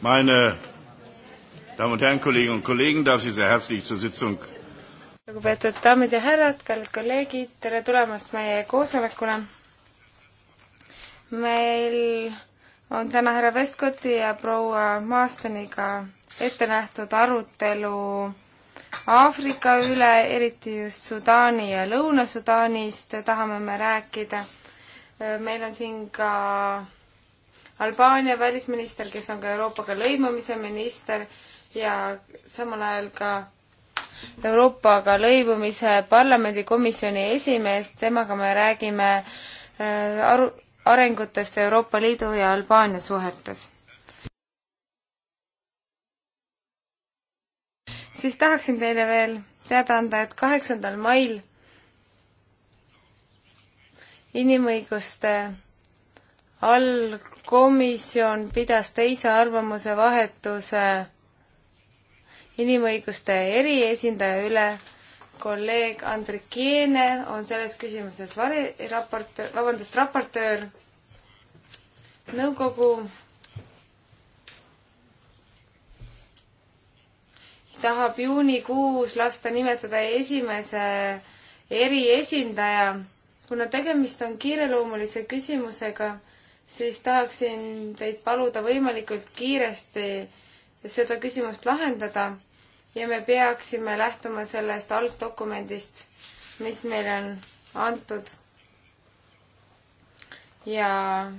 Meine Damen und Herren, Kolleginnen und Kollegen, darf ich sehr herzlich zur Sitzung lugupeetud daamid ja härrad, kallid kolleegid, tere tulemast meie koosolekule. meil on täna härra Vestkoti ja proua Maastoniga ette nähtud arutelu Aafrika üle, eriti just Sudaani ja Lõuna-Sudaanist tahame me rääkida. meil on siin ka Albaania välisminister, kes on ka Euroopaga lõimumise minister ja samal ajal ka Euroopaga lõimumise parlamendikomisjoni esimees, temaga me räägime äh, aru, arengutest Euroopa Liidu ja Albaania suhetes. siis tahaksin teile veel teada anda, et kaheksandal mail inimõiguste allkomisjon pidas teise arvamuse vahetuse inimõiguste eriesindaja üle. kolleeg Andrik Jeene on selles küsimuses vari-, raport, vabandust, raportöör. nõukogu tahab juunikuus lasta nimetada esimese eriesindaja kuna tegemist on kiireloomulise küsimusega, siis tahaksin teid paluda võimalikult kiiresti seda küsimust lahendada ja me peaksime lähtuma sellest algdokumendist, mis meile on antud. ja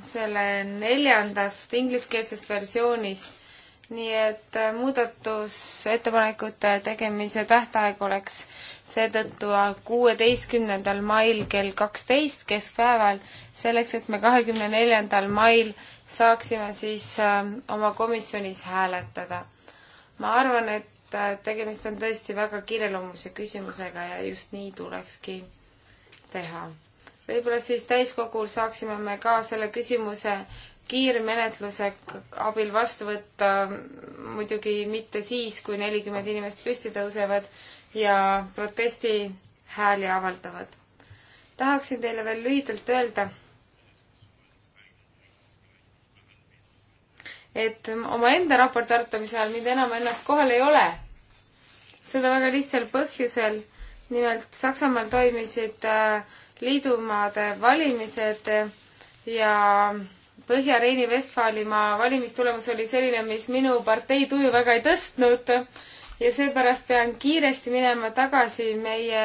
selle neljandast ingliskeelsest versioonist nii et äh, muudatusettepanekute tegemise tähtaeg oleks seetõttu äh, kuueteistkümnendal mail kell kaksteist keskpäeval, selleks et me kahekümne neljandal mail saaksime siis äh, oma komisjonis hääletada. ma arvan, et tegemist on tõesti väga kiireloomulise küsimusega ja just nii tulekski teha. võib-olla siis täiskogul saaksime me ka selle küsimuse kiirmenetluse abil vastu võtta, muidugi mitte siis, kui nelikümmend inimest püsti tõusevad ja protesti hääli avaldavad. tahaksin teile veel lühidalt öelda, et omaenda raporti arutamise ajal mind enam ennast kohal ei ole. seda väga lihtsal põhjusel, nimelt Saksamaal toimisid äh, liidumaade valimised ja Põhja-Reini-Vestfaalimaa valimistulemus oli selline, mis minu partei tuju väga ei tõstnud ja seepärast pean kiiresti minema tagasi meie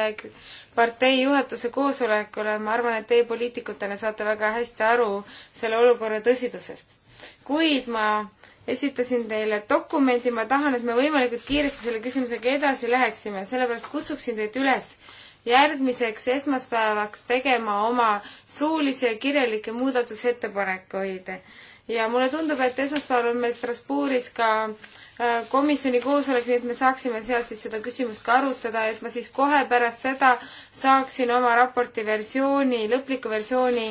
partei juhatuse koosolekule, ma arvan, et teie poliitikutena saate väga hästi aru selle olukorra tõsidusest. kuid ma esitasin teile dokumendi, ma tahan, et me võimalikult kiiresti selle küsimusega edasi läheksime, sellepärast kutsuksin teid üles järgmiseks esmaspäevaks tegema oma suulisi ja kirjalikke muudatusettepanekuid. ja mulle tundub, et esmaspäeval on meil Strasbourgis ka äh, komisjoni koosolek, nii et me saaksime seal siis seda küsimust ka arutada, et ma siis kohe pärast seda saaksin oma raporti versiooni, lõpliku versiooni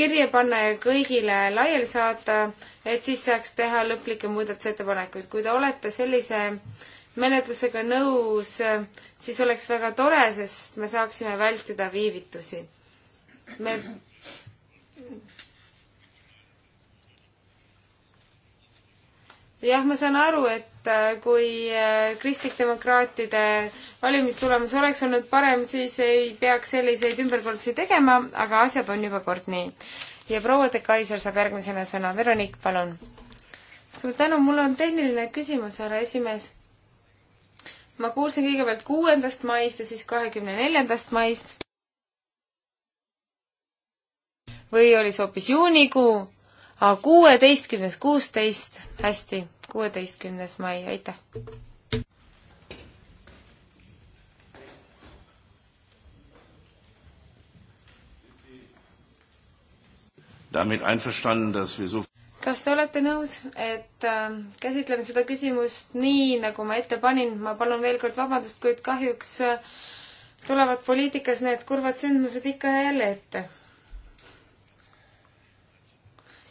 kirja panna ja kõigile laiali saata, et siis saaks teha lõplikke muudatusettepanekuid. kui te olete sellise äh, menetlusega nõus, siis oleks väga tore, sest me saaksime vältida viivitusi. me jah, ma saan aru, et äh, kui äh, kristlik-demokraatide valimistulemus oleks olnud parem, siis ei peaks selliseid ümberkordusi tegema, aga asjad on juba kord nii. ja proua de Kaiser saab järgmisena sõna. Veronik, palun. suur tänu, mul on tehniline küsimus, härra esimees ma kuulsin kõigepealt kuuendast maist ja siis kahekümne neljandast maist. või oli see hoopis juunikuu? kuueteistkümnes, kuusteist, hästi, kuueteistkümnes mai, aitäh! damit einverstanden, dass wir so kas te olete nõus, et äh, käsitleme seda küsimust nii, nagu ma ette panin, ma palun veel kord vabandust, kuid kahjuks äh, tulevad poliitikas need kurvad sündmused ikka ja jälle ette.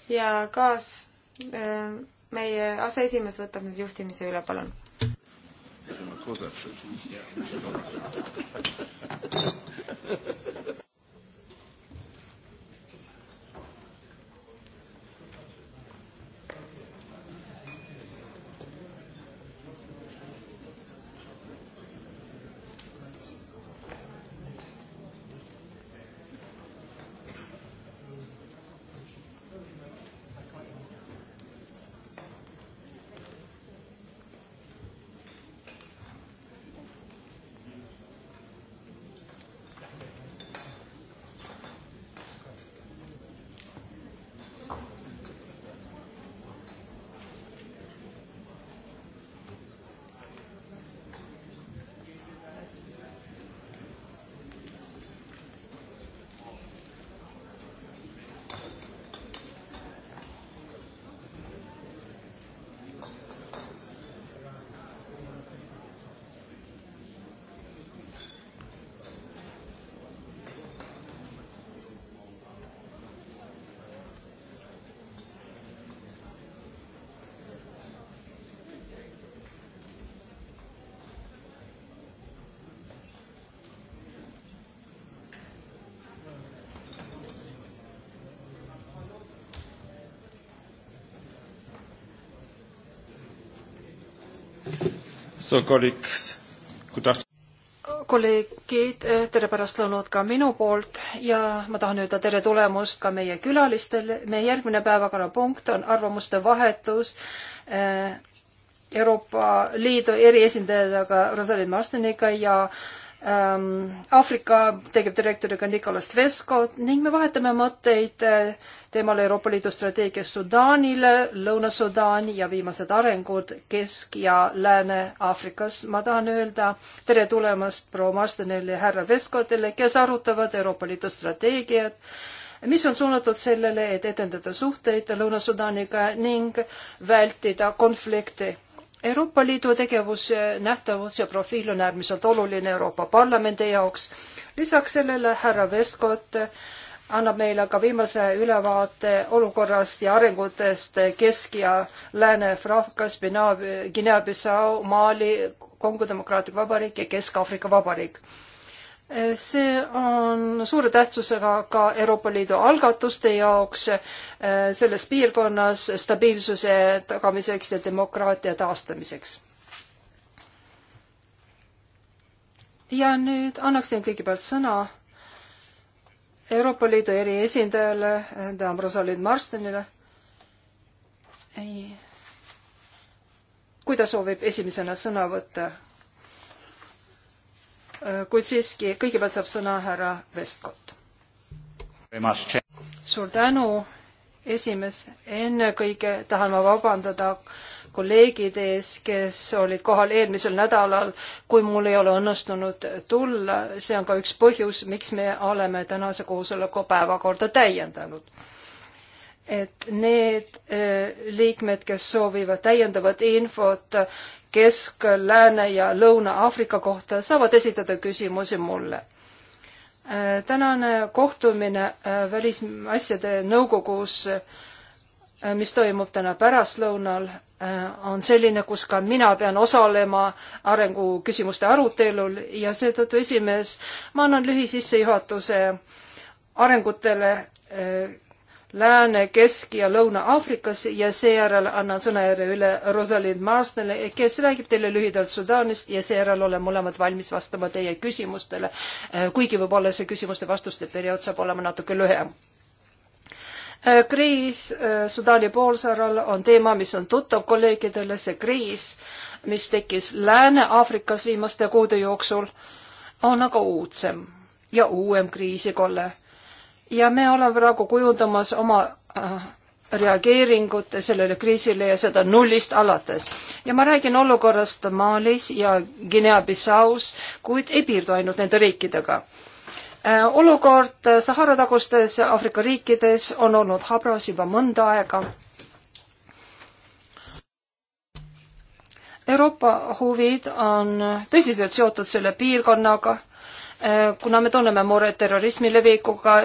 ja kaas, äh, meie aseesimees võtab nüüd juhtimise üle, palun. Thank you. So colleagues, good afternoon kolleegid, tere pärastlõunat ka minu poolt ja ma tahan öelda tere tulemust ka meie külalistele. meie järgmine päevakorrapunkt on arvamuste vahetus eh, Euroopa Liidu eriesindajaga Rosalind Marsteniga ja Ähm, Aafrika tegevdirektoriga Nicolas Tvesko ning me vahetame mõtteid äh, teemal Euroopa Liidu strateegia Sudaanile, Lõuna-Sudaan ja viimased arengud Kesk- ja Lääne-Aafrikas. ma tahan öelda tere tulemast proua Marstenile ja härra Veskotele, kes arutavad Euroopa Liidu strateegiat, mis on suunatud sellele, et edendada suhteid Lõuna-Sudaaniga ning vältida konflikte Euroopa Liidu tegevus, nähtavus ja profiil on äärmiselt oluline Euroopa Parlamendi jaoks. lisaks sellele härra Vestkott annab meile ka viimase ülevaate olukorrast ja arengutest Kesk- ja Lääne-Aafrikas, Guinea-Bissau, Mali, Kongo Demokraatlik Vabariik ja Kesk-Aafrika Vabariik see on suure tähtsusega ka Euroopa Liidu algatuste jaoks eh, selles piirkonnas stabiilsuse tagamiseks ja demokraatia taastamiseks. ja nüüd annaksin kõigepealt sõna Euroopa Liidu eriesindajale, tähendab Rosalind Marstenile. kui ta soovib esimesena sõna võtta Äh, kuid siiski kõigepealt saab sõna härra Vestkott. suur tänu, esimees, ennekõike tahan ma vabandada kolleegide ees, kes olid kohal eelmisel nädalal, kui mul ei ole õnnestunud tulla, see on ka üks põhjus, miks me oleme tänase koosoleku päevakorda täiendanud et need äh, liikmed, kes soovivad täiendavat infot Kesk-, Lääne- ja Lõuna-Aafrika kohta, saavad esitada küsimusi mulle. Äh, tänane kohtumine äh, Välisasjade Nõukogus, äh, mis toimub täna pärastlõunal, on selline, kus ka mina pean osalema arenguküsimuste arutelul ja seetõttu esimees, ma annan lühisissejuhatuse arengutele Lääne, Kesk ja Lõuna-Aafrikas ja seejärel annan sõnajärje üle Rosalind Marsnele, kes räägib teile lühidalt Sudaanist ja seejärel oleme mõlemad valmis vastama teie küsimustele, äh, kuigi võib-olla see küsimuste-vastuste periood saab olema natuke lühem äh, kriis äh, Sudaani poolsaaral on teema, mis on tuttav kolleegidele, see kriis, mis tekkis Lääne-Aafrikas viimaste kuude jooksul, on aga uudsem ja uuem kriisikolle ja me oleme praegu kujundamas oma äh, reageeringut sellele kriisile ja seda nullist alates. ja ma räägin olukorrast Malis ja Guinea-Bissaus, kuid ei piirdu ainult nende riikidega. Äh, olukord Sahara tagustes Aafrika riikides on olnud habras juba mõnda aega. Euroopa huvid on tõsiselt seotud selle piirkonnaga Äh, kuna me tunneme muret terrorismi levikuga,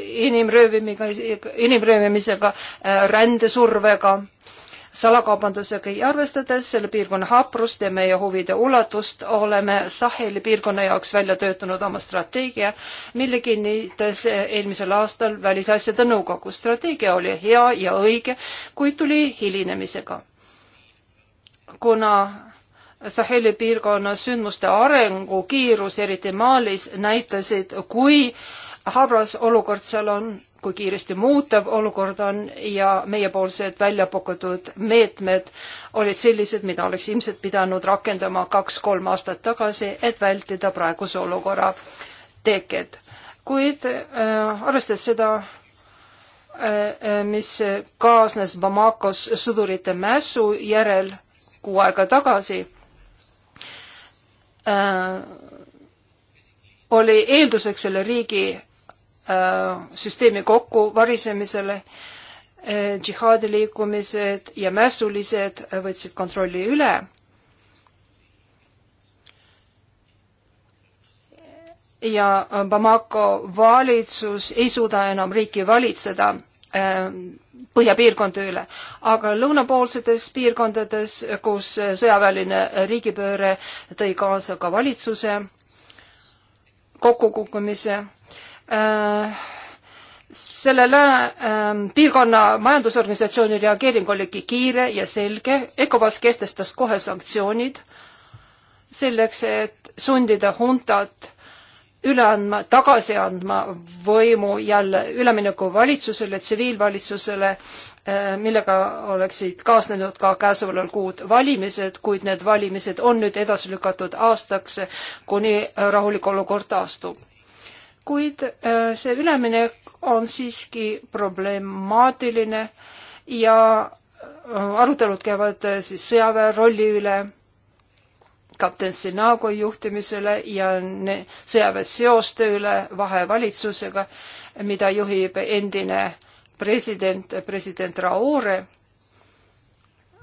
inimröövimiga, äh, inimröövimisega, äh, rändesurvega, salakaubandusega ei arvestades selle piirkonna haprust ja meie huvide ulatust, oleme Saheli piirkonna jaoks välja töötanud oma strateegia, mille kinnitas eelmisel aastal Välisasjade Nõukogu. strateegia oli hea ja õige, kuid tuli hilinemisega. kuna Saheli piirkonna sündmuste arengu kiirus, eriti Malis, näitasid, kui habras olukord seal on, kui kiiresti muutuv olukord on ja meiepoolsed välja pakutud meetmed olid sellised, mida oleks ilmselt pidanud rakendama kaks-kolm aastat tagasi, et vältida praeguse olukorra teket. kuid äh, arvestades seda äh,, äh mis kaasnes Bamakos sõdurite mässu järel kuu aega tagasi Äh, oli eelduseks selle riigi äh, süsteemi kokkuvarisemisele. Äh, džihaadi liikumised ja mässulised võtsid kontrolli üle ja Bamako valitsus ei suuda enam riiki valitseda. Ähm, põhjapiirkond tööle. aga lõunapoolsetes piirkondades, kus äh, sõjaväeline äh, riigipööre tõi kaasa ka valitsuse kokkukukkumise, äh, sellele ähm, piirkonna majandusorganisatsiooni reageering oligi kiire ja selge. ECOWAS kehtestas kohe sanktsioonid selleks, et sundida huntat üle andma, tagasi andma võimu jälle ülemineku valitsusele, tsiviilvalitsusele, eh, millega oleksid kaasnenud ka käesoleval kuud valimised, kuid need valimised on nüüd edasi lükatud aastaks, kuni rahulik olukord taastub. kuid eh, see üleminek on siiski problemaatiline ja eh, arutelud käivad siis sõjaväe rolli üle kapten Sinago juhtimisele ja sõjaväeseoste üle vahevalitsusega, mida juhib endine president, president Raore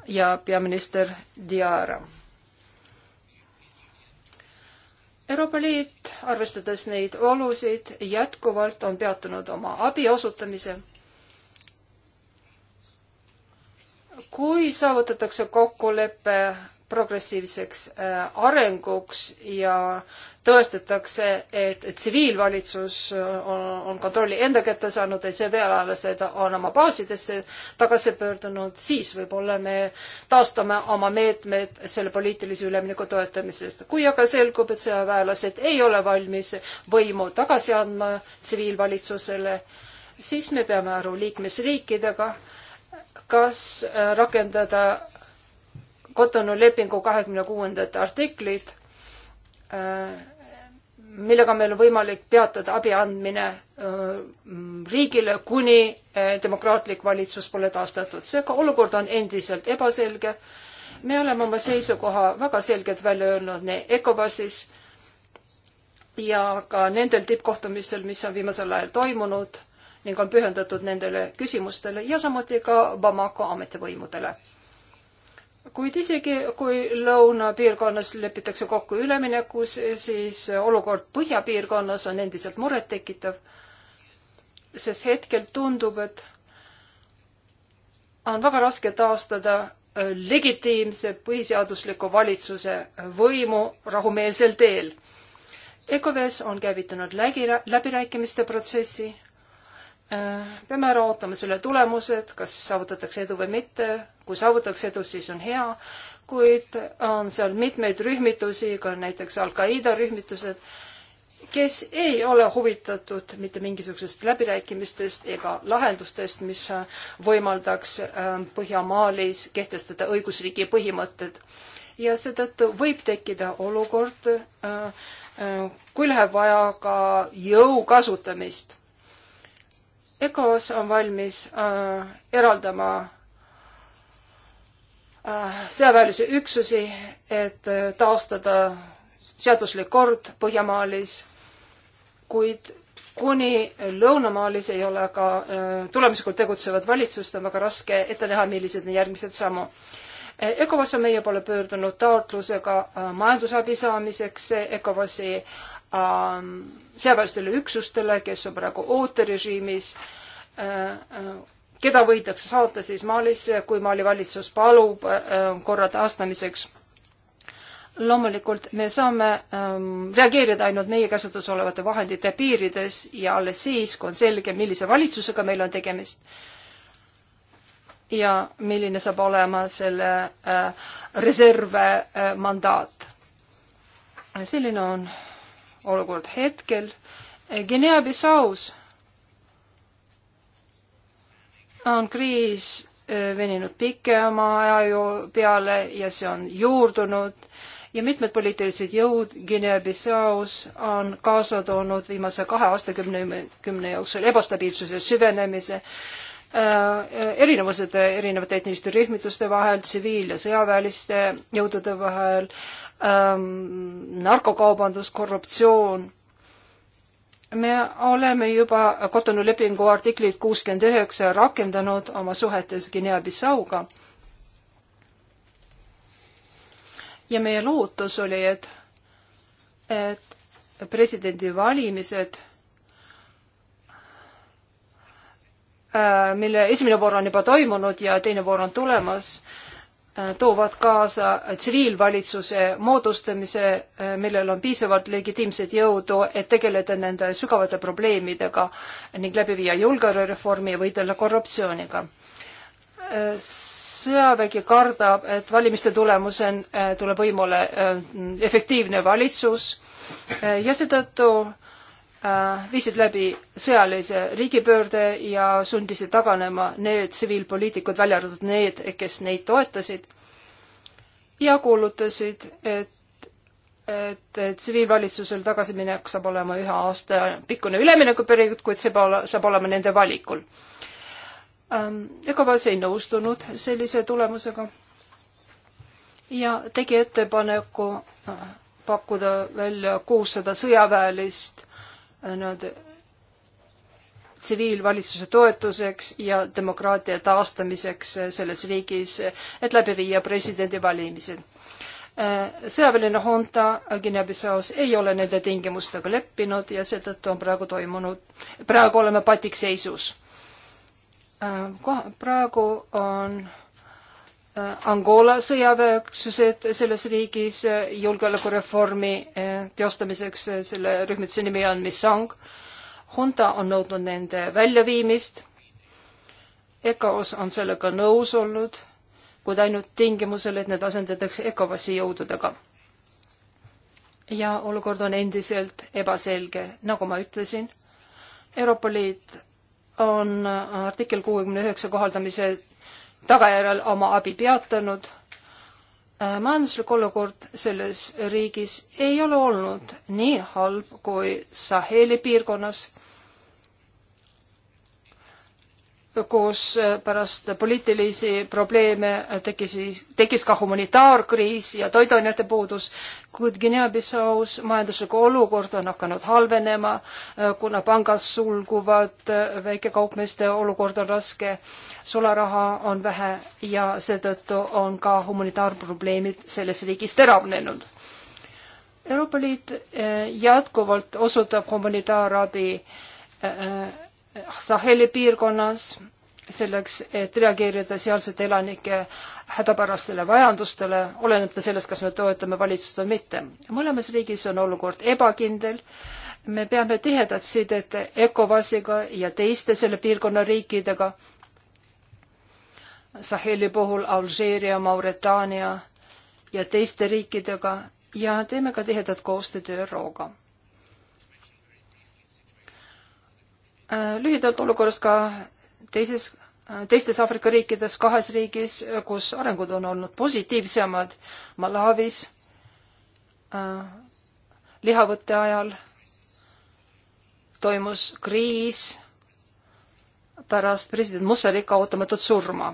ja peaminister Diara. Euroopa Liit, arvestades neid olusid, jätkuvalt on peatunud oma abi osutamise kui saavutatakse kokkulepe progressiivseks äh, arenguks ja tõestatakse, et tsiviilvalitsus äh, on, on kontrolli enda kätte saanud ja sõjaväelased on oma baasidesse tagasi pöördunud, siis võib-olla me taastame oma meetmed selle poliitilise ülemineku toetamisest. kui aga selgub, et sõjaväelased ei ole valmis võimu tagasi andma tsiviilvalitsusele, siis me peame aru liikmesriikidega, kas äh, rakendada Kotonu lepingu kahekümne kuuendat artiklit, äh, millega meil on võimalik peatada abi andmine äh, riigile, kuni äh, demokraatlik valitsus pole taastatud. seega olukord on endiselt ebaselge. me oleme oma seisukoha väga selgelt välja öelnud nii ECOWASis ja ka nendel tippkohtumistel, mis on viimasel ajal toimunud ning on pühendatud nendele küsimustele ja samuti ka Bamako ametivõimudele kuid isegi kui lõunapiirkonnas lepitakse kokku üleminekus, siis olukord põhjapiirkonnas on endiselt murettekitav. sest hetkel tundub, et on väga raske taastada äh, legitiimse põhiseadusliku valitsuse võimu rahumeelsel teel. EKOVES on käivitanud läbi, läbirääkimiste protsessi Äh, peame ära ootama selle tulemused, kas saavutatakse edu või mitte. kui saavutatakse edu, siis on hea, kuid on seal mitmeid rühmitusi, ka näiteks Al-Qaeda rühmitused, kes ei ole huvitatud mitte mingisugusest läbirääkimistest ega lahendustest, mis võimaldaks äh, Põhjamaalis kehtestada õigusriigi põhimõtted. ja seetõttu võib tekkida olukord, äh, kui läheb vaja ka jõu kasutamist ECOS on valmis äh, eraldama äh, sõjaväelisi üksusi, et äh, taastada seaduslik kord Põhjamaalis, kuid kuni Lõunamaalis ei ole ka äh, tulemuslikult tegutsevat valitsust, on väga raske ette näha, millised on järgmised sammu. Äh, ECOWAS on meie poole pöördunud taotlusega äh, majandusabi saamiseks, ECOWAS-i Ähm, sõjaväelistele üksustele, kes on praegu ooterežiimis, äh, äh, keda võidakse saata siis Malisse, kui Mali valitsus palub äh, korra taastamiseks. loomulikult me saame ähm, reageerida ainult meie käsutuses olevate vahendite piirides ja alles siis, kui on selge, millise valitsusega meil on tegemist ja milline saab olema selle reserve mandaat. selline on olukord hetkel. Guinea-Bissaus on kriis eh, veninud pikema aja peale ja see on juurdunud ja mitmed poliitilised jõud Guinea-Bissaus on kaasa toonud viimase kahe aastakümne, kümne jooksul ebastabiilsuse süvenemise eh, erinevused erinevate etniliste rühmituste vahel, tsiviil- ja sõjaväeliste jõudude vahel, Ähm, narkokaubandus, korruptsioon. me oleme juba Kotonu lepingu artiklit kuuskümmend üheksa rakendanud oma suhetes Guinea-Bissauga. ja meie lootus oli, et, et presidendivalimised äh, mille esimene voor on juba toimunud ja teine voor on tulemas, Äh, toovad kaasa tsiviilvalitsuse moodustamise, äh, millel on piisavalt legitiimset jõudu, et tegeleda nende sügavate probleemidega ning läbi viia julgeolekureformi ja võidelda korruptsiooniga. Äh, sõjavägi kardab, et valimiste tulemusel tuleb võimule efektiivne valitsus ja seetõttu Äh, viisid läbi sõjalise riigipöörde ja sundisid taganema need tsiviilpoliitikud, välja arvatud need, kes neid toetasid, ja kuulutasid, et, et tsiviilvalitsusel tagasiminek saab olema ühe aasta pikkune üleminekuperiood, kuid see pole, saab olema nende valikul. Ähm, ECOWAS ei nõustunud sellise tulemusega ja tegi ettepaneku äh, pakkuda välja kuussada sõjaväelist nad tsiviilvalitsuse toetuseks ja demokraatia taastamiseks selles riigis, et läbi viia presidendivalimised. sõjaväeline hunta Guinea-Bissaus ei ole nende tingimustega leppinud ja seetõttu on praegu toimunud, praegu oleme patikseisus. praegu on Äh, Angola sõjaväeüksused selles riigis äh, julgeolekureformi äh, teostamiseks, selle rühmituse nimi on Missang. Hunta on nõudnud nende väljaviimist. EKOS on sellega nõus olnud, kuid ainult tingimusel, et need asendatakse EKOVASi jõududega. ja olukord on endiselt ebaselge, nagu ma ütlesin. Euroopa Liit on artikkel kuuekümne üheksa kohaldamise tagajärjel oma abi peatanud. Äh, majanduslik olukord selles riigis ei ole olnud nii halb kui Saheli piirkonnas kus pärast poliitilisi probleeme tekkis, tekkis ka humanitaarkriis ja toiduainete puudus, kuid Guinea-Bissaus majanduslik olukord on hakanud halvenema, kuna pangad sulguvad, väikekaupmeeste olukord on raske, sularaha on vähe ja seetõttu on ka humanitaarprobleemid selles riigis teravnenud. Euroopa Liit eh, jätkuvalt osutab humanitaarabi äh, Saheli piirkonnas, selleks, et reageerida sealsete elanike hädapärastele vajadustele, olenemata sellest, kas me toetame valitsust või mitte. mõlemas riigis on olukord ebakindel, me peame tihedat sidet ECOWAS-iga ja teiste selle piirkonna riikidega, Saheli puhul Alžeeria, Mauritaania ja teiste riikidega ja teeme ka tihedat koostööd ÜRO-ga Äh, lühidalt olukorrast ka teises, äh, teistes Aafrika riikides, kahes riigis, kus arengud on olnud positiivsemad, Malawis äh, lihavõtte ajal toimus kriis pärast president Musserika ootamatut surma.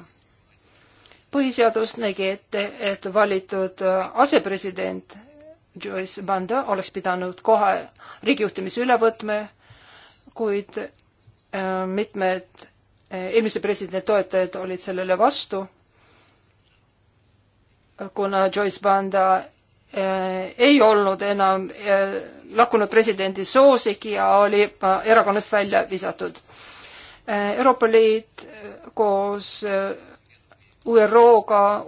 põhiseadus nägi ette, et valitud äh, asepresident Joyce Banda oleks pidanud kohe riigijuhtimise üle võtma, kuid Äh, mitmed äh, eelmise presidendi toetajad olid sellele vastu, kuna Joyce Banda äh, ei olnud enam lakkunud presidendi soosik ja oli erakonnast välja visatud. Euroopa Liit koos ÜRO-ga,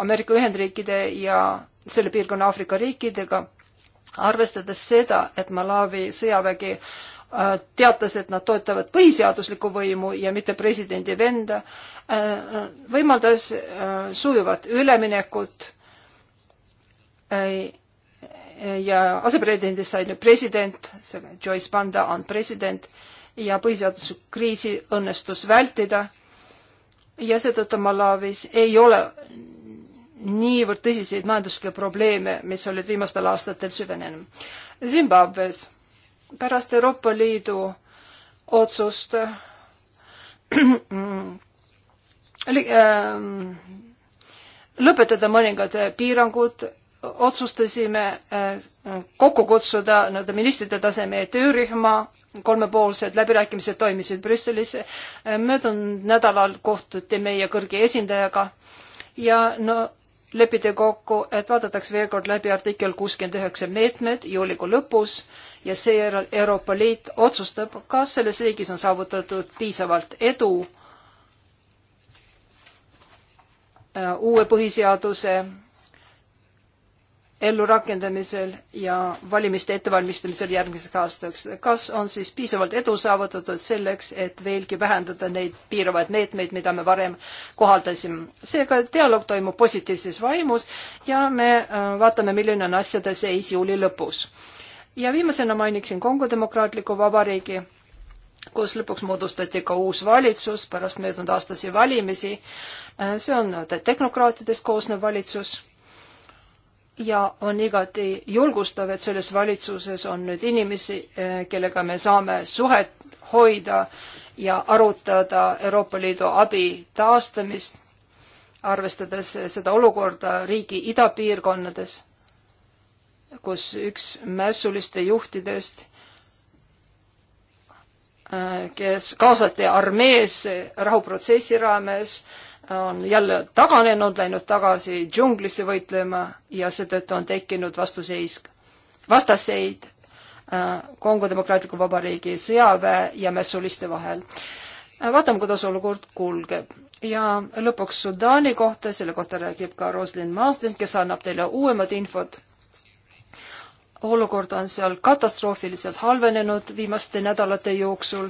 Ameerika Ühendriikide ja selle piirkonna Aafrika riikidega, arvestades seda, et Malawi sõjavägi Äh, teatas, et nad toetavad põhiseaduslikku võimu ja mitte presidendi venda, äh, võimaldas äh, sujuvat üleminekut ja asepresidendist sai nüüd president, Joyce Banda on president ja põhiseaduskriisi õnnestus vältida ja seetõttu Malawis ei ole niivõrd tõsiseid majanduslikke probleeme, mis olid viimastel aastatel süvenenud. Zimbabwe's pärast Euroopa Liidu otsust ähm, lõpetada mõningad piirangud, otsustasime äh, kokku kutsuda nii-öelda ministrite taseme töörühma, kolmepoolsed läbirääkimised toimisid Brüsselis. Äh, möödunud nädalal kohtuti meie kõrge esindajaga ja no lepiti kokku, et vaadatakse veel kord läbi artikkel kuuskümmend üheksa meetmed juulikuu lõpus ja seejärel Euroopa Liit otsustab, kas selles riigis on saavutatud piisavalt edu äh, uue põhiseaduse ellurakendamisel ja valimiste ettevalmistamisel järgmiseks aastaks. kas on siis piisavalt edu saavutatud selleks, et veelgi vähendada neid piiravaid meetmeid, mida me varem kohaldasime? seega dialoog toimub positiivses vaimus ja me äh, vaatame, milline on asjade seis juuli lõpus. ja viimasena mainiksin Kongo Demokraatliku Vabariigi kus lõpuks moodustati ka uus valitsus pärast möödunud aastasi valimisi. Äh, see on tehnokraatidest koosnev valitsus ja on igati julgustav, et selles valitsuses on nüüd inimesi, eh, kellega me saame suhet hoida ja arutada Euroopa Liidu abi taastamist, arvestades seda olukorda riigi idapiirkonnades, kus üks mässuliste juhtidest, eh, kes kaasati armees rahuprotsessi raames, on jälle taganenud, läinud tagasi džunglisse võitlema ja seetõttu on tekkinud vastuseis, vastasseid äh, Kongo Demokraatliku Vabariigi sõjaväe ja mässuliste vahel. Äh, vaatame, kuidas olukord kulgeb. ja lõpuks Sudaani kohta, selle kohta räägib ka Roslyn Marsden, kes annab teile uuemad infod. olukord on seal katastroofiliselt halvenenud viimaste nädalate jooksul,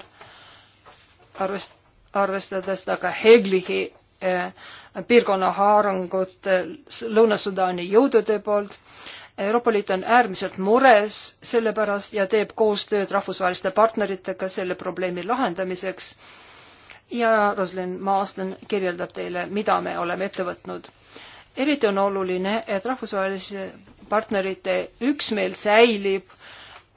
arvest-, arvestades aga Heglihi Äh, piirkonna haarangut äh, Lõuna-Sudaani jõudude poolt. Euroopa Liit on äärmiselt mures selle pärast ja teeb koostööd rahvusvaheliste partneritega selle probleemi lahendamiseks. ja Roslyn Maasden kirjeldab teile, mida me oleme ette võtnud. eriti on oluline, et rahvusvahelise partnerite üksmeel säilib,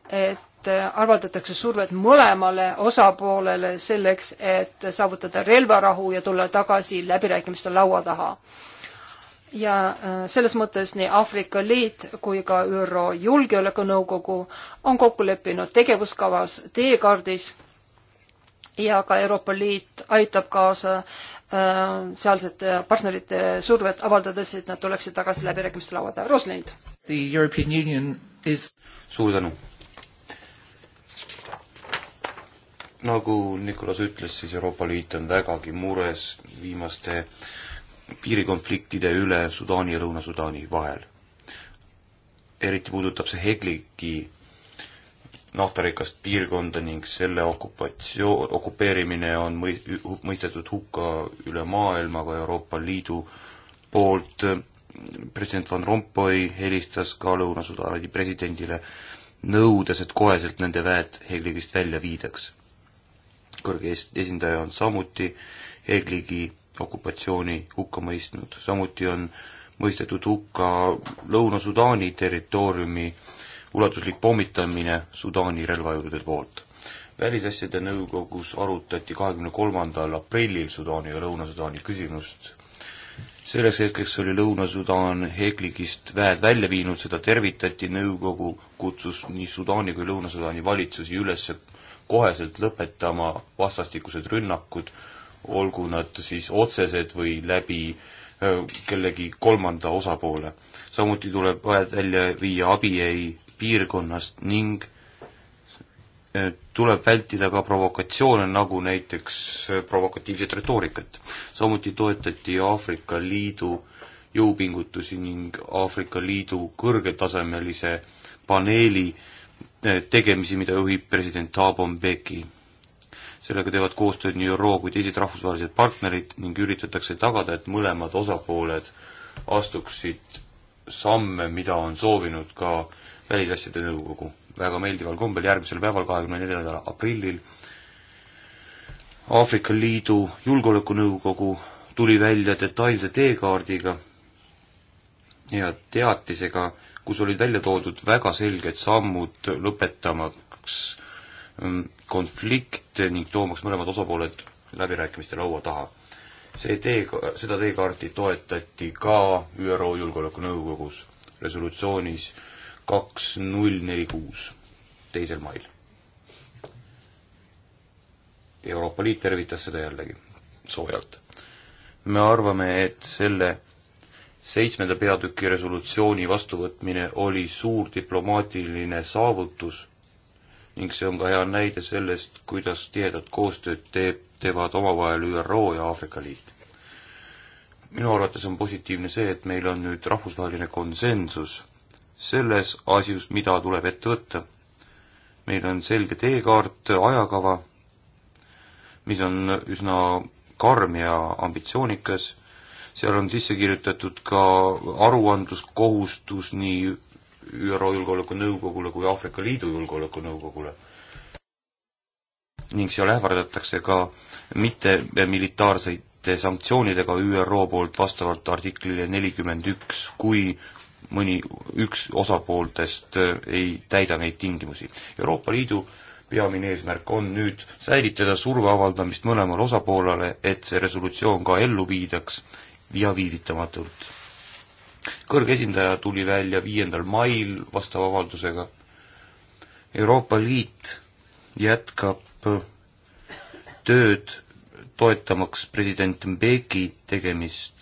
et Äh, avaldatakse survet mõlemale osapoolele selleks, et saavutada relvarahu ja tulla tagasi läbirääkimiste laua taha. ja äh, selles mõttes nii Aafrika Liit kui ka ÜRO Julgeolekunõukogu on kokku leppinud tegevuskavas, teekaardis ja ka Euroopa Liit aitab kaasa äh, sealsete partnerite survet avaldades, et nad tuleksid tagasi läbirääkimiste laua taha. Roslind. Is... suur tänu nagu Nikolas ütles, siis Euroopa Liit on vägagi mures viimaste piirikonfliktide üle Sudaani ja Lõuna-Sudaani vahel. eriti puudutab see Hegliki naftarikast piirkonda ning selle okupatsioon, okupeerimine on mõi-, mõistetud hukka üle maailma ka Euroopa Liidu poolt. president Van Rompuy helistas ka Lõuna-Sudaani presidendile nõudes, et koheselt nende väed Hegligist välja viidaks kõrge esindaja on samuti Egligi okupatsiooni hukka mõistnud, samuti on mõistetud hukka Lõuna-Sudaani territooriumi ulatuslik pommitamine Sudaani relvajõudude poolt. välisasjade nõukogus arutati kahekümne kolmandal aprillil Sudaani ja Lõuna-Sudaani küsimust, selleks hetkeks oli Lõuna-Sudaan Hegligist väed välja viinud, seda tervitati, nõukogu kutsus nii Sudaani kui Lõuna-Sudaani valitsusi üles koheselt lõpetama vastastikused rünnakud, olgu nad siis otsesed või läbi kellegi kolmanda osapoole. samuti tuleb välja viia abiei piirkonnast ning tuleb vältida ka provokatsioone, nagu näiteks provokatiivset retoorikat. samuti toetati Aafrika Liidu jõupingutusi ning Aafrika Liidu kõrgetasemelise paneeli Äh, tegemisi, mida juhib president Thabo Mbeki. sellega teevad koostööd nii ÜRO kui teised rahvusvahelised partnerid ning üritatakse tagada, et mõlemad osapooled astuksid samme, mida on soovinud ka Välisasjade Nõukogu. väga meeldival kombel järgmisel päeval, kahekümne neljandal aprillil Aafrika Liidu Julgeolekunõukogu tuli välja detailse teekaardiga ja teatisega, kus olid välja toodud väga selged sammud lõpetamaks mm, konflikte ning toomaks mõlemad osapooled läbirääkimiste laua taha. see tee, seda teekaarti toetati ka ÜRO Julgeolekunõukogus resolutsioonis kaks null neli kuus, teisel mail. Euroopa Liit tervitas seda jällegi soojalt. me arvame, et selle seitsmenda peatüki resolutsiooni vastuvõtmine oli suur diplomaatiline saavutus ning see on ka hea näide sellest, kuidas tihedat koostööd teeb, teevad omavahel ÜRO ja Aafrika Liit. minu arvates on positiivne see, et meil on nüüd rahvusvaheline konsensus selles asjus, mida tuleb ette võtta. meil on selge teekaart, ajakava, mis on üsna karm ja ambitsioonikas seal on sisse kirjutatud ka aruandluskohustus nii ÜRO Julgeolekunõukogule kui Aafrika Liidu Julgeolekunõukogule. ning seal ähvardatakse ka mittemilitaarsete sanktsioonidega ÜRO poolt vastavalt artiklile nelikümmend üks, kui mõni üks osapooltest ei täida neid tingimusi. Euroopa Liidu peamine eesmärk on nüüd säilitada surve avaldamist mõlemale osapoolele, et see resolutsioon ka ellu viidaks ja viivitamatult. kõrge esindaja tuli välja viiendal mail vastava avaldusega. Euroopa Liit jätkab tööd toetamaks president Mbeki tegemist,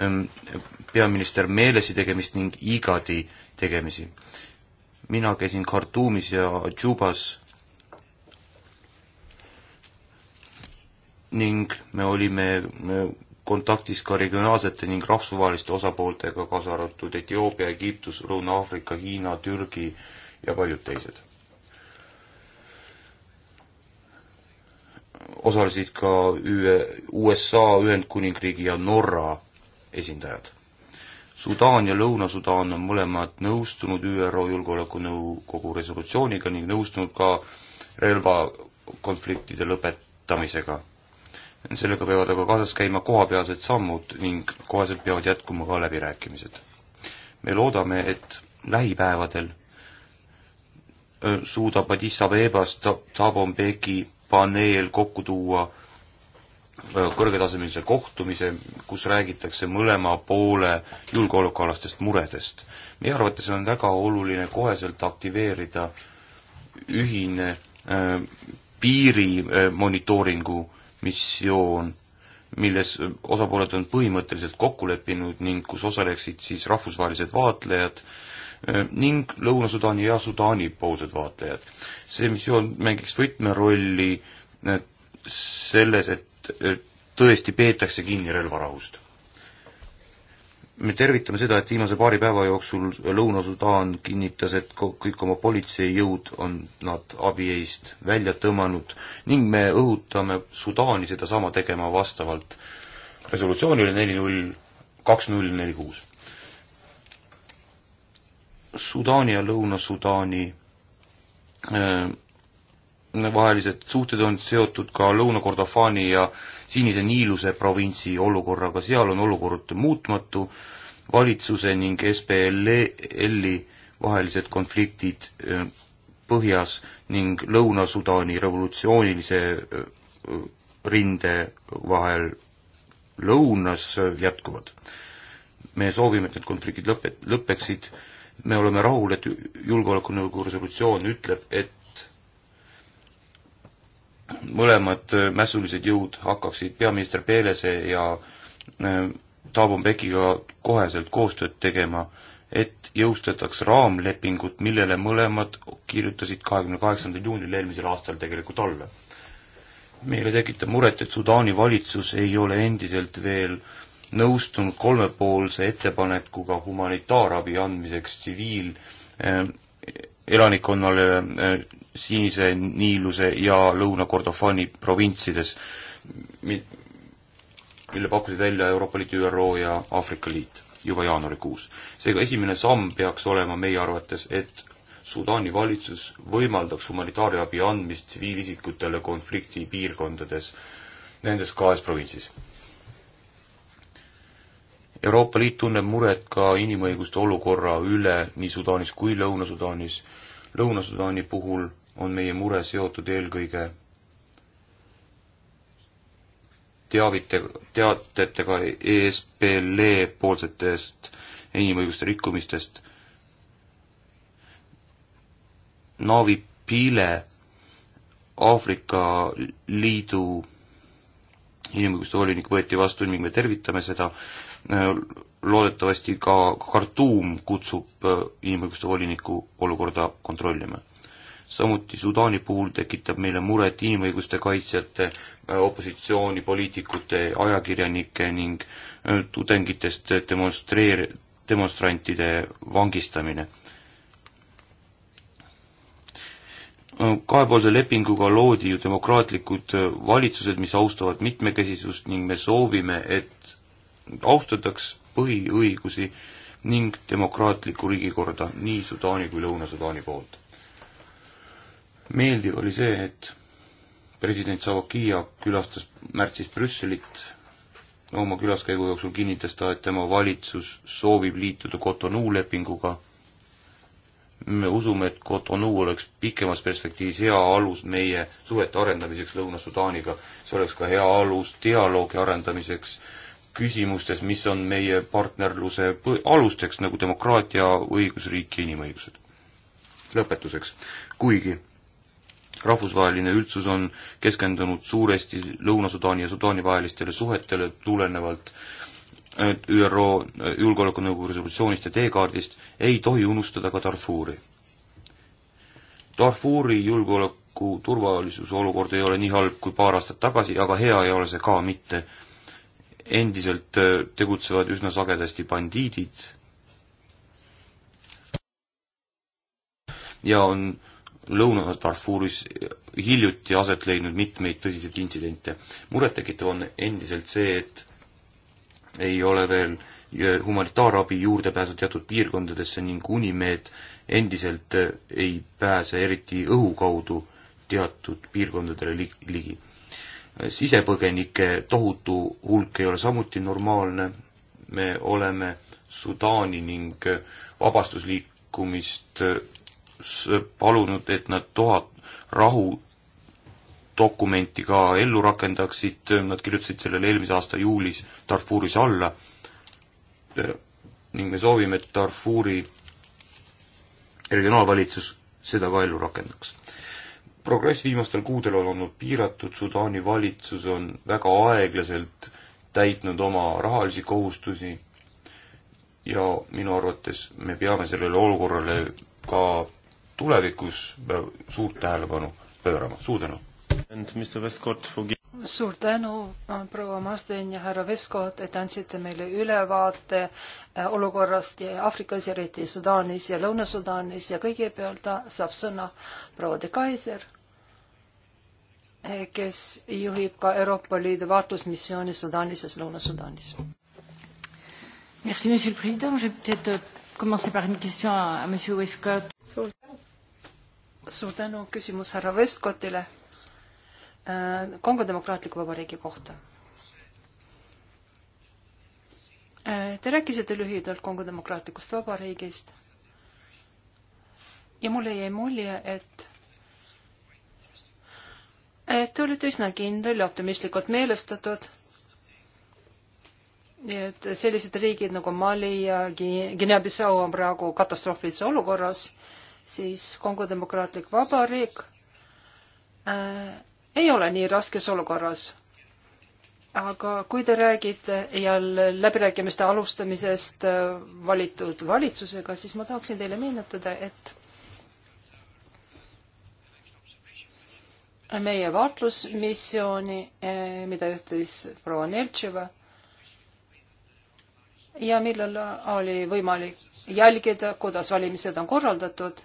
ähm, peaminister Meelesi tegemist ning Igadi tegemisi. mina käisin Khartoumis ja Džubas ning me olime kontaktis ka regionaalsete ning rahvusvaheliste osapooltega, kaasa arvatud Etioopia, Egiptus, Lõuna-Aafrika, Hiina, Türgi ja paljud teised. osalesid ka ühe USA, Ühendkuningriigi ja Norra esindajad. Sudaan ja Lõuna-Sudaan on mõlemad nõustunud ÜRO Julgeolekunõukogu resolutsiooniga ning nõustunud ka relvakonfliktide lõpetamisega sellega peavad aga kaasas käima kohapealsed sammud ning koheselt peavad jätkuma ka läbirääkimised. me loodame, et lähipäevadel suudab Addis Abebas Tabombeki paneel kokku tuua kõrgetasemelise kohtumise, kus räägitakse mõlema poole julgeolekualastest muredest. meie arvates on väga oluline koheselt aktiveerida ühine äh, piiri äh, monitooringu missioon, milles osapooled on põhimõtteliselt kokku leppinud ning kus osaleksid siis rahvusvahelised vaatlejad eh, ning Lõuna-Sudaani ja Sudaani poolsed vaatlejad. see missioon mängiks võtmerolli eh, selles, et eh, tõesti peetakse kinni relvarahust me tervitame seda, et viimase paari päeva jooksul Lõuna-Sudaan kinnitas, et kõik oma politseijõud on nad abi eest välja tõmmanud ning me õhutame Sudaani sedasama tegema vastavalt resolutsioonile neli null kaks null neli kuus. Sudaani ja Lõuna-Sudaani äh, vahelised suhted on seotud ka Lõuna-Kordofani ja Sinise Niiluse provintsi olukorraga, seal on olukord muutmatu, valitsuse ning SPLL-i e vahelised konfliktid äh, põhjas ning Lõuna-Sudaani revolutsioonilise äh, rinde vahel lõunas äh, jätkuvad. me soovime, et need konfliktid lõpe, lõpeksid, me oleme rahul, et Julgeolekunõukogu resolutsioon ütleb, et mõlemad äh, mässulised jõud hakkaksid peaminister Peelese ja äh, Taavo Pekiga koheselt koostööd tegema, et jõustataks raamlepingut, millele mõlemad kirjutasid kahekümne kaheksandal juunil eelmisel aastal tegelikult alla. meile tekitab muret, et Sudaani valitsus ei ole endiselt veel nõustunud kolmepoolse ettepanekuga humanitaarabi andmiseks tsiviil- äh, elanikkonnale äh, Sinise Niiluse ja Lõuna-Kordofani provintsides, mille pakkusid välja Euroopa Liit, ÜRO ja Aafrika Liit juba jaanuarikuus. seega esimene samm peaks olema meie arvates, et Sudaani valitsus võimaldaks humanitaarabi andmist tsiviilisikutele konfliktipiirkondades, nendes kahes provintsis. Euroopa Liit tunneb muret ka inimõiguste olukorra üle nii Sudaanis kui Lõuna-Sudaanis Lõuna-Sudaani puhul on meie mure seotud eelkõige teavite, teatetega ESPLE e poolsetest inimõiguste rikkumistest. Naavi Pile, Aafrika Liidu inimõiguste volinik võeti vastu ning me tervitame seda loodetavasti ka Khartoum kutsub äh, inimõiguste voliniku olukorda kontrollima. samuti Sudaani puhul tekitab meile muret inimõiguste kaitsjate, äh, opositsioonipoliitikute, ajakirjanike ning äh, tudengitest demonstreer-, demonstrantide vangistamine. kahepoolse lepinguga loodi ju demokraatlikud valitsused, mis austavad mitmekesisust ning me soovime, et austataks põhiõigusi ning demokraatlikku riigikorda nii Sudaani kui Lõuna-Sudaani poolt. meeldiv oli see, et president Savakia külastas märtsis Brüsselit, oma külaskäigu jooksul kinnitas ta, et tema valitsus soovib liituda Cotonou lepinguga, me usume, et Cotonou oleks pikemas perspektiivis hea alus meie suhete arendamiseks Lõuna-Sudaaniga, see oleks ka hea alus dialoogi arendamiseks äh, küsimustes, mis on meie partnerluse alusteks, nagu demokraatia, õigusriik ja inimõigused. lõpetuseks, kuigi rahvusvaheline üldsus on keskendunud suuresti Lõuna-Sudaani ja Sudaani vahelistele suhetele tulenevalt ÜRO äh, Julgeolekunõukogu resolutsioonist ja teekaardist, ei tohi unustada ka Darfuri. Darfuri julgeoleku turvalisuse olukord ei ole nii halb kui paar aastat tagasi, aga hea ei ole see ka mitte endiselt äh, tegutsevad üsna sagedasti bandiidid ja on Lõuna-Darfuris hiljuti aset leidnud mitmeid tõsiseid intsidente. murettekitav on endiselt see, et ei ole veel äh, humanitaarabi juurdepääsu teatud piirkondadesse ning Unimed endiselt äh, ei pääse eriti õhu kaudu teatud piirkondadele ligi sisepõgenike tohutu hulk ei ole samuti normaalne, me oleme Sudaani ning vabastusliikumist äh, palunud, et nad tuhat rahu dokumenti ka ellu rakendaksid, nad kirjutasid sellele eelmise aasta juulis Darfuris alla äh, ning me soovime, et Darfuri regionaalvalitsus seda ka ellu rakendaks progress viimastel kuudel on olnud piiratud, Sudaani valitsus on väga aeglaselt täitnud oma rahalisi kohustusi ja minu arvates me peame sellele olukorrale ka tulevikus suurt tähelepanu pöörama, suur tänu! suur tänu, äh, proua Masten ja härra Veskot, et andsite meile ülevaate äh, olukorrast Aafrikas, eriti Sudaanis ja Lõuna-Sudaanis ja kõigepealt saab sõna proua de Kaiser kes juhib ka Euroopa Liidu vaatlusmissiooni Sudaanis ja Lõuna-Sudaanis. Merci, monsieur le président. Je vais peut-être euh, commencer par une question à, à monsieur Westcott. Suur tänu. Suur tänu. Küsimus härra Westcottile äh, Kongo demokraatliku vabariigi kohta äh,. Te rääkisite lühidalt Kongo demokraatlikust vabariigist ja mulle jäi mulje, et et te olite üsna kindel ja optimistlikult meelestatud. nii et sellised riigid nagu Mali ja Guinea-Bissau on praegu katastroofilises olukorras, siis Kongo Demokraatlik Vabariik äh, ei ole nii raskes olukorras. aga kui te räägite jälle läbirääkimiste alustamisest äh, valitud valitsusega, siis ma tahaksin teile meenutada, et meie vaatlusmissiooni, eh, mida juhtis proua Neltševa ja millel oli võimalik jälgida, kuidas valimised on korraldatud,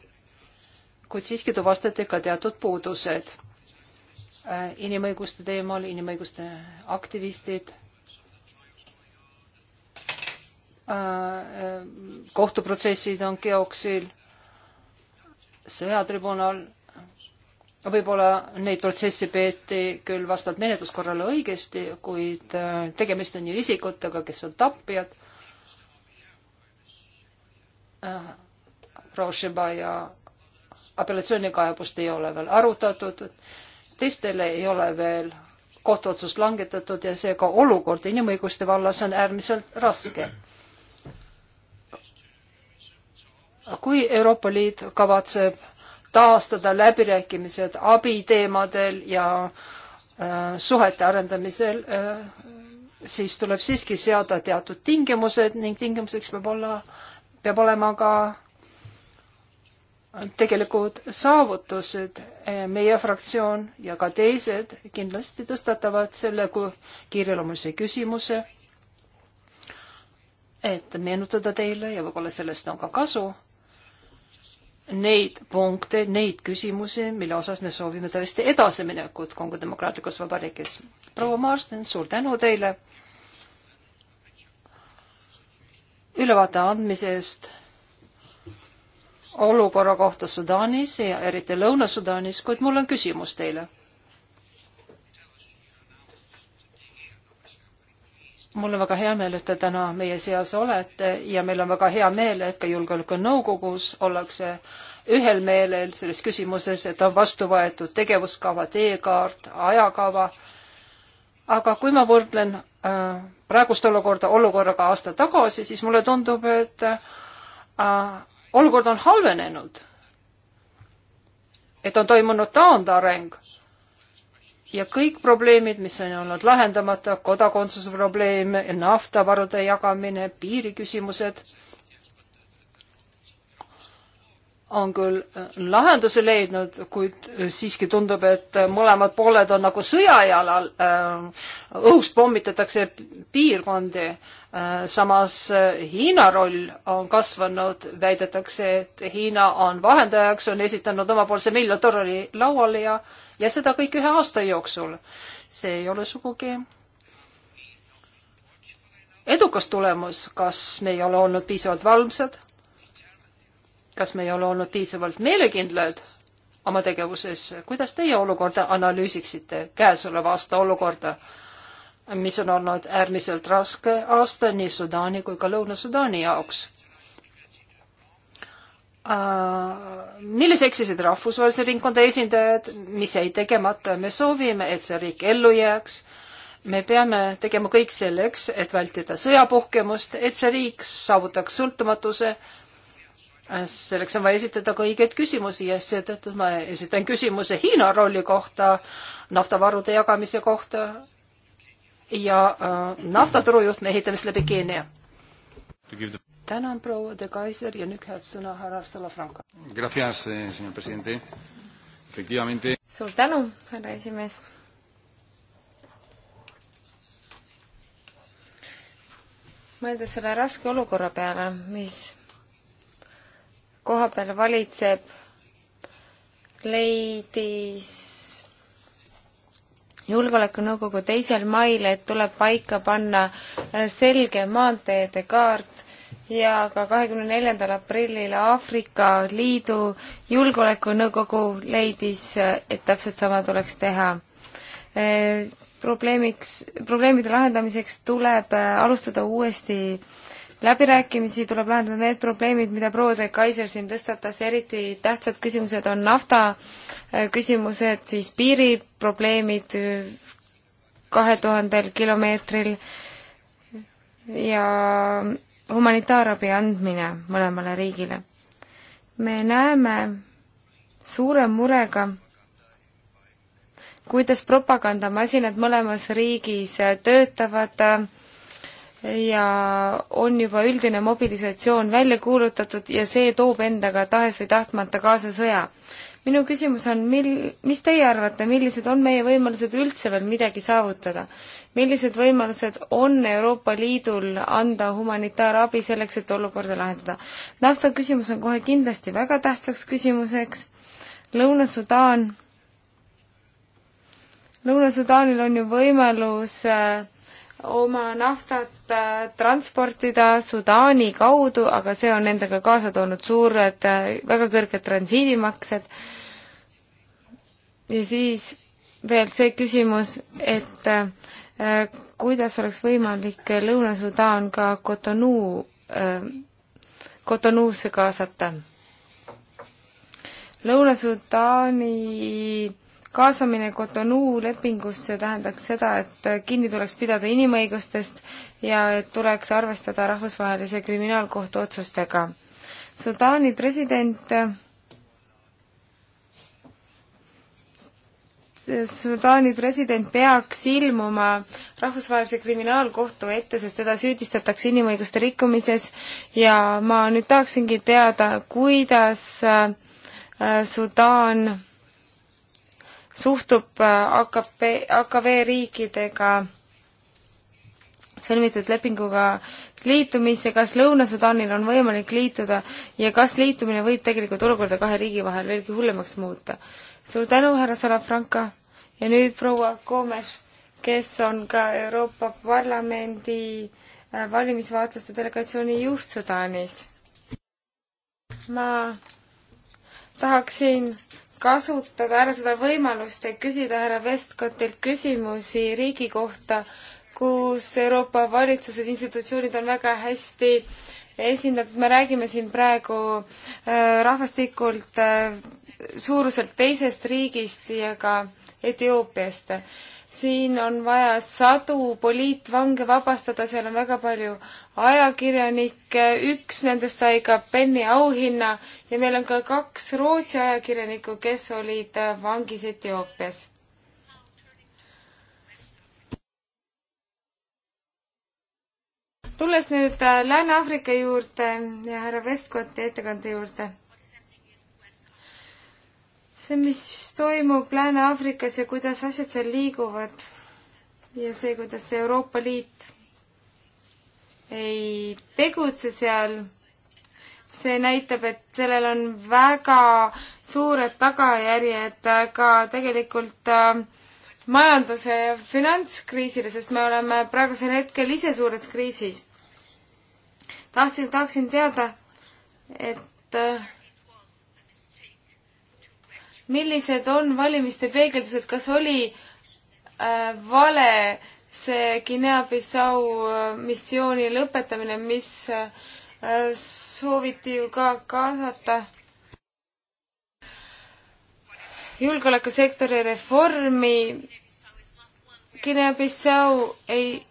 kuid siiski tuvastati ka teatud puudused eh, inimõiguste teemal, inimõiguste aktivistid, eh, kohtuprotsessid on geoksil, sõjatribunal võib-olla neid protsesse peeti küll vastavalt menetluskorrale õigesti, kuid äh, tegemist on ju isikutega, kes on tapjad. Äh, Rošeba ja apellatsioonikaebust ei ole veel arutatud, teistele ei ole veel kohtuotsust langetatud ja seega olukord inimõiguste vallas on äärmiselt raske. kui Euroopa Liit kavatseb taastada läbirääkimised abiteemadel ja äh, suhete arendamisel äh,, siis tuleb siiski seada teatud tingimused ning tingimuseks peab olla, peab olema ka tegelikud saavutused. meie fraktsioon ja ka teised kindlasti tõstatavad selle kiireloomulise küsimuse, et meenutada teile ja võib-olla sellest on ka kasu neid punkte, neid küsimusi, mille osas me soovime tõesti edasiminekut Kongo demokraatlikus vabariigis. proua Marsden, suur tänu teile ülevaate andmise eest olukorra kohta Sudaanis ja eriti Lõuna-Sudaanis, kuid mul on küsimus teile mul on väga hea meel, et te täna meie seas olete ja meil on väga hea meel, et ka Julgeolekunõukogus ollakse ühel meelel selles küsimuses, et on vastu võetud tegevuskava, teekaart, ajakava. aga kui ma võrdlen äh, praegust olukorda olukorraga aasta tagasi, siis mulle tundub, et äh, olukord on halvenenud. et on toimunud taandareng ja kõik probleemid, mis on olnud lahendamata, kodakondsuse probleem, naftavarude jagamine, piiriküsimused on küll äh, lahenduse leidnud, kuid äh, siiski tundub, et äh, mõlemad pooled on nagu sõjajalal, õhust pommitatakse piirkondi. samas Hiina roll on kasvanud, väidetakse, et Hiina on vahendajaks, on esitanud omapoolse miljon dollari lauale ja, ja seda kõik ühe aasta jooksul. see ei ole sugugi edukas tulemus, kas me ei ole olnud piisavalt valmsad kas me ei ole olnud piisavalt meelekindlad oma tegevuses, kuidas teie olukorda analüüsiksite, käesoleva aasta olukorda, mis on olnud äärmiselt raske aasta nii Sudaani kui ka Lõuna-Sudaani jaoks? Äh, milles eksisid rahvusvahelise ringkonda esindajad, mis jäi tegemata, me soovime, et see riik ellu jääks me peame tegema kõik selleks, et vältida sõjapuhkemust, et see riik saavutaks sõltumatuse selleks on vaja esitada ka õigeid küsimusi ja seetõttu ma esitan küsimuse Hiina rolli kohta, naftavarude jagamise kohta ja äh, naftaturujuhtme ehitamist läbi Keenia. tänan, proua de Kaiser ja nüüd läheb sõna härra Salafranca. Eh, suur tänu, härra esimees mõeldes selle raske olukorra peale, mis kohapeal valitseb, leidis julgeolekunõukogu teisel mail, et tuleb paika panna äh, selge maanteede kaart ja ka kahekümne neljandal aprillil Aafrika Liidu Julgeolekunõukogu leidis, äh, et täpselt sama tuleks teha. Äh, probleemiks, probleemide lahendamiseks tuleb alustada uuesti läbirääkimisi tuleb lahendada need probleemid, mida proua de Kaiser siin tõstatas, eriti tähtsad küsimused on nafta äh, küsimused, siis piiriprobleemid äh, kahe tuhandel kilomeetril ja humanitaarabi andmine mõlemale riigile. me näeme suure murega, kuidas propagandamasinad mõlemas riigis töötavad äh, ja on juba üldine mobilisatsioon välja kuulutatud ja see toob endaga tahes või tahtmata kaasa sõja. minu küsimus on, mil-, mis teie arvate, millised on meie võimalused üldse veel midagi saavutada? millised võimalused on Euroopa Liidul anda humanitaarabi selleks, et olukorda lahendada? nafta küsimus on kohe kindlasti väga tähtsaks küsimuseks. Lõuna-Sudaan, Lõuna-Sudaanil on ju võimalus äh, oma naftat äh, transportida Sudaani kaudu, aga see on endaga kaasa toonud suured, äh, väga kõrged transiidimaksed. ja siis veel see küsimus, et äh, kuidas oleks võimalik Lõuna-Sudaan ka Cotonou äh,, Cotonousse kaasata. Lõuna-Sudaani kaasamine Cotonou lepingusse tähendaks seda, et kinni tuleks pidada inimõigustest ja et tuleks arvestada rahvusvahelise kriminaalkohtu otsustega. Sudaani president Sudaani president peaks ilmuma rahvusvahelise kriminaalkohtu ette, sest teda süüdistatakse inimõiguste rikkumises ja ma nüüd tahaksingi teada, kuidas äh, Sudaan suhtub äh, AKP, AKV riikidega sõlmitud lepinguga liitumisse, kas Lõuna-Sudaanil on võimalik liituda ja kas liitumine võib tegelikult olukorda kahe riigi vahel veelgi hullemaks muuta. suur tänu, härra Salafranca ja nüüd proua Gomes, kes on ka Euroopa Parlamendi äh, valimisvaatluste delegatsiooni juht Sudaanis. ma tahaksin kasutada ära seda võimalust ja küsida härra Vestkotilt küsimusi riigi kohta, kus Euroopa valitsused, institutsioonid on väga hästi esindatud, me räägime siin praegu äh, rahvastikult äh, suuruselt teisest riigist ja ka Etioopiast siin on vaja sadu poliitvange vabastada, seal on väga palju ajakirjanikke, üks nendest sai ka Benny auhinna ja meil on ka kaks Rootsi ajakirjanikku, kes olid vangis Etioopias. tulles nüüd Lääne-Aafrika juurde ja härra Vestkoti ettekande juurde see, mis toimub Lääne-Aafrikas ja kuidas asjad seal liiguvad ja see, kuidas Euroopa Liit ei tegutse seal, see näitab, et sellel on väga suured tagajärjed ka tegelikult äh, majanduse ja finantskriisile, sest me oleme praegusel hetkel ise suures kriisis. tahtsin, tahaksin teada, et äh, millised on valimiste peegeldused, kas oli äh, vale see Guinea-Bissau äh, missiooni lõpetamine, mis äh, sooviti ju ka kaasata julgeolekusektori reformi. Guinea-Bissau ei,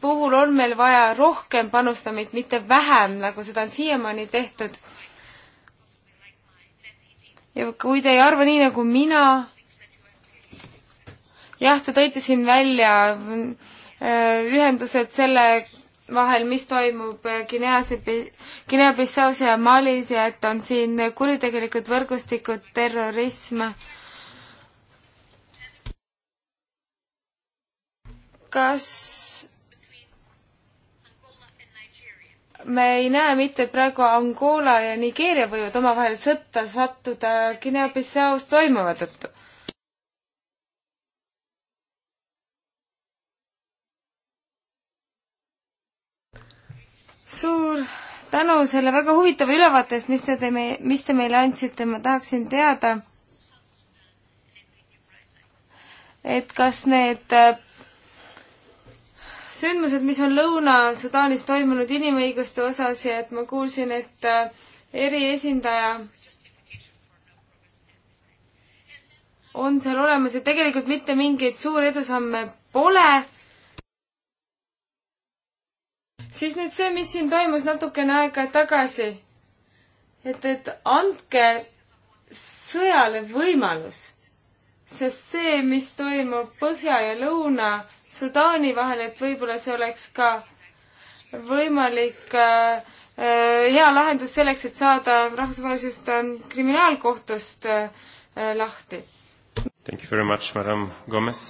puhul on meil vaja rohkem panustamist, mitte vähem, nagu seda on siiamaani tehtud ja kui te ei arva nii nagu mina, jah, te tõite siin välja äh, ühendused selle vahel, mis toimub äh, Guineas, Guinea-Bissaus ja Malis ja et on siin kuritegelikud võrgustikud, terrorism. kas me ei näe mitte, et praegu Angola ja Nigeeria võivad omavahel sõtta sattuda Guinea-Bissaus toimuva tõttu. suur tänu selle väga huvitava ülevaate eest, mis te, te me, mis te meile andsite, ma tahaksin teada, et kas need äh, sündmused, mis on Lõuna-Sudaanis toimunud inimõiguste osas ja et ma kuulsin, et äh, eriesindaja on seal olemas ja tegelikult mitte mingeid suuri edusamme pole siis nüüd see, mis siin toimus natukene aega tagasi. et, et andke sõjale võimalus, sest see, mis toimub põhja ja lõuna Sudaani vahel, et võib-olla see oleks ka võimalik äh, äh hea lahendus selleks, et saada rahvusvahelisest äh, kriminaalkohtust äh, äh, lahti. Thank you very much, madam Gomes.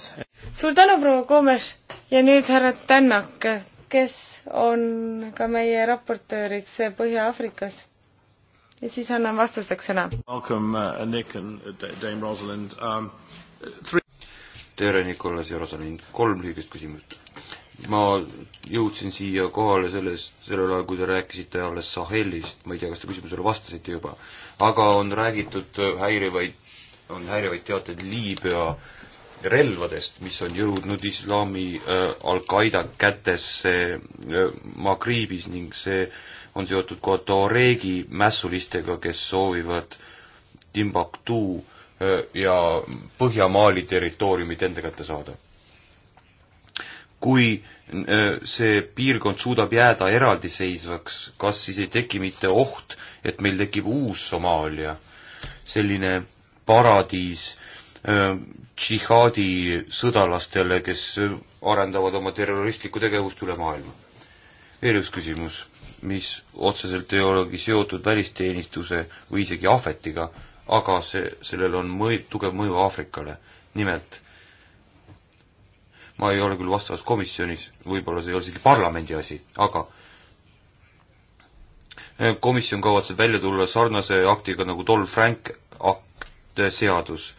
suur tänu, proua Gomes ja nüüd härra Tännak, kes on ka meie raportööriks Põhja-Aafrikas ja siis annan vastuseks sõna. Welcome uh, Nick and uh, Dame Rosalind um,. Three tere, Nikolas Jarosalin, kolm lühikest küsimust. ma jõudsin siia kohale selles, sellel ajal, kui te rääkisite alles Sahelist, ma ei tea, kas te küsimusele vastasite juba, aga on räägitud häirivaid, on häirivaid teateid Liibüa relvadest, mis on jõudnud islami äh, al-Qaeda kätesse äh, Magriibis ning see on seotud ka Tuareegi mässulistega, kes soovivad Timbuktu ja Põhjamaali territooriumid enda kätte saada. kui see piirkond suudab jääda eraldiseisvaks, kas siis ei teki mitte oht, et meil tekib uus Somaalia, selline paradiis džihaadi sõdalastele, kes arendavad oma terroristlikku tegevust üle maailma? veel üks küsimus, mis otseselt ei olegi seotud välisteenistuse või isegi ahvetiga, aga see, sellel on mõju, tugev mõju Aafrikale. nimelt, ma ei ole küll vastavas komisjonis, võib-olla see ei ole isegi parlamendi asi, aga komisjon kavatseb välja tulla sarnase aktiga nagu Doll Frank akt seadus,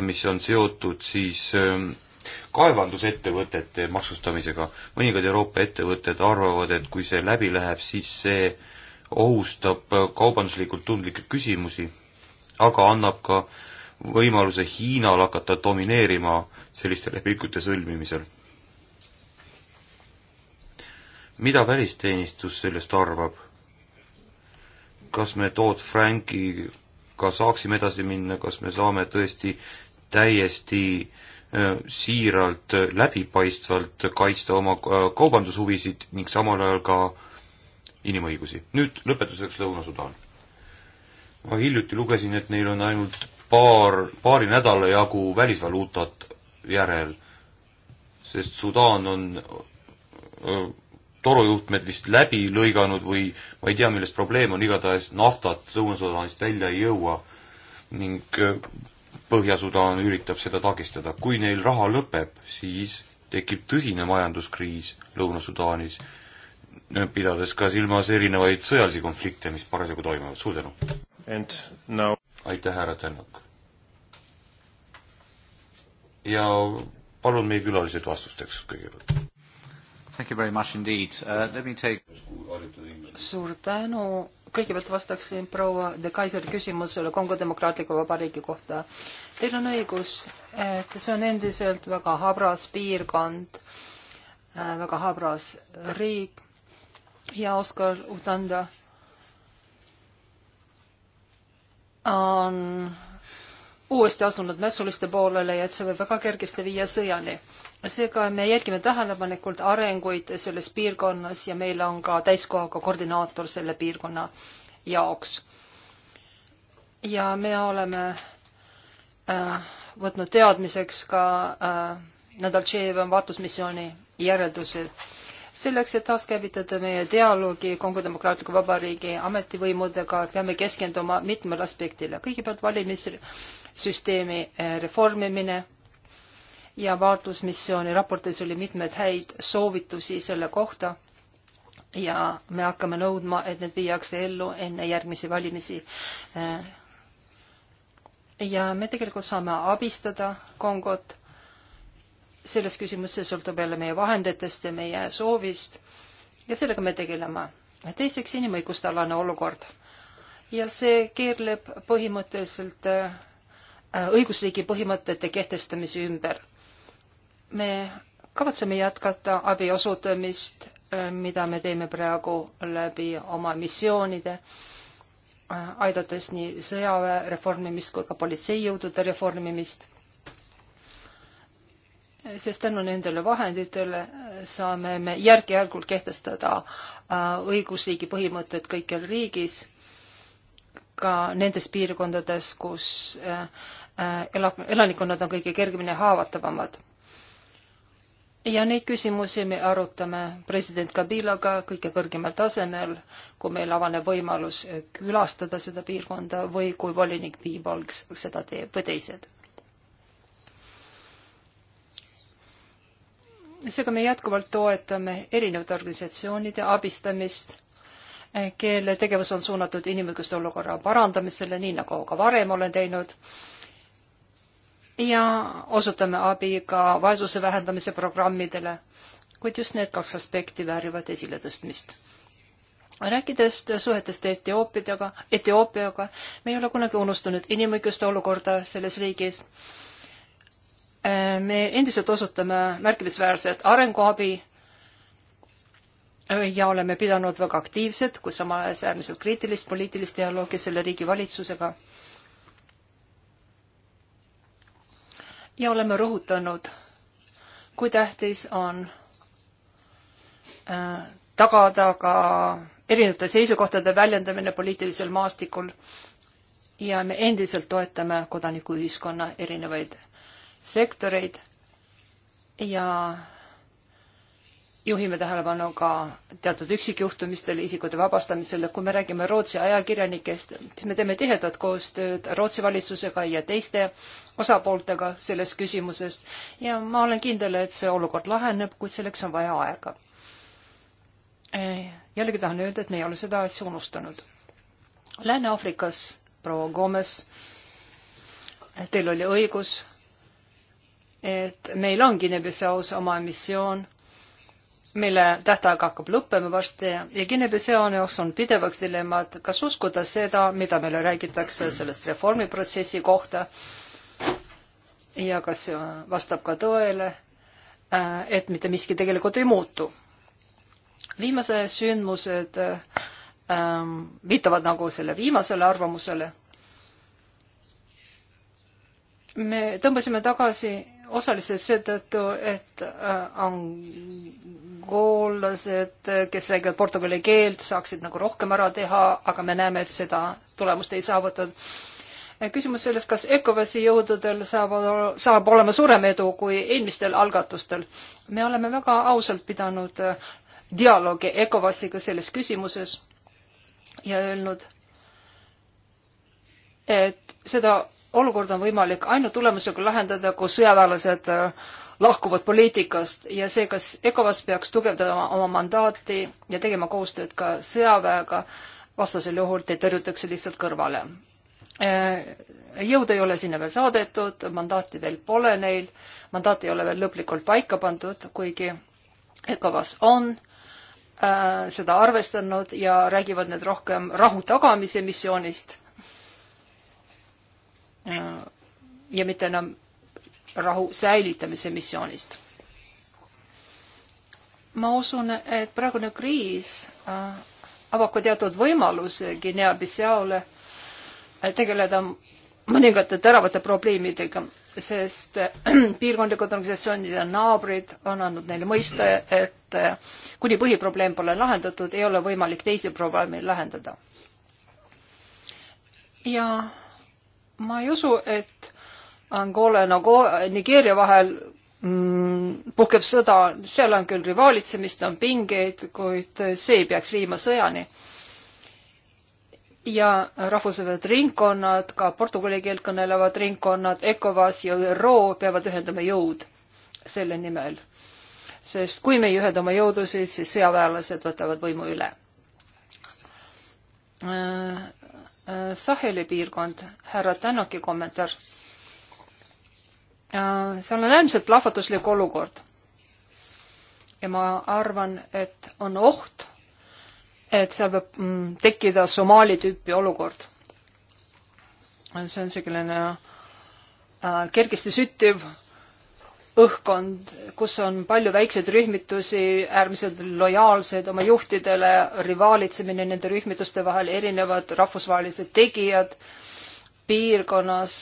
mis on seotud siis ähm, kaevandusettevõtete maksustamisega. mõningad Euroopa ettevõtted arvavad, et kui see läbi läheb, siis see ohustab kaubanduslikult tundlikke küsimusi aga annab ka võimaluse Hiinal hakata domineerima selliste lepingute sõlmimisel. mida välisteenistus sellest arvab? kas me Todd Frankiga saaksime edasi minna, kas me saame tõesti täiesti äh, siiralt, äh, läbipaistvalt kaitsta oma äh, kaubandushuvisid ning samal ajal ka inimõigusi. nüüd lõpetuseks Lõuna-Sudaan ma hiljuti lugesin, et neil on ainult paar, paari nädala jagu välisvaluutat järel, sest Sudaan on torujuhtmed vist läbi lõiganud või ma ei tea, milles probleem on, igatahes naftat Lõuna-Sudaanist välja ei jõua ning Põhja-Sudaan üritab seda takistada. kui neil raha lõpeb, siis tekib tõsine majanduskriis Lõuna-Sudaanis, pidades ka silmas erinevaid sõjalisi konflikte, mis parasjagu toimuvad. suur tänu! Now... aitäh, härra Tänak. ja palun meie külalised vastusteks kõigepealt. Thank you very much indeed uh,. Let me take suur tänu. kõigepealt vastaksin proua De Kaiseri küsimusele Kongo Demokraatliku Vabariigi kohta. Teil on õigus, et see on endiselt väga habras piirkond, äh, väga habras riik ja Oskar Utanda on uuesti asunud mässuliste poolele ja et see võib väga kergesti viia sõjani. seega me jälgime tähelepanelikult arenguid selles piirkonnas ja meil on ka täiskohaga koordinaator selle piirkonna jaoks. ja me oleme äh, võtnud teadmiseks ka äh, Nadaltšejevi vaatusmissiooni järeldused selleks, et taaskäivitada meie dialoogi Kongo Demokraatliku Vabariigi ametivõimudega, peame keskenduma mitmele aspektile. kõigepealt valimissüsteemi eh, reformimine ja vaatlusmissiooni raportis oli mitmeid häid soovitusi selle kohta ja me hakkame nõudma, et need viiakse ellu enne järgmisi valimisi eh. ja me tegelikult saame abistada Kongot selles küsimuses sõltub jälle meie vahenditest ja meie soovist ja sellega me tegeleme. teiseks inimõiguste alane olukord ja see keerleb põhimõtteliselt äh, õigusriigi põhimõtete kehtestamise ümber. me kavatseme jätkata abi osutamist, äh, mida me teeme praegu läbi oma missioonide, äh, aidates nii sõjaväe reformimist kui ka politseijõudude reformimist sest tänu nendele vahenditele saame me järk-järgult kehtestada äh, õigusriigi põhimõtted kõikjal riigis, ka nendes piirkondades, kus äh, äh, elab, elanikkonnad on kõige kergemini haavatavamad. ja neid küsimusi me arutame president Kabilaga kõige kõrgemal tasemel, kui meil avaneb võimalus külastada seda piirkonda või kui volinik Piibalg seda teeb või teised seega me jätkuvalt toetame erinevate organisatsioonide abistamist, eh, kelle tegevus on suunatud inimõiguste olukorra parandamisele, nii nagu ka varem olen teinud, ja osutame abi ka vaesuse vähendamise programmidele, kuid just need kaks aspekti väärivad esiletõstmist rääkides suhetest Etioopiaga, Etioopiaga, me ei ole kunagi unustanud inimõiguste olukorda selles riigis Äh, me endiselt osutame märkimisväärset arenguabi äh, ja oleme pidanud väga aktiivset, kuid samal ajal äärmiselt kriitilist poliitilist dialoogi selle riigi valitsusega. ja oleme rõhutanud, kui tähtis on äh, tagada ka erinevate seisukohtade väljendamine poliitilisel maastikul ja me endiselt toetame kodanikuühiskonna erinevaid sektoreid ja juhime tähelepanu ka teatud üksikjuhtumistele, isikute vabastamisele. kui me räägime Rootsi ajakirjanikest, siis me teeme tihedat koostööd Rootsi valitsusega ja teiste osapooltega selles küsimuses ja ma olen kindel, et see olukord laheneb, kuid selleks on vaja aega. Eh, jällegi tahan öelda, et me ei ole seda asja unustanud. Lääne-Aafrikas, proua Gomes, teil oli õigus et meil on Guinea-Bissaus oma missioon, mille tähtaeg hakkab lõppema varsti ja Guinea-Bissau jaoks on pidevaks dilemma, et kas uskuda seda, mida meile räägitakse sellest reformiprotsessi kohta ja kas see vastab ka tõele, äh, et mitte miski tegelikult ei muutu. viimased sündmused ähm, viitavad nagu selle viimasele arvamusele. me tõmbasime tagasi osaliselt seetõttu, et äh, angoollased, kes räägivad portugali keelt, saaksid nagu rohkem ära teha, aga me näeme, et seda tulemust ei saavutatud. Äh, küsimus selles, kas ECOWAS-i jõududel saavad, saab olema suurem edu kui eelmistel algatustel. me oleme väga ausalt pidanud äh, dialoogi ECOWAS-iga selles küsimuses ja öelnud, et seda olukord on võimalik ainult tulemusega lahendada, kui sõjaväelased äh, lahkuvad poliitikast ja seega ECOWAS peaks tugevdama oma mandaati ja tegema koostööd ka sõjaväega, vastasel juhul teid tõrjutakse lihtsalt kõrvale. Äh, jõud ei ole sinna veel saadetud, mandaati veel pole neil, mandaat ei ole veel lõplikult paika pandud, kuigi ECOWAS on äh, seda arvestanud ja räägivad nüüd rohkem rahu tagamise missioonist Äh, ja mitte enam rahu säilitamise missioonist. ma usun, et praegune kriis äh, avab ka teatud võimaluse Guinea-Bissaule äh, tegeleda mõningate teravate probleemidega, sest piirkondlikud organisatsioonid ja naabrid on andnud neile mõista, et kuni põhiprobleem pole lahendatud, ei ole võimalik teisi probleeme lahendada. ja ma ei usu, et Angola ja Nigeeria vahel mm, puhkeb sõda, seal on küll rivaalitsemist, on pingeid, kuid see ei peaks viima sõjani. ja rahvusvahelised ringkonnad, ka portugali keelt kõnelevad ringkonnad, ECOWAS ja ÜRO peavad ühendama jõud selle nimel. sest kui me ei ühenda oma jõudusid, siis sõjaväelased võtavad võimu üle äh, Äh, Saheli piirkond, härra Tänaki kommentaar. Äh, seal on äärmiselt plahvatuslik olukord. ja ma arvan, et on oht, et seal võib mm, tekkida Somaali tüüpi olukord. Äh, see on selline kergesti süttiv õhkkond, kus on palju väikseid rühmitusi, äärmiselt lojaalsed oma juhtidele, rivaalitsemine nende rühmituste vahel, erinevad rahvusvahelised tegijad piirkonnas,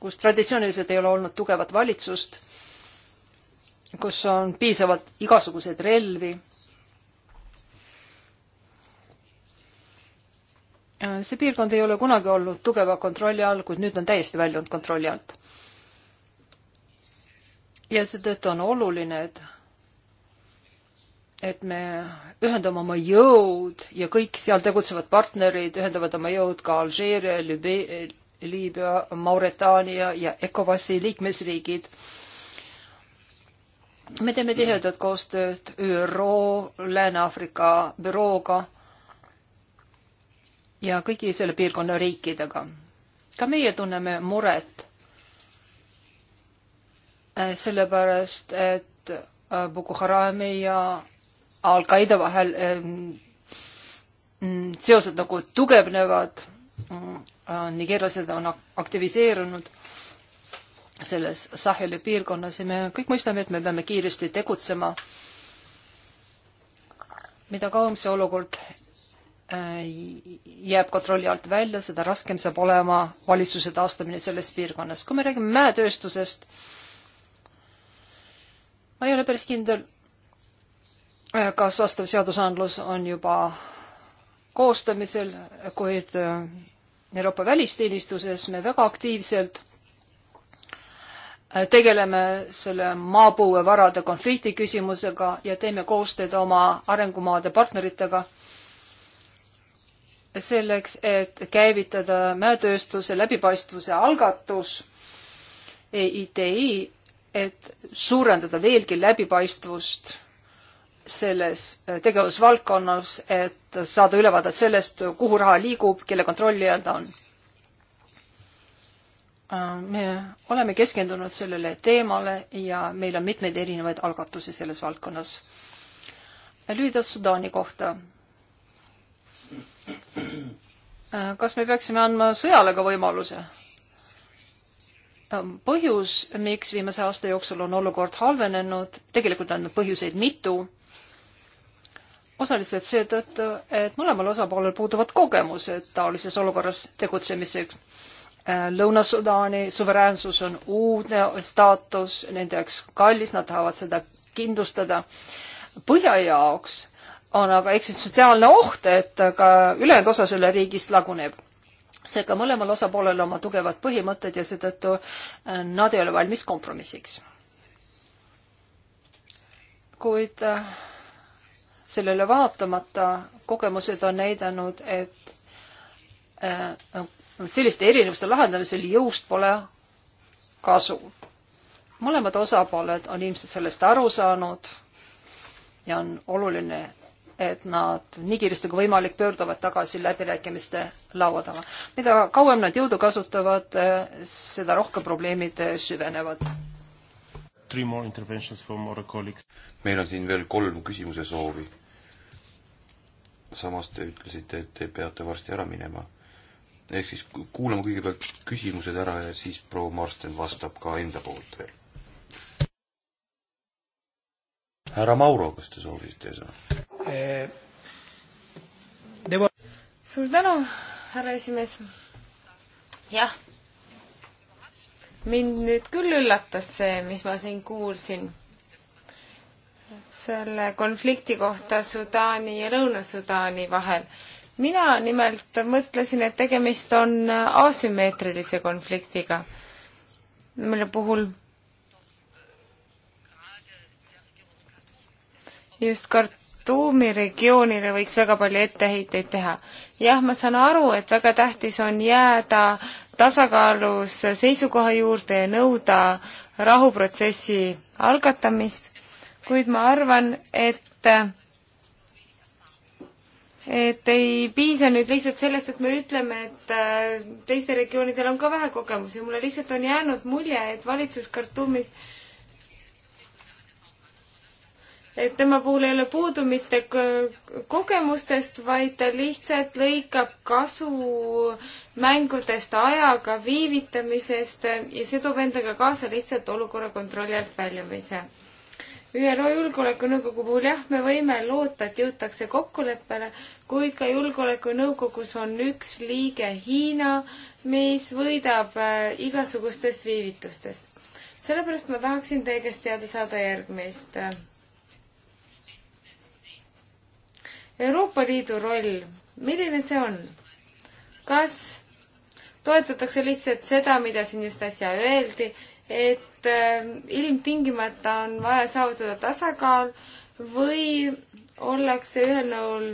kus traditsiooniliselt ei ole olnud tugevat valitsust, kus on piisavalt igasuguseid relvi. see piirkond ei ole kunagi olnud tugeva kontrolli all, kuid nüüd on täiesti väljunud kontrolli alt ja seetõttu on oluline, et et me ühendame oma jõud ja kõik seal tegutsevad partnerid ühendavad oma jõud ka Alžeeria, Liibüa, Mauretaania ja ECOWAS-i liikmesriigid. me teeme tihedat koostööd ÜRO Lääne-Aafrika bürooga ja kõigi selle piirkonna riikidega. ka meie tunneme muret Äh, sellepärast et äh, Boko Harami ja Al-Qaeda vahel ähm, mm, seosed nagu tugevnevad, mm, äh, nigeerlased on aktiviseerunud selles Saheli piirkonnas ja me kõik mõistame, et me peame kiiresti tegutsema. mida kauem see olukord jääb kontrolli alt välja, seda raskem saab olema valitsuse taastamine selles piirkonnas. kui me räägime mäetööstusest, ma ei ole päris kindel, äh, kas vastav seadusandlus on juba koostamisel, kuid äh, Euroopa välisteenistuses me väga aktiivselt äh, tegeleme selle maapõuevarade konflikti küsimusega ja teeme koostööd oma arengumaade partneritega selleks, et käivitada mäetööstuse läbipaistvuse algatus EITI et suurendada veelgi läbipaistvust selles äh, tegevusvaldkonnas, et saada ülevaadet sellest, kuhu raha liigub, kelle kontrolli all ta on. Äh, me oleme keskendunud sellele teemale ja meil on mitmeid erinevaid algatusi selles valdkonnas. lühidalt Sudaani kohta. Äh, kas me peaksime andma sõjale ka võimaluse? Ehm, põhjus, miks viimase aasta jooksul on olukord halvenenud, tegelikult on põhjuseid mitu, osaliselt seetõttu, et mõlemal osapoolel puuduvad kogemused taolises olukorras tegutsemiseks. Ehm, Lõuna-Sudaani suveräänsus on uudne staatus, nende jaoks kallis, nad tahavad seda kindlustada. Põhja jaoks on aga eksistentsiaalne oht, et ka ülejäänud osa selle riigist laguneb seega mõlemal osapoolel oma tugevad põhimõtted ja seetõttu äh, nad ei ole valmis kompromissiks. kuid äh, sellele vaatamata kogemused on näidanud, et äh, selliste erinevuste lahendamisel jõust pole kasu. mõlemad osapooled on ilmselt sellest aru saanud ja on oluline et nad nii kiiresti kui võimalik pöörduvad tagasi läbirääkimiste laua taha. mida kauem nad jõudu kasutavad, eh, seda rohkem probleemid eh, süvenevad. meil on siin veel kolm küsimuse soovi. samas te ütlesite, et te peate varsti ära minema. ehk siis kuulame kõigepealt küsimused ära ja siis proua Marsten vastab ka enda poolt veel härra Mauro, kas te soovisite sõna? Eh, suur tänu, härra esimees. jah. mind nüüd küll üllatas see, mis ma siin kuulsin selle konflikti kohta Sudaani ja Lõuna-Sudaani vahel. mina nimelt mõtlesin, et tegemist on asümmeetrilise konfliktiga, mille puhul just kart-, Batumi regioonile võiks väga palju etteheiteid teha. jah, ma saan aru, et väga tähtis on jääda tasakaalus seisukoha juurde ja nõuda rahuprotsessi algatamist, kuid ma arvan, et et ei piisa nüüd lihtsalt sellest, et me ütleme, et äh, teistel regioonidel on ka vähe kogemusi, mulle lihtsalt on jäänud mulje, et valitsus Khartoumis äh, et tema puhul ei ole puudu mitte kogemustest, vaid ta lihtsalt lõikab kasu mängudest ajaga, viivitamisest ja see toob endaga kaasa lihtsalt olukorra kontrolli alt väljumise. ÜRO Julgeolekunõukogu puhul jah, me võime loota, et jõutakse kokkuleppele, kuid ka Julgeolekunõukogus on üks liige Hiina, mis võidab äh, igasugustest viivitustest. sellepärast ma tahaksin teie käest teada saada järgmist Euroopa Liidu roll, milline see on? kas toetatakse lihtsalt seda, mida siin just äsja öeldi, et äh, ilmtingimata on vaja saavutada tasakaal või ollakse ühel nõul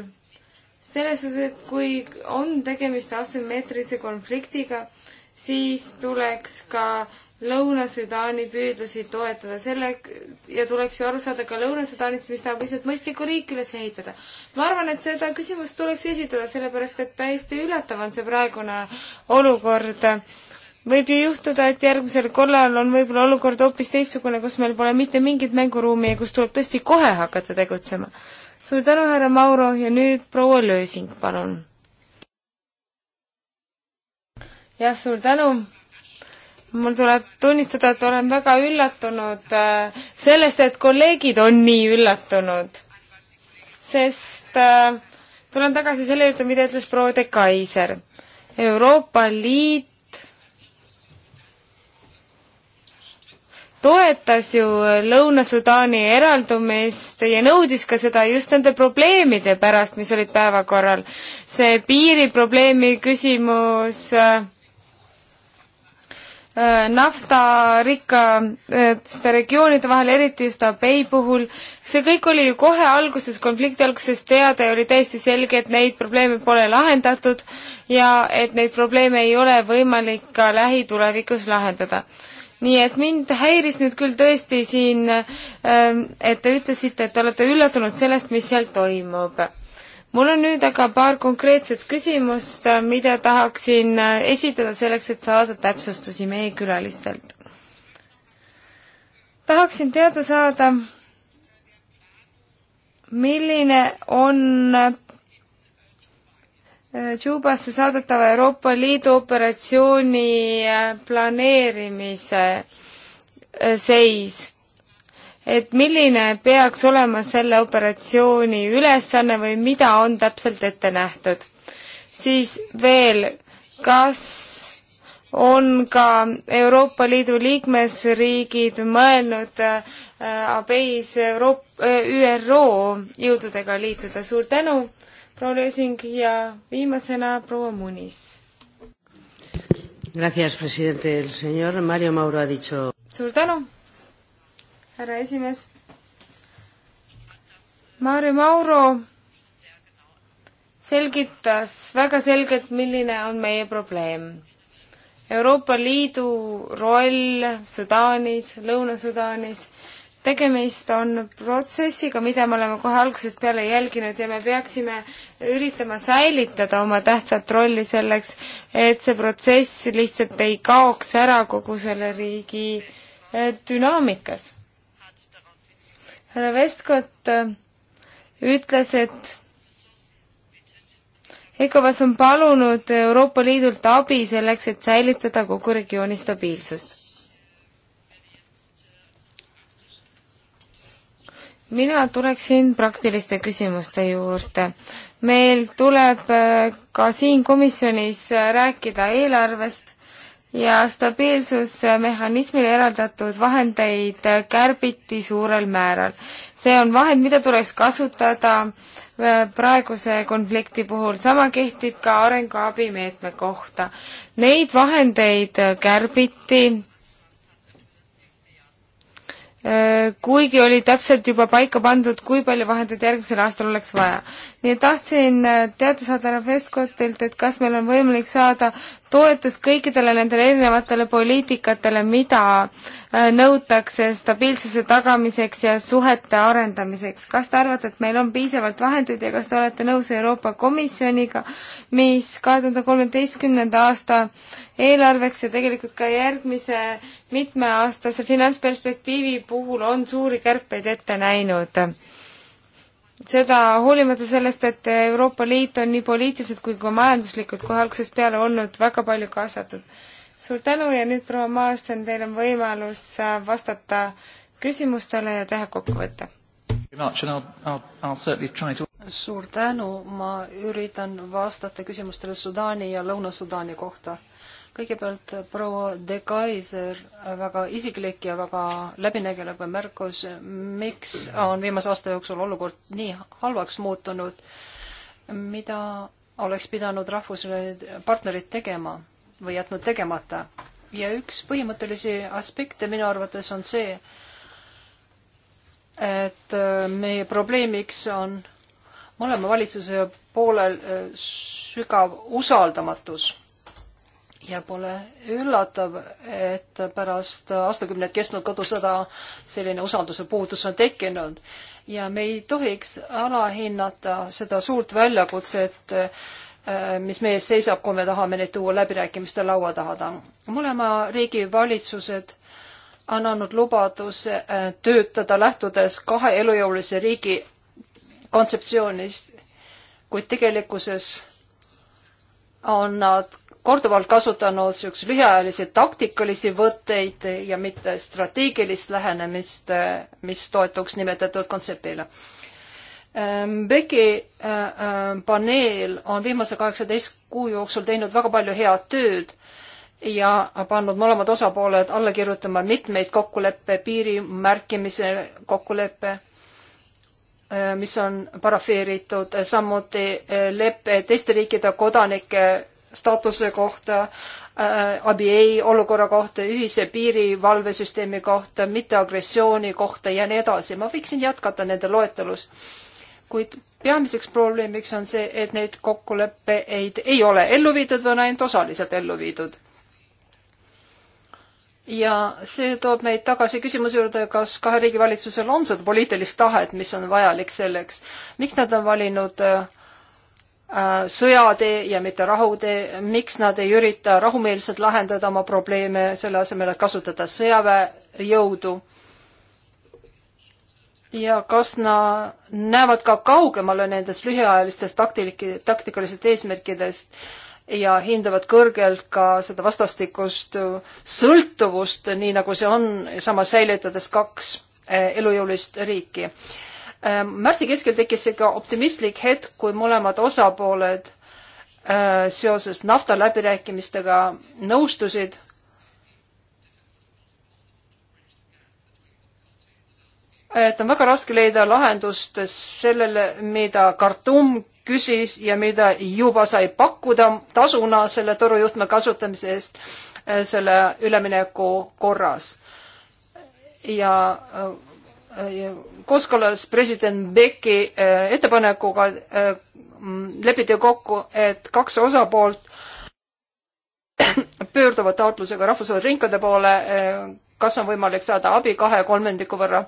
selles suhtes, et kui on tegemist asümmeetrilise konfliktiga, siis tuleks ka Lõuna-Sudaani püüdlusi toetada selle ja tuleks ju aru saada ka Lõuna-Sudaanist, mis tahab lihtsalt mõistlikku riiki üles ehitada. ma arvan, et seda küsimust tuleks esitada, sellepärast et täiesti üllatav on see praegune olukord. võib ju juhtuda, et järgmisel korral on võib-olla olukord hoopis teistsugune, kus meil pole mitte mingit mänguruumi ja kus tuleb tõesti kohe hakata tegutsema. suur tänu, härra Mauro ja nüüd proua Lösing, palun. jah, suur tänu mul tuleb tunnistada, et olen väga üllatunud äh, sellest, et kolleegid on nii üllatunud. sest äh, tulen tagasi selle juurde, mida ütles proua de Kaiser. Euroopa Liit toetas ju Lõuna-Sudaani eraldumist ja nõudis ka seda just nende probleemide pärast, mis olid päevakorral. see piiriprobleemi küsimus äh, Äh, naftarikkaste äh, regioonide vahel, eriti just Abei puhul. see kõik oli ju kohe alguses, konflikti alguses teada ja oli täiesti selge, et neid probleeme pole lahendatud ja et neid probleeme ei ole võimalik ka lähitulevikus lahendada. nii et mind häiris nüüd küll tõesti siin, ähm, et te ütlesite, et te olete üllatunud sellest, mis seal toimub mul on nüüd aga paar konkreetset küsimust, äh, mida tahaksin äh, esitada selleks, et saada täpsustusi meie külalistelt. tahaksin teada saada, milline on äh, Tšuubasse saadetava Euroopa Liidu operatsiooni planeerimise seis et milline peaks olema selle operatsiooni ülesanne või mida on täpselt ette nähtud. siis veel, kas on ka Euroopa Liidu liikmesriigid mõelnud äh, abeis Euroop-, äh, ÜRO jõududega liituda, suur tänu, proua Lesing ja viimasena proua Munis. Gracias, presidente. El señor Mario Mauro ha dicho. Suur tänu härra esimees. Maarja Mauro selgitas väga selgelt, milline on meie probleem. Euroopa Liidu roll Sudaanis, Lõuna-Sudaanis, tegemist on protsessiga, mida me oleme kohe algusest peale jälginud ja me peaksime üritama säilitada oma tähtsat rolli selleks, et see protsess lihtsalt ei kaoks ära kogu selle riigi eh, dünaamikas härra Vestkott äh, ütles, et ECOWAS on palunud Euroopa Liidult abi selleks, et säilitada kogu regiooni stabiilsust. mina tuleksin praktiliste küsimuste juurde. meil tuleb äh, ka siin komisjonis äh, rääkida eelarvest ja stabiilsusmehhanismile eraldatud vahendeid kärbiti suurel määral. see on vahend, mida tuleks kasutada äh, praeguse konflikti puhul, sama kehtib ka arenguabimeetme kohta. Neid vahendeid kärbiti, äh, kuigi oli täpselt juba paika pandud, kui palju vahendeid järgmisel aastal oleks vaja nii et tahtsin äh, teada saada härra Festkotilt, et kas meil on võimalik saada toetust kõikidele nendele erinevatele poliitikatele, mida äh, nõutakse stabiilsuse tagamiseks ja suhete arendamiseks. kas te arvate, et meil on piisavalt vahendeid ja kas te olete nõus Euroopa Komisjoniga, mis kahe tuhande kolmeteistkümnenda aasta eelarveks ja tegelikult ka järgmise mitmeaastase finantsperspektiivi puhul on suuri kärpeid ette näinud? seda hoolimata sellest, et Euroopa Liit on nii poliitiliselt kui ka majanduslikult kohe algusest peale olnud väga palju kaasatud. suur tänu ja nüüd proua Maarsen, teil on võimalus äh, vastata küsimustele ja teha kokkuvõte. suur tänu, ma üritan vastata küsimustele Sudaani ja Lõuna-Sudaani kohta kõigepealt äh, proua De Kaiser äh, väga isiklik ja väga läbinägelev märkus, miks on viimase aasta jooksul olukord nii halvaks muutunud, mida oleks pidanud rahvusvahelised partnerid tegema või jätnud tegemata. ja üks põhimõttelisi aspekte minu arvates on see, et äh, meie probleemiks on mõlema valitsuse poolel sügav usaldamatus ja pole üllatav, et pärast aastakümneid kestnud kodusõda selline usalduse puudus on tekkinud ja me ei tohiks alahinnata seda suurt väljakutset, äh, mis meie ees seisab, kui me tahame neid tuua läbirääkimiste laua taha. mõlema riigi valitsused on andnud lubaduse äh, töötada lähtudes kahe elujõulise riigi kontseptsioonist, kuid tegelikkuses on nad korduvalt kasutanud niisuguseid lühiajalisi taktikalisi võtteid ja mitte strateegilist lähenemist, mis toetuks nimetatud kontseptile. Ähm, Beki äh, äh, paneel on viimase kaheksateist kuu jooksul teinud väga palju head tööd ja pannud mõlemad osapooled alla kirjutama mitmeid kokkuleppe, piiri märkimise kokkuleppe, äh, mis on parafeeritud, samuti leppe teiste riikide kodanike staatuse kohta, äh, abiei olukorra kohta, ühise piirivalvesüsteemi kohta, mitteagressiooni kohta ja nii edasi. ma võiksin jätkata nende loetelust. kuid peamiseks probleemiks on see, et neid kokkuleppeid ei ole ellu viidud või on ainult osaliselt ellu viidud. ja see toob meid tagasi küsimuse juurde, kas kahe riigi valitsusel on seda poliitilist tahet, mis on vajalik selleks. miks nad on valinud äh, Äh, sõjatee ja mitte rahutee, miks nad ei ürita rahumeelselt lahendada oma probleeme, selle asemel, et kasutada sõjaväejõudu. ja kas nad näevad ka kaugemale nendest lühiajalistest taktilik-, taktikalisest eesmärkidest ja hindavad kõrgelt ka seda vastastikust sõltuvust, nii nagu see on, samas säilitades kaks äh, elujõulist riiki Ähm, märtsi keskel tekkis seega optimistlik hetk, kui mõlemad osapooled äh, seoses nafta läbirääkimistega nõustusid et on väga raske leida lahendust sellele, mida Khartoum küsis ja mida juba sai pakkuda tasuna selle torujuhtme kasutamise eest äh, selle ülemineku korras. ja äh, kooskõlas president Beki äh, ettepanekuga äh, mm, lepiti kokku, et kaks osapoolt pöörduvad taotlusega rahvusvahelise ringkonna poole, äh, kas on võimalik saada abi kahe kolmandiku võrra.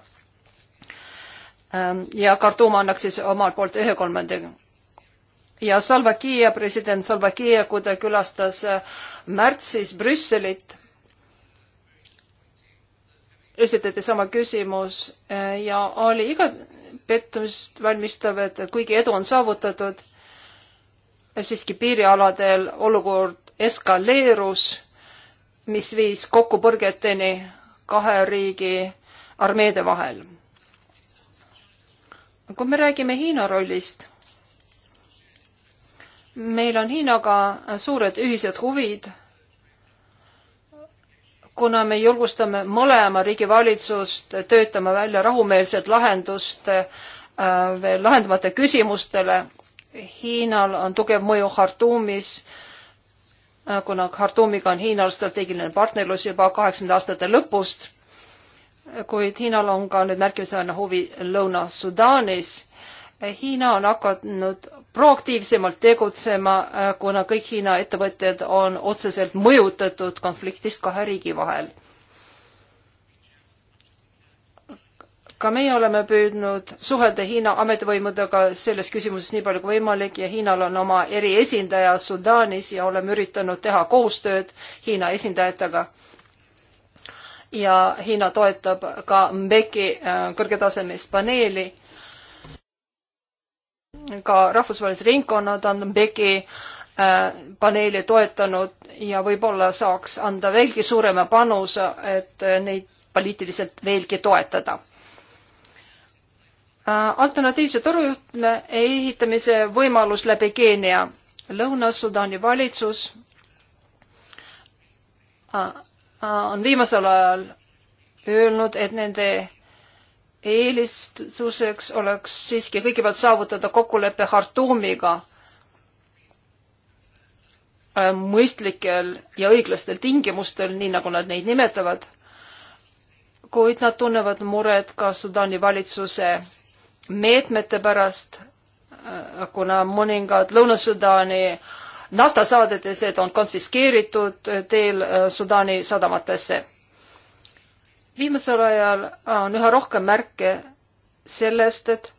Ähm, ja Khartoum annaks siis omalt poolt ühe kolmandiku. ja Salva Kiia, president Salva Kiia, kui ta külastas märtsis Brüsselit esitati sama küsimus eh, ja oli iga pettust valmistav, et kuigi edu on saavutatud, siiski piirialadel olukord eskaleerus, mis viis kokkupõrgeteni kahe riigi armeede vahel. kui me räägime Hiina rollist, meil on Hiinaga suured ühised huvid kuna me julgustame mõlema riigi valitsust töötama välja rahumeelset lahendust äh, veel lahendamata küsimustele. Hiinal on tugev mõju Khartoumis, äh, kuna Khartoumiga on Hiinal strateegiline partnerlus juba kaheksakümnenda aastate lõpust, kuid Hiinal on ka nüüd märkimisväärne huvi Lõuna-Sudaanis. Hiina on hakanud proaktiivsemalt tegutsema, äh, kuna kõik Hiina ettevõtjad on otseselt mõjutatud konfliktist kahe riigi vahel. ka meie oleme püüdnud suhelda Hiina ametivõimudega selles küsimuses nii palju kui võimalik ja Hiinal on oma eriesindaja Sudaanis ja oleme üritanud teha koostööd Hiina esindajatega ja Hiina toetab ka MEC-i äh, kõrgetasemest paneeli ka rahvusvahelised ringkonnad on Beki äh, paneeli toetanud ja võib-olla saaks anda veelgi suurema panuse, et äh, neid poliitiliselt veelgi toetada äh, alternatiivse torujuhtme ehitamise võimalus läbi Keenia. Lõuna-Sudaani valitsus on viimasel ajal öelnud, et nende eelistuseks oleks siiski kõigepealt saavutada kokkulepe Hartumiga äh, mõistlikel ja õiglastel tingimustel, nii nagu nad neid nimetavad, kuid nad tunnevad muret ka Sudaani valitsuse meetmete pärast, äh, kuna mõningad Lõuna-Sudaani naftasaadetised on konfiskeeritud teel äh, Sudaani sadamatesse viimasel ajal on üha rohkem märke sellest, et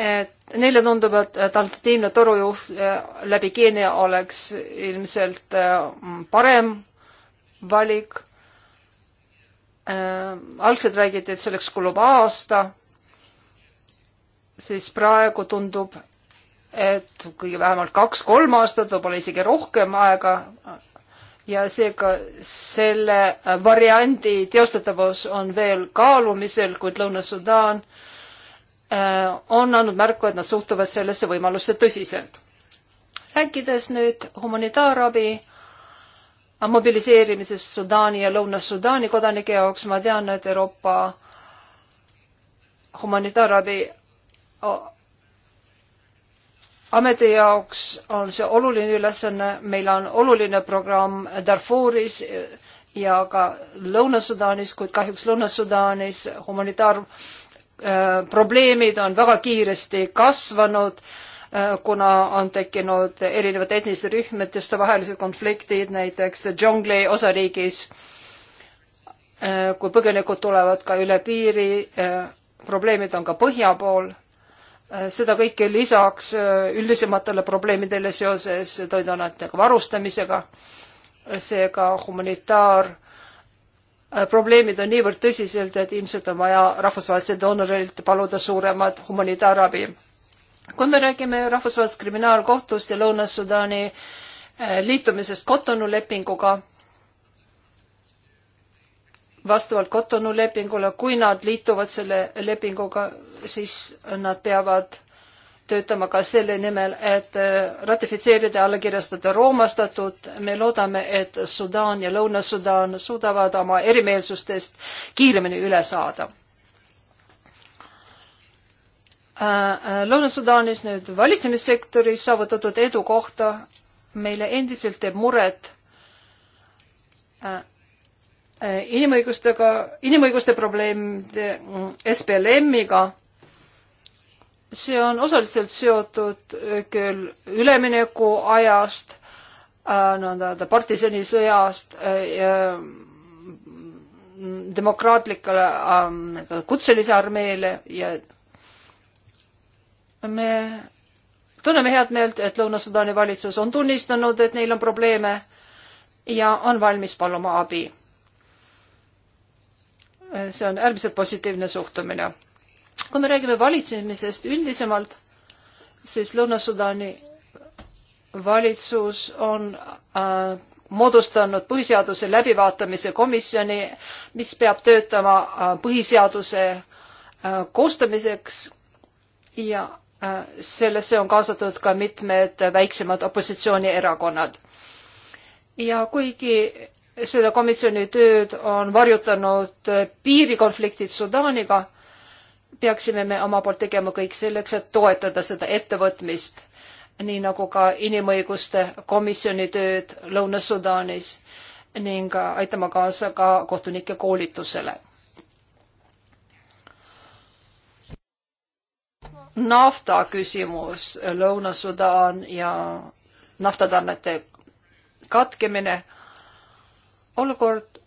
et neile tundub, et, et alternatiivne torujuht e, läbi Keenia oleks ilmselt e, parem valik. E, algselt räägiti, et selleks kulub aasta, siis praegu tundub, et kõige vähemalt kaks-kolm aastat, võib-olla isegi rohkem aega ja seega selle variandi teostatavus on veel kaalumisel, kuid Lõuna-Sudaan äh, on andnud märku, et nad suhtuvad sellesse võimalusse tõsiselt. rääkides nüüd humanitaarabi äh, mobiliseerimisest Sudaani ja Lõuna-Sudaani kodanike jaoks, ma tean, et Euroopa humanitaarabi ameti jaoks on see oluline ülesanne, meil on oluline programm Darfuris ja ka Lõuna-Sudaanis, kuid kahjuks Lõuna-Sudaanis humanitaarprobleemid äh, on väga kiiresti kasvanud, äh, kuna on tekkinud erinevate etniliste rühmituste vahelised konfliktid, näiteks džungli osariigis, äh, kui põgenikud tulevad ka üle piiri, probleemid on ka põhja pool Äh, seda kõike lisaks äh, üldisematele probleemidele seoses toiduainetega varustamisega. Äh, seega humanitaarprobleemid on niivõrd tõsised, et ilmselt on vaja rahvusvaheliselt doonorilt paluda suuremat humanitaarabi. kui me räägime Rahvusvahelisest Kriminaalkohtust ja Lõuna-Sudaani liitumisest Cotonou lepinguga, vastavalt Cotonou lepingule, kui nad liituvad selle lepinguga, siis nad peavad töötama ka selle nimel, et äh, ratifitseerida ja allakirjastada roomastatud. me loodame, et Sudaan ja Lõuna-Sudaan suudavad oma erimeelsustest kiiremini üle saada. Äh, äh, Lõuna-Sudaanis nüüd valitsemissektoris saavutatud edu kohta meile endiselt teeb muret Äh, inimõigustega, inimõiguste probleemide mm, SPLM-iga. see on osaliselt seotud äh, küll ülemineku ajast äh,, nii-öelda partisanisõjast äh, mm, demokraatlikele äh, kutselise armeele ja me tunneme head meelt, et Lõuna-Sudaani valitsus on tunnistanud, et neil on probleeme ja on valmis paluma abi see on äärmiselt positiivne suhtumine. kui me räägime valitsemisest üldisemalt, siis Lõuna-Sudaani valitsus on äh, moodustanud põhiseaduse läbivaatamise komisjoni, mis peab töötama äh, põhiseaduse äh, koostamiseks ja äh, sellesse on kaasatud ka mitmed väiksemad opositsioonierakonnad. ja kuigi selle komisjoni tööd on varjutanud piirikonfliktid Sudaaniga, peaksime me oma poolt tegema kõik selleks, et toetada seda ettevõtmist, nii nagu ka inimõiguste komisjoni tööd Lõuna-Sudaanis ning aitama kaasa ka kohtunike koolitusele. nafta küsimus, Lõuna-Sudaan ja naftatarnete katkemine olukord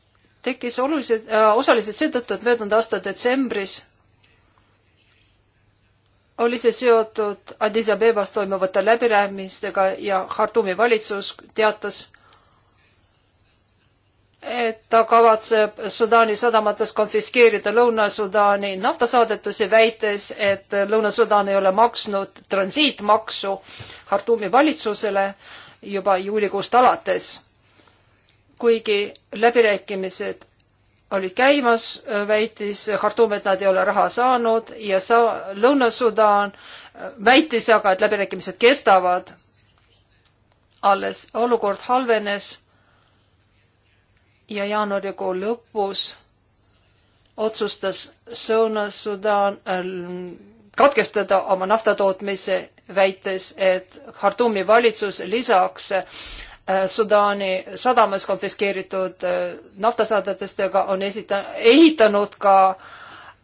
tekkis oluliselt äh,, osaliselt seetõttu, et möödunud aasta detsembris oli see seotud Addis Abebas toimuvate läbirääkimistega ja Khartoumi valitsus teatas, et ta kavatseb Sudaani sadamates konfiskeerida Lõuna-Sudaani naftasaadetusi, väites, et Lõuna-Sudaan ei ole maksnud transiitmaksu Khartoumi valitsusele juba juulikuust alates kuigi läbirääkimised olid käimas, väitis Khartoum, et nad ei ole raha saanud ja sa-, Lõuna-Sudaan väitis aga, et läbirääkimised kestavad. alles olukord halvenes ja jaanuarikuu lõpus otsustas Lõuna-Sudaan äh, katkestada oma naftatootmise, väites, et Khartoumi valitsus lisaks äh, Äh, Sudaani sadamas konfiskeeritud äh, naftasadadestega on esita-, ehitanud ka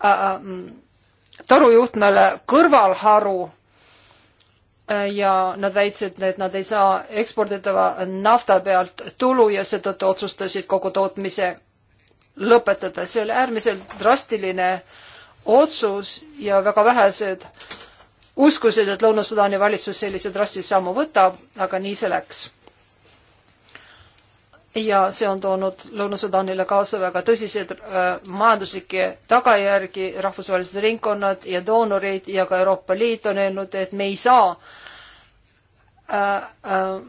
äh, äh torujuhtmele kõrvalharu ja nad väitsid, et nad ei saa eksporditava nafta pealt tulu ja seetõttu otsustasid kogu tootmise lõpetada. see oli äärmiselt drastiline otsus ja väga vähesed uskusid, et Lõuna-Sudaani valitsus sellise drastilise sammu võtab, aga nii see läks ja see on toonud Lõuna-Sudaanile kaasa väga tõsiseid äh, majanduslikke tagajärgi, rahvusvahelised ringkonnad ja doonorid ja ka Euroopa Liit on öelnud, et me ei saa äh, äh,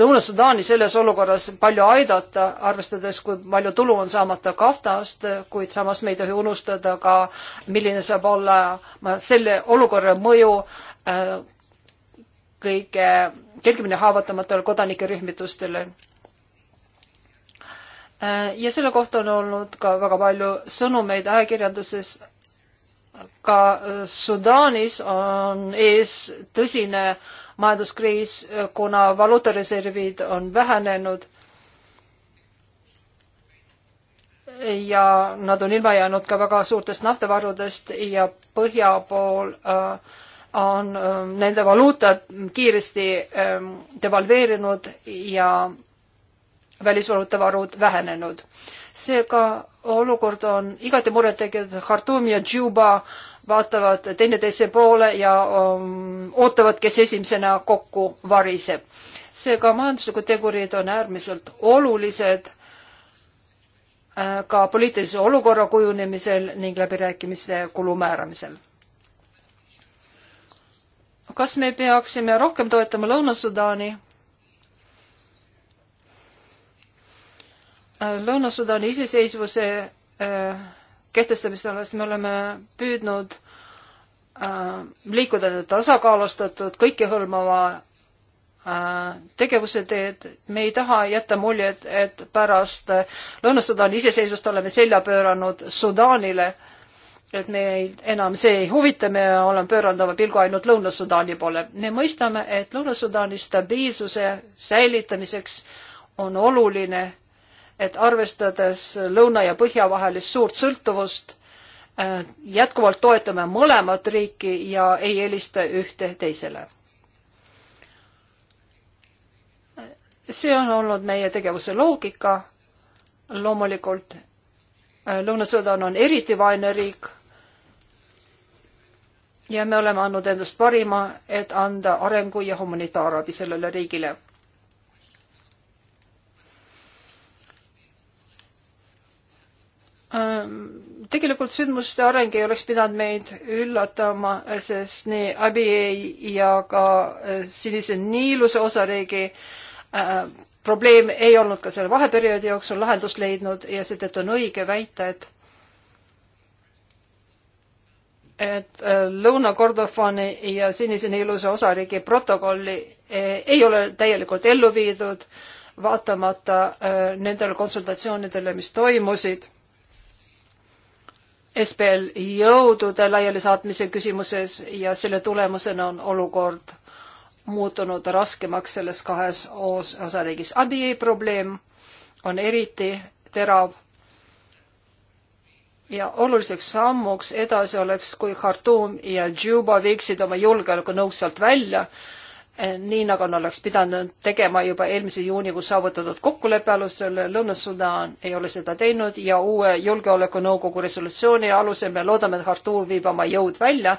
Lõuna-Sudaani selles olukorras palju aidata, arvestades, kui palju tulu on saamata Kaftast, kuid samas me ei tohi unustada ka, milline saab olla selle olukorra mõju äh, kõige kergemini haavatavatel kodanikerühmitustele Äh, ja selle kohta on olnud ka väga palju sõnumeid ajakirjanduses. ka äh, Sudaanis on ees tõsine majanduskriis, äh, kuna valuutareservid on vähenenud ja nad on ilma jäänud ka väga suurtest naftavarudest ja põhja pool äh, on äh, nende valuutad kiiresti äh, devalveerinud ja välisvaluutavarud vähenenud. seega olukord on igati murettekitav, Khartoum ja Juba vaatavad teineteise poole ja um, ootavad, kes esimesena kokku variseb. seega majanduslikud tegurid on äärmiselt olulised äh, ka poliitilise olukorra kujunemisel ning läbirääkimiste kulu määramisel. kas me peaksime rohkem toetama Lõuna-Sudaani? Lõuna-Sudaani iseseisvuse äh, kehtestamise alast me oleme püüdnud äh, liikuda tasakaalustatud, kõikehõlmava äh, tegevuse teed. me ei taha jätta muljet, et pärast Lõuna-Sudaani iseseisvust oleme selja pööranud Sudaanile, et meid enam see ei huvita, me oleme pööranud oma pilgu ainult Lõuna-Sudaani poole. me mõistame, et Lõuna-Sudaani stabiilsuse säilitamiseks on oluline et arvestades lõuna ja põhja vahelist suurt sõltuvust, äh, jätkuvalt toetame mõlemat riiki ja ei eelista ühte teisele. see on olnud meie tegevuse loogika. loomulikult äh, Lõuna-Sudan on eriti vaene riik ja me oleme andnud endast parima, et anda arengu ja humanitaarabi sellele riigile. Ähm, tegelikult sündmuste areng ei oleks pidanud meid üllatama, sest nii Abiei ja ka äh, Sinise Niiluse osariigi äh, probleem ei olnud ka selle vaheperioodi jooksul lahendust leidnud ja seetõttu on õige väita, et et äh, Lõuna-Kordofani ja Sinise Niiluse osariigi protokolli ei ole täielikult ellu viidud, vaatamata nendele konsultatsioonidele, mis toimusid SPL jõudude laialisaatmise küsimuses ja selle tulemusena on olukord muutunud raskemaks selles kahes osariigis. abi probleem on eriti terav ja oluliseks sammuks edasi oleks, kui Khartoum ja Juba viiksid oma julgeolekunõud sealt välja Eh, nii nagu on oleks pidanud tegema juba eelmise juunikuus saavutatud kokkuleppe alusel, Lõuna-Sudaan ei ole seda teinud ja uue Julgeolekunõukogu resolutsiooni alusel me loodame, et Hartuur viib oma jõud välja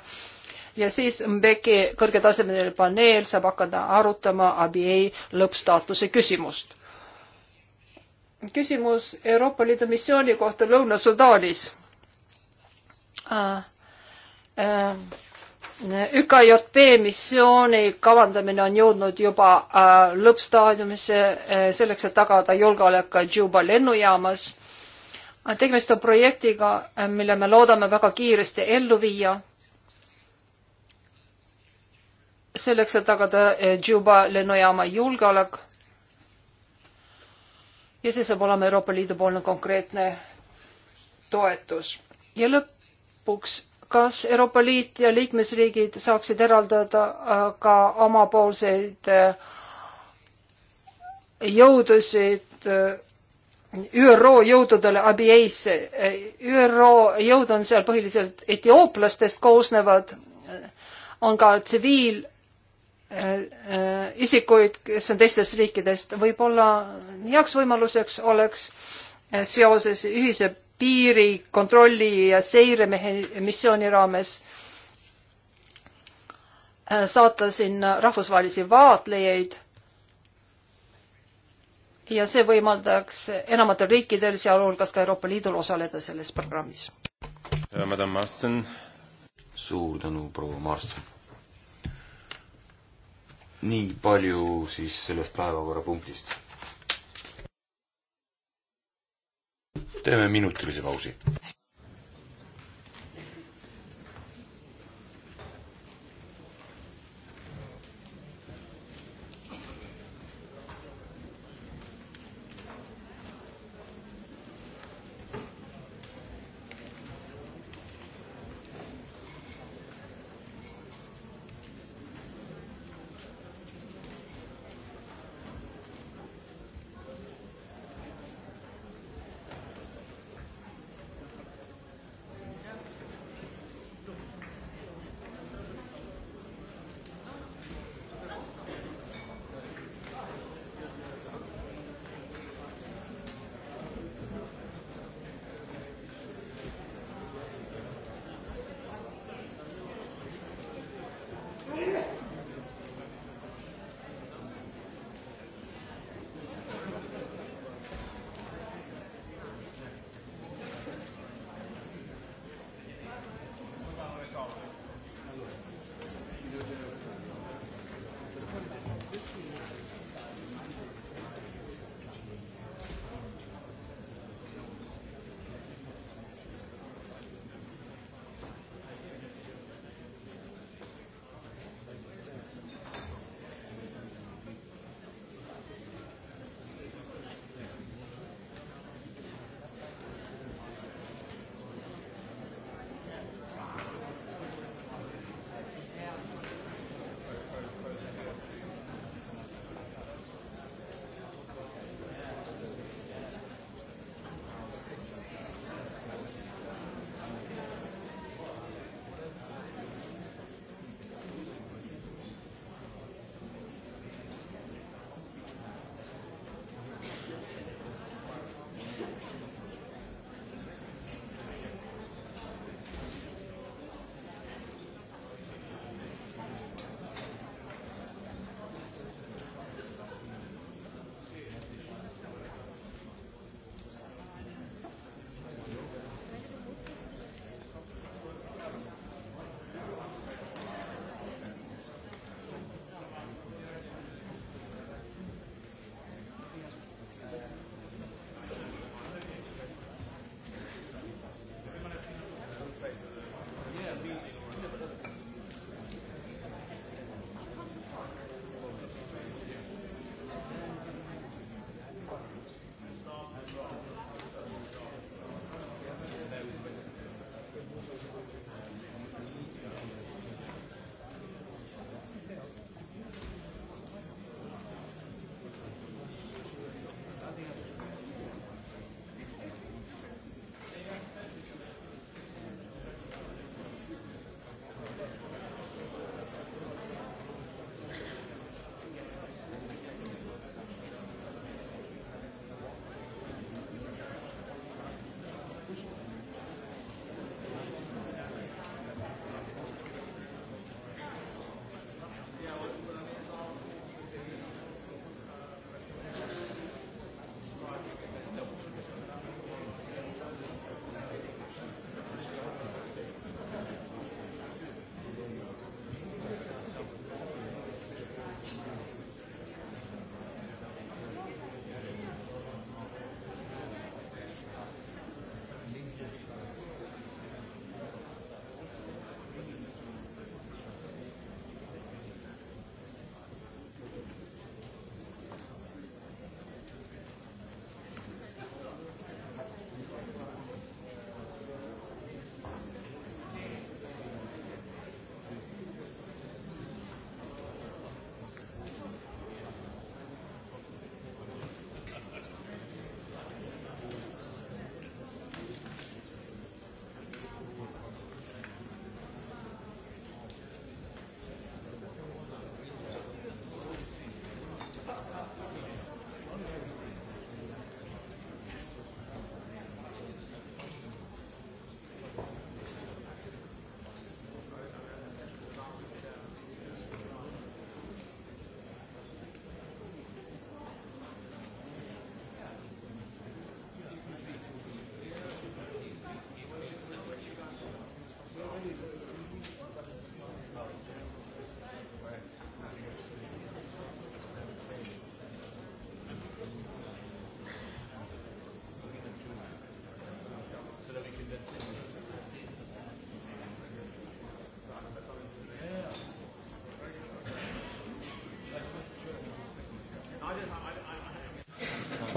ja siis Mbeki kõrgetasemeline paneel saab hakata arutama abiei lõppstaatuse küsimust. küsimus Euroopa Liidu missiooni kohta Lõuna-Sudaanis äh,. Äh, ÜKJP missiooni kavandamine on jõudnud juba äh, lõppstaadiumisse äh, selleks, et tagada julgeolek ka Juba lennujaamas. Äh, tegemist on projektiga, äh, mille me loodame väga kiiresti ellu viia. selleks, et tagada äh, Juba lennujaama julgeolek. ja see saab olema Euroopa Liidu poolne konkreetne toetus. ja lõpuks kas Euroopa Liit ja liikmesriigid saaksid eraldada äh, ka omapoolseid äh, jõudusid äh, ÜRO jõududele abieisse. ÜRO jõud on seal põhiliseltetiooplastest koosnevad, on ka tsiviil isikuid, kes on teistest riikidest, võib-olla heaks võimaluseks oleks seoses ühise piirikontrolli ja seiremissiooni raames äh, saata sinna rahvusvahelisi vaatlejaid. ja see võimaldaks enamatel riikidel, sealhulgas ka Euroopa Liidul, osaleda selles programmis. Madam Marston. suur tänu, proua Marston. nii palju siis sellest päevakorrapunktist teeme minutilise pausi.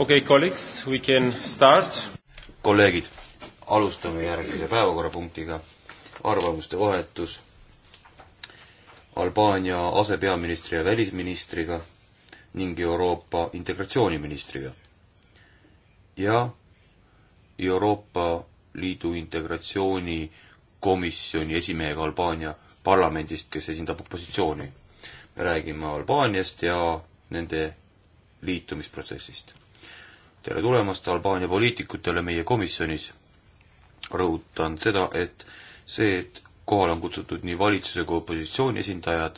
okei okay,, colleagues, we can start. kolleegid, alustame järgmise päevakorrapunktiga, arvamuste vahetus Albaania asepeaministri ja välisministriga ning Euroopa integratsiooniministriga ja Euroopa Liidu integratsioonikomisjoni esimehega Albaania parlamendist, kes esindab opositsiooni. me räägime Albaaniast ja nende liitumisprotsessist tere tulemast Albaania poliitikutele meie komisjonis. rõhutan seda, et see, et kohale on kutsutud nii valitsuse kui opositsiooni esindajad,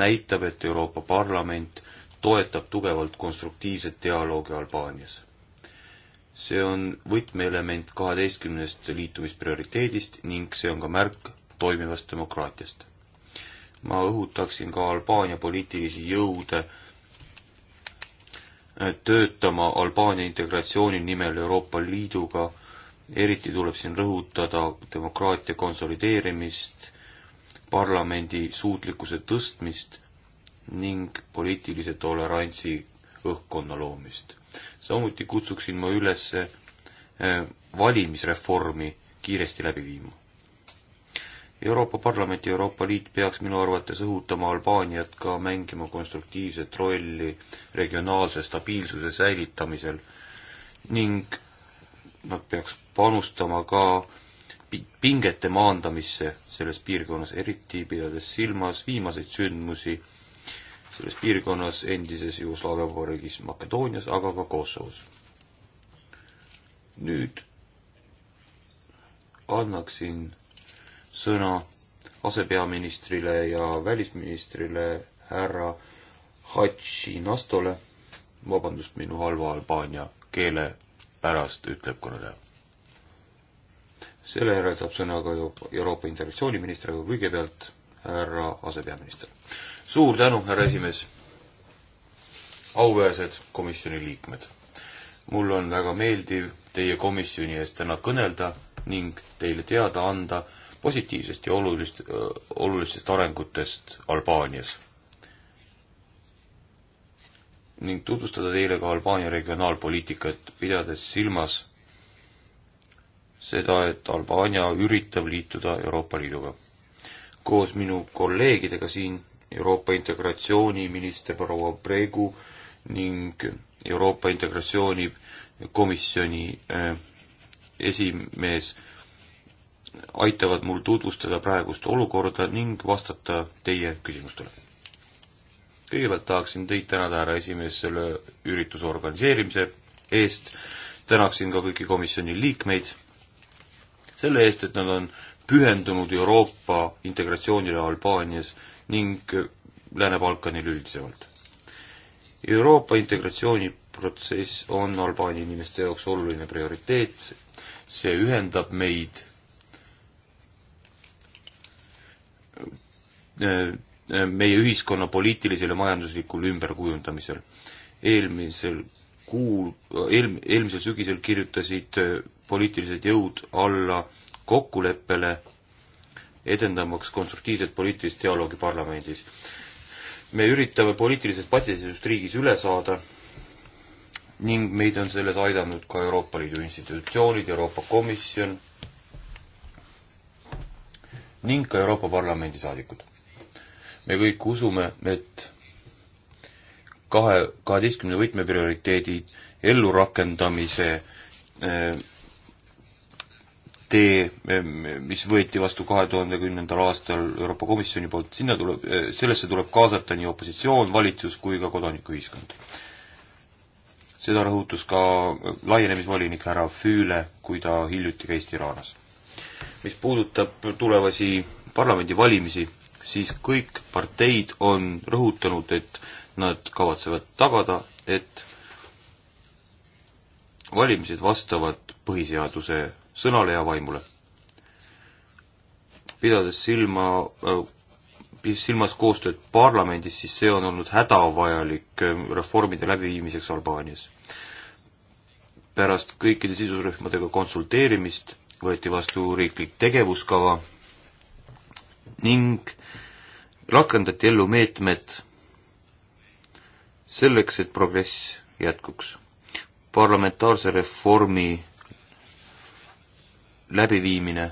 näitab, et Euroopa Parlament toetab tugevalt konstruktiivset dialoogi Albaanias. see on võtmeelement kaheteistkümnest liitumisprioriteedist ning see on ka märk toimivast demokraatiast. ma õhutaksin ka Albaania poliitilisi jõude töötama Albaania integratsiooni nimel Euroopa Liiduga, eriti tuleb siin rõhutada demokraatia konsolideerimist, parlamendi suutlikkuse tõstmist ning poliitilise tolerantsi õhkkonna loomist. samuti kutsuksin ma üles eh, valimisreformi kiiresti läbi viima Euroopa Parlament ja Euroopa Liit peaks minu arvates õhutama Albaaniat ka mängima konstruktiivset rolli regionaalse stabiilsuse säilitamisel ning nad peaks panustama ka pingete maandamisse selles piirkonnas, eriti pidades silmas viimaseid sündmusi selles piirkonnas endises Jugoslaavia vabariigis Makedoonias, aga ka Kosovos. nüüd annaksin sõna asepeaministrile ja välisministrile härra Hatši Nastole. vabandust minu halva albaania keele pärast, ütleb kõneleja. selle järel saab sõna ka Euroopa integratsiooniminister, aga kõigepealt härra asepeaminister. suur tänu, härra esimees. auväärsed komisjoni liikmed. mul on väga meeldiv teie komisjoni ees täna kõnelda ning teile teada anda, positiivsest ja olulist, olulistest arengutest Albaanias. ning tutvustada teile ka Albaania regionaalpoliitikat, pidades silmas seda, et Albaania üritab liituda Euroopa Liiduga. koos minu kolleegidega siin Euroopa integratsiooniminister proua Bregu ning Euroopa integratsioonikomisjoni eh, esimees äh, aitavad mul tutvustada praegust olukorda ning vastata teie küsimustele. kõigepealt tahaksin teid tänada, härra esimees, selle ürituse organiseerimise eest, tänaksin ka kõiki komisjoni liikmeid selle eest, et nad on pühendunud Euroopa integratsioonile Albaanias ning Lääne-Balkanil üldisemalt. Euroopa integratsiooniprotsess on Albaania inimeste jaoks oluline prioriteet, see ühendab meid Äh, äh, meie ühiskonna poliitilisel ja majanduslikul ümberkujundamisel. eelmisel kuul, eel-, eelmisel sügisel kirjutasid äh, poliitilised jõud alla kokkuleppele, edendamaks konstruktiivset poliitilist dialoogi parlamendis. me üritame poliitilisest patiseisust riigis üle saada ning meid on selles aidanud ka Euroopa Liidu institutsioonid, Euroopa Komisjon ning ka Euroopa Parlamendi saadikud me kõik usume, et kahe, kaheteistkümne võtmeprioriteedi ellurakendamise eh, tee, eh, mis võeti vastu kahe tuhande kümnendal aastal Euroopa Komisjoni poolt, sinna tuleb, eh, sellesse tuleb kaasata nii opositsioon, valitsus kui ka kodanikuühiskond. seda rõhutas ka laienemisvolinik härra Füüle, kui ta hiljuti käis Tiranas. mis puudutab tulevasi parlamendivalimisi, siis kõik parteid on rõhutanud, et nad kavatsevad tagada, et valimised vastavad põhiseaduse sõnale ja vaimule. pidades silma, äh, silmas koostööd parlamendis, siis see on olnud hädavajalik äh, reformide läbiviimiseks Albaanias. pärast kõikide sisusrühmadega konsulteerimist võeti vastu riiklik tegevuskava ning rakendati ellu meetmed selleks, et progress jätkuks. parlamentaarse reformi läbiviimine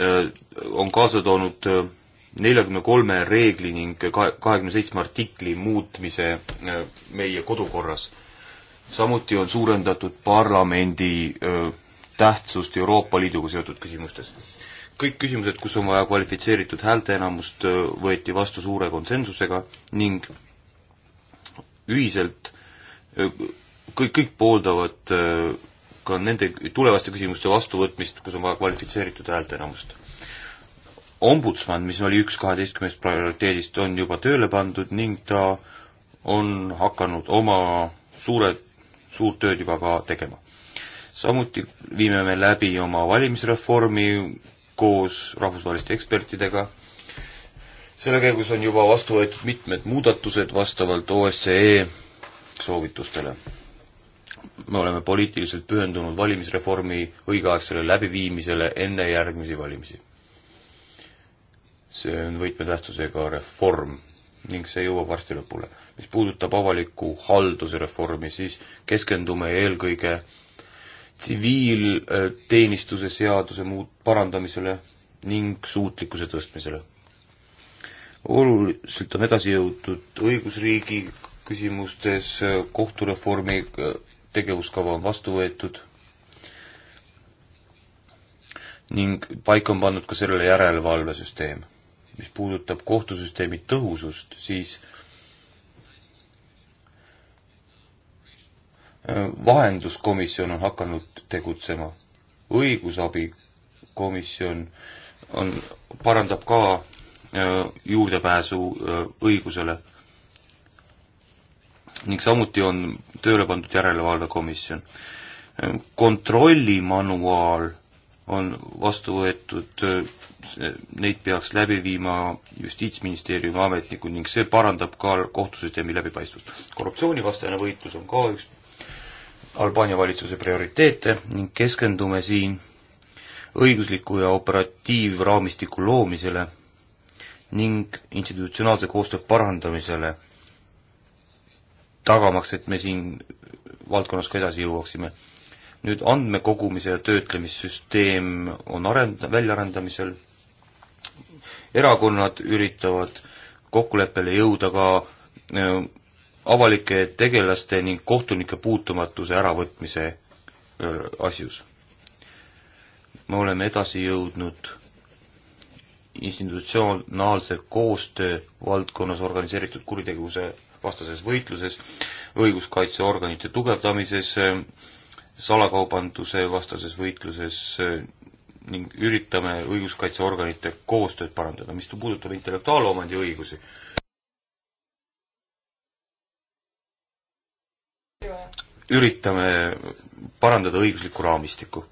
äh, on kaasa toonud neljakümne kolme reegli ning kahekümne seitsme artikli muutmise äh, meie kodukorras. samuti on suurendatud parlamendi öö, äh, tähtsust Euroopa Liiduga seotud küsimustes. kõik küsimused, kus on vaja kvalifitseeritud häälteenamust, võeti vastu suure konsensusega ning ühiselt kõik, kõik pooldavad eh, ka nende tulevaste küsimuste vastuvõtmist, kus on vaja kvalifitseeritud häälteenamust. ombudsman, mis oli üks kaheteistkümnest prioriteedist, on juba tööle pandud ning ta on hakanud oma suure, suurt tööd juba ka tegema samuti viime me läbi oma valimisreformi koos rahvusvaheliste ekspertidega. selle käigus on juba vastu võetud mitmed muudatused vastavalt OSCE soovitustele. me oleme poliitiliselt pühendunud valimisreformi õigeaegsele läbiviimisele enne järgmisi valimisi. see on võtmetähtsusega reform ning see jõuab varsti lõpule. mis puudutab avalikku halduse reformi, siis keskendume eelkõige tsiviilteenistuse seaduse muut-, parandamisele ning suutlikkuse tõstmisele. oluliselt on edasi jõutud õigusriigi küsimustes, kohtureformi äh, tegevuskava on vastu võetud ning paika on pandud ka sellele järelevalvesüsteem. mis puudutab kohtusüsteemi tõhusust, siis vahenduskomisjon on hakanud tegutsema. õigusabikomisjon on, parandab ka äh, juurdepääsu äh, õigusele. ning samuti on tööle pandud järelevalvekomisjon. Äh, kontrollimanuaal on vastu võetud, neid peaks läbi viima Justiitsministeeriumi ametnikud ning see parandab ka kohtusüsteemi läbipaistvust. korruptsioonivastane võitlus on ka üks Albaania valitsuse prioriteete ning keskendume siin õigusliku ja operatiivraamistiku loomisele ning institutsionaalse koostöö parandamisele, tagamaks, et me siin valdkonnas ka edasi jõuaksime. nüüd andmekogumise ja töötlemissüsteem on arend-, väljaarendamisel, erakonnad üritavad kokkuleppele jõuda ka äh, avalike tegelaste ning kohtunike puutumatuse äravõtmise asjus. me oleme edasi jõudnud institutsionaalse koostöö valdkonnas organiseeritud kuritegevuse vastases võitluses, õiguskaitseorganite tugevdamises, salakaubanduse vastases võitluses ning üritame õiguskaitseorganite koostööd parandada, mis puudutab intellektuaalomandi õigusi üritame parandada õiguslikku raamistikku.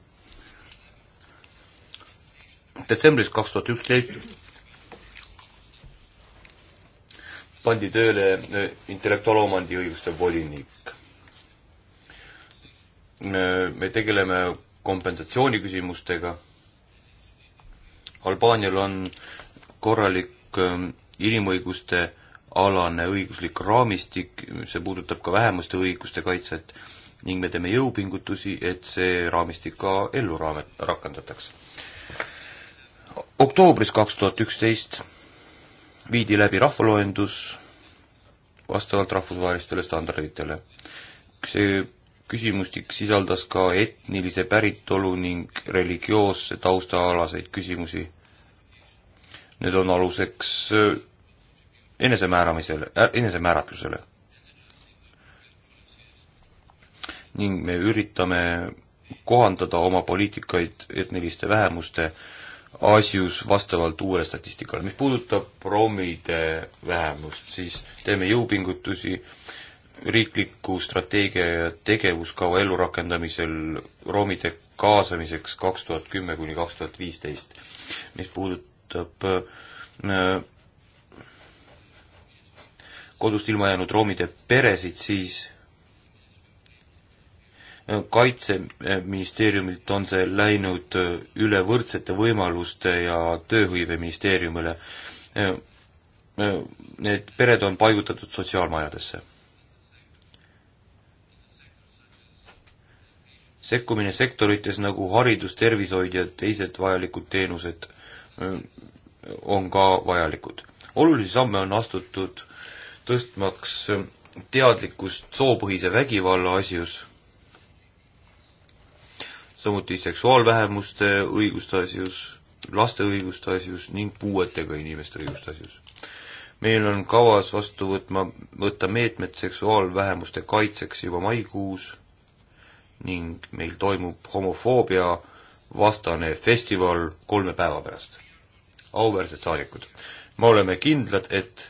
detsembris kaks tuhat üksteist pandi tööle äh, intellektuaalomandi õiguste volinik. Äh, me tegeleme kompensatsiooni küsimustega. Albaanial on korralik äh, inimõiguste alane õiguslik raamistik, see puudutab ka vähemuste õiguste kaitset ning me teeme jõupingutusi, et see raamistik ka ellu raame-, rakendataks. oktoobris kaks tuhat üksteist viidi läbi rahvaloendus vastavalt rahvusvahelistele standarditele. see küsimustik sisaldas ka etnilise päritolu ning religioosse taustaalaseid küsimusi. Need on aluseks enesemääramisele, äh, enesemääratlusele. ning me üritame kohandada oma poliitikaid etniliste vähemuste asjus vastavalt uuele statistikale. mis puudutab romide vähemust, siis teeme jõupingutusi riikliku strateegia ja tegevuskava ellurakendamisel romide kaasamiseks kaks tuhat kümme kuni kaks tuhat viisteist. mis puudutab äh, kodust ilma jäänud roomide peresid, siis äh, kaitseministeeriumilt on see läinud äh, üle võrdsete võimaluste ja tööhõiveministeeriumile. Äh, need pered on paigutatud sotsiaalmajadesse. sekkumine sektorites nagu haridus, tervishoid ja teised vajalikud teenused on ka vajalikud. olulisi samme on astutud tõstmaks teadlikkust soopõhise vägivalla asjus, samuti seksuaalvähemuste õiguste asjus, laste õiguste asjus ning puuetega inimeste õiguste asjus. meil on kavas vastu võtma, võtta meetmed seksuaalvähemuste kaitseks juba maikuus ning meil toimub homofoobia vastane festival kolme päeva pärast. auväärsed saadikud, me oleme kindlad, et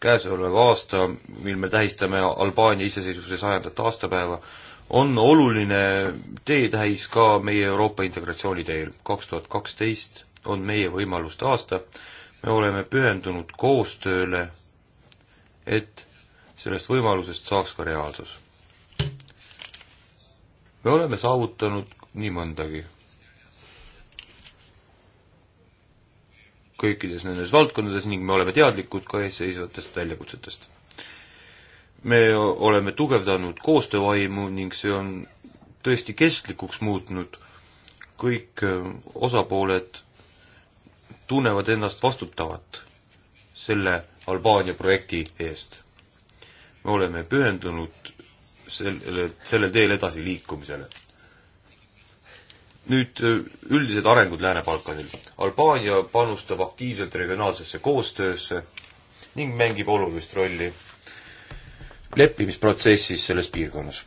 käesolev aasta, mil me tähistame Albaania iseseisvuse sajandat aastapäeva, on oluline teetähis ka meie Euroopa integratsiooni teel. kaks tuhat kaksteist on meie võimaluste aasta, me oleme pühendunud koostööle, et sellest võimalusest saaks ka reaalsus. me oleme saavutanud nii mõndagi kõikides nendes valdkondades ning me oleme teadlikud ka eesseisvatest väljakutsetest. me oleme tugevdanud koostöövaimu ning see on tõesti kestlikuks muutnud, kõik äh, osapooled tunnevad ennast vastutavat selle Albaania projekti eest. me oleme pühendunud sellele, sellel teel edasiliikumisele nüüd äh, üldised arengud Lääne-Balkanil. Albaania panustab aktiivselt regionaalsesse koostöösse ning mängib olulist rolli leppimisprotsessis selles piirkonnas.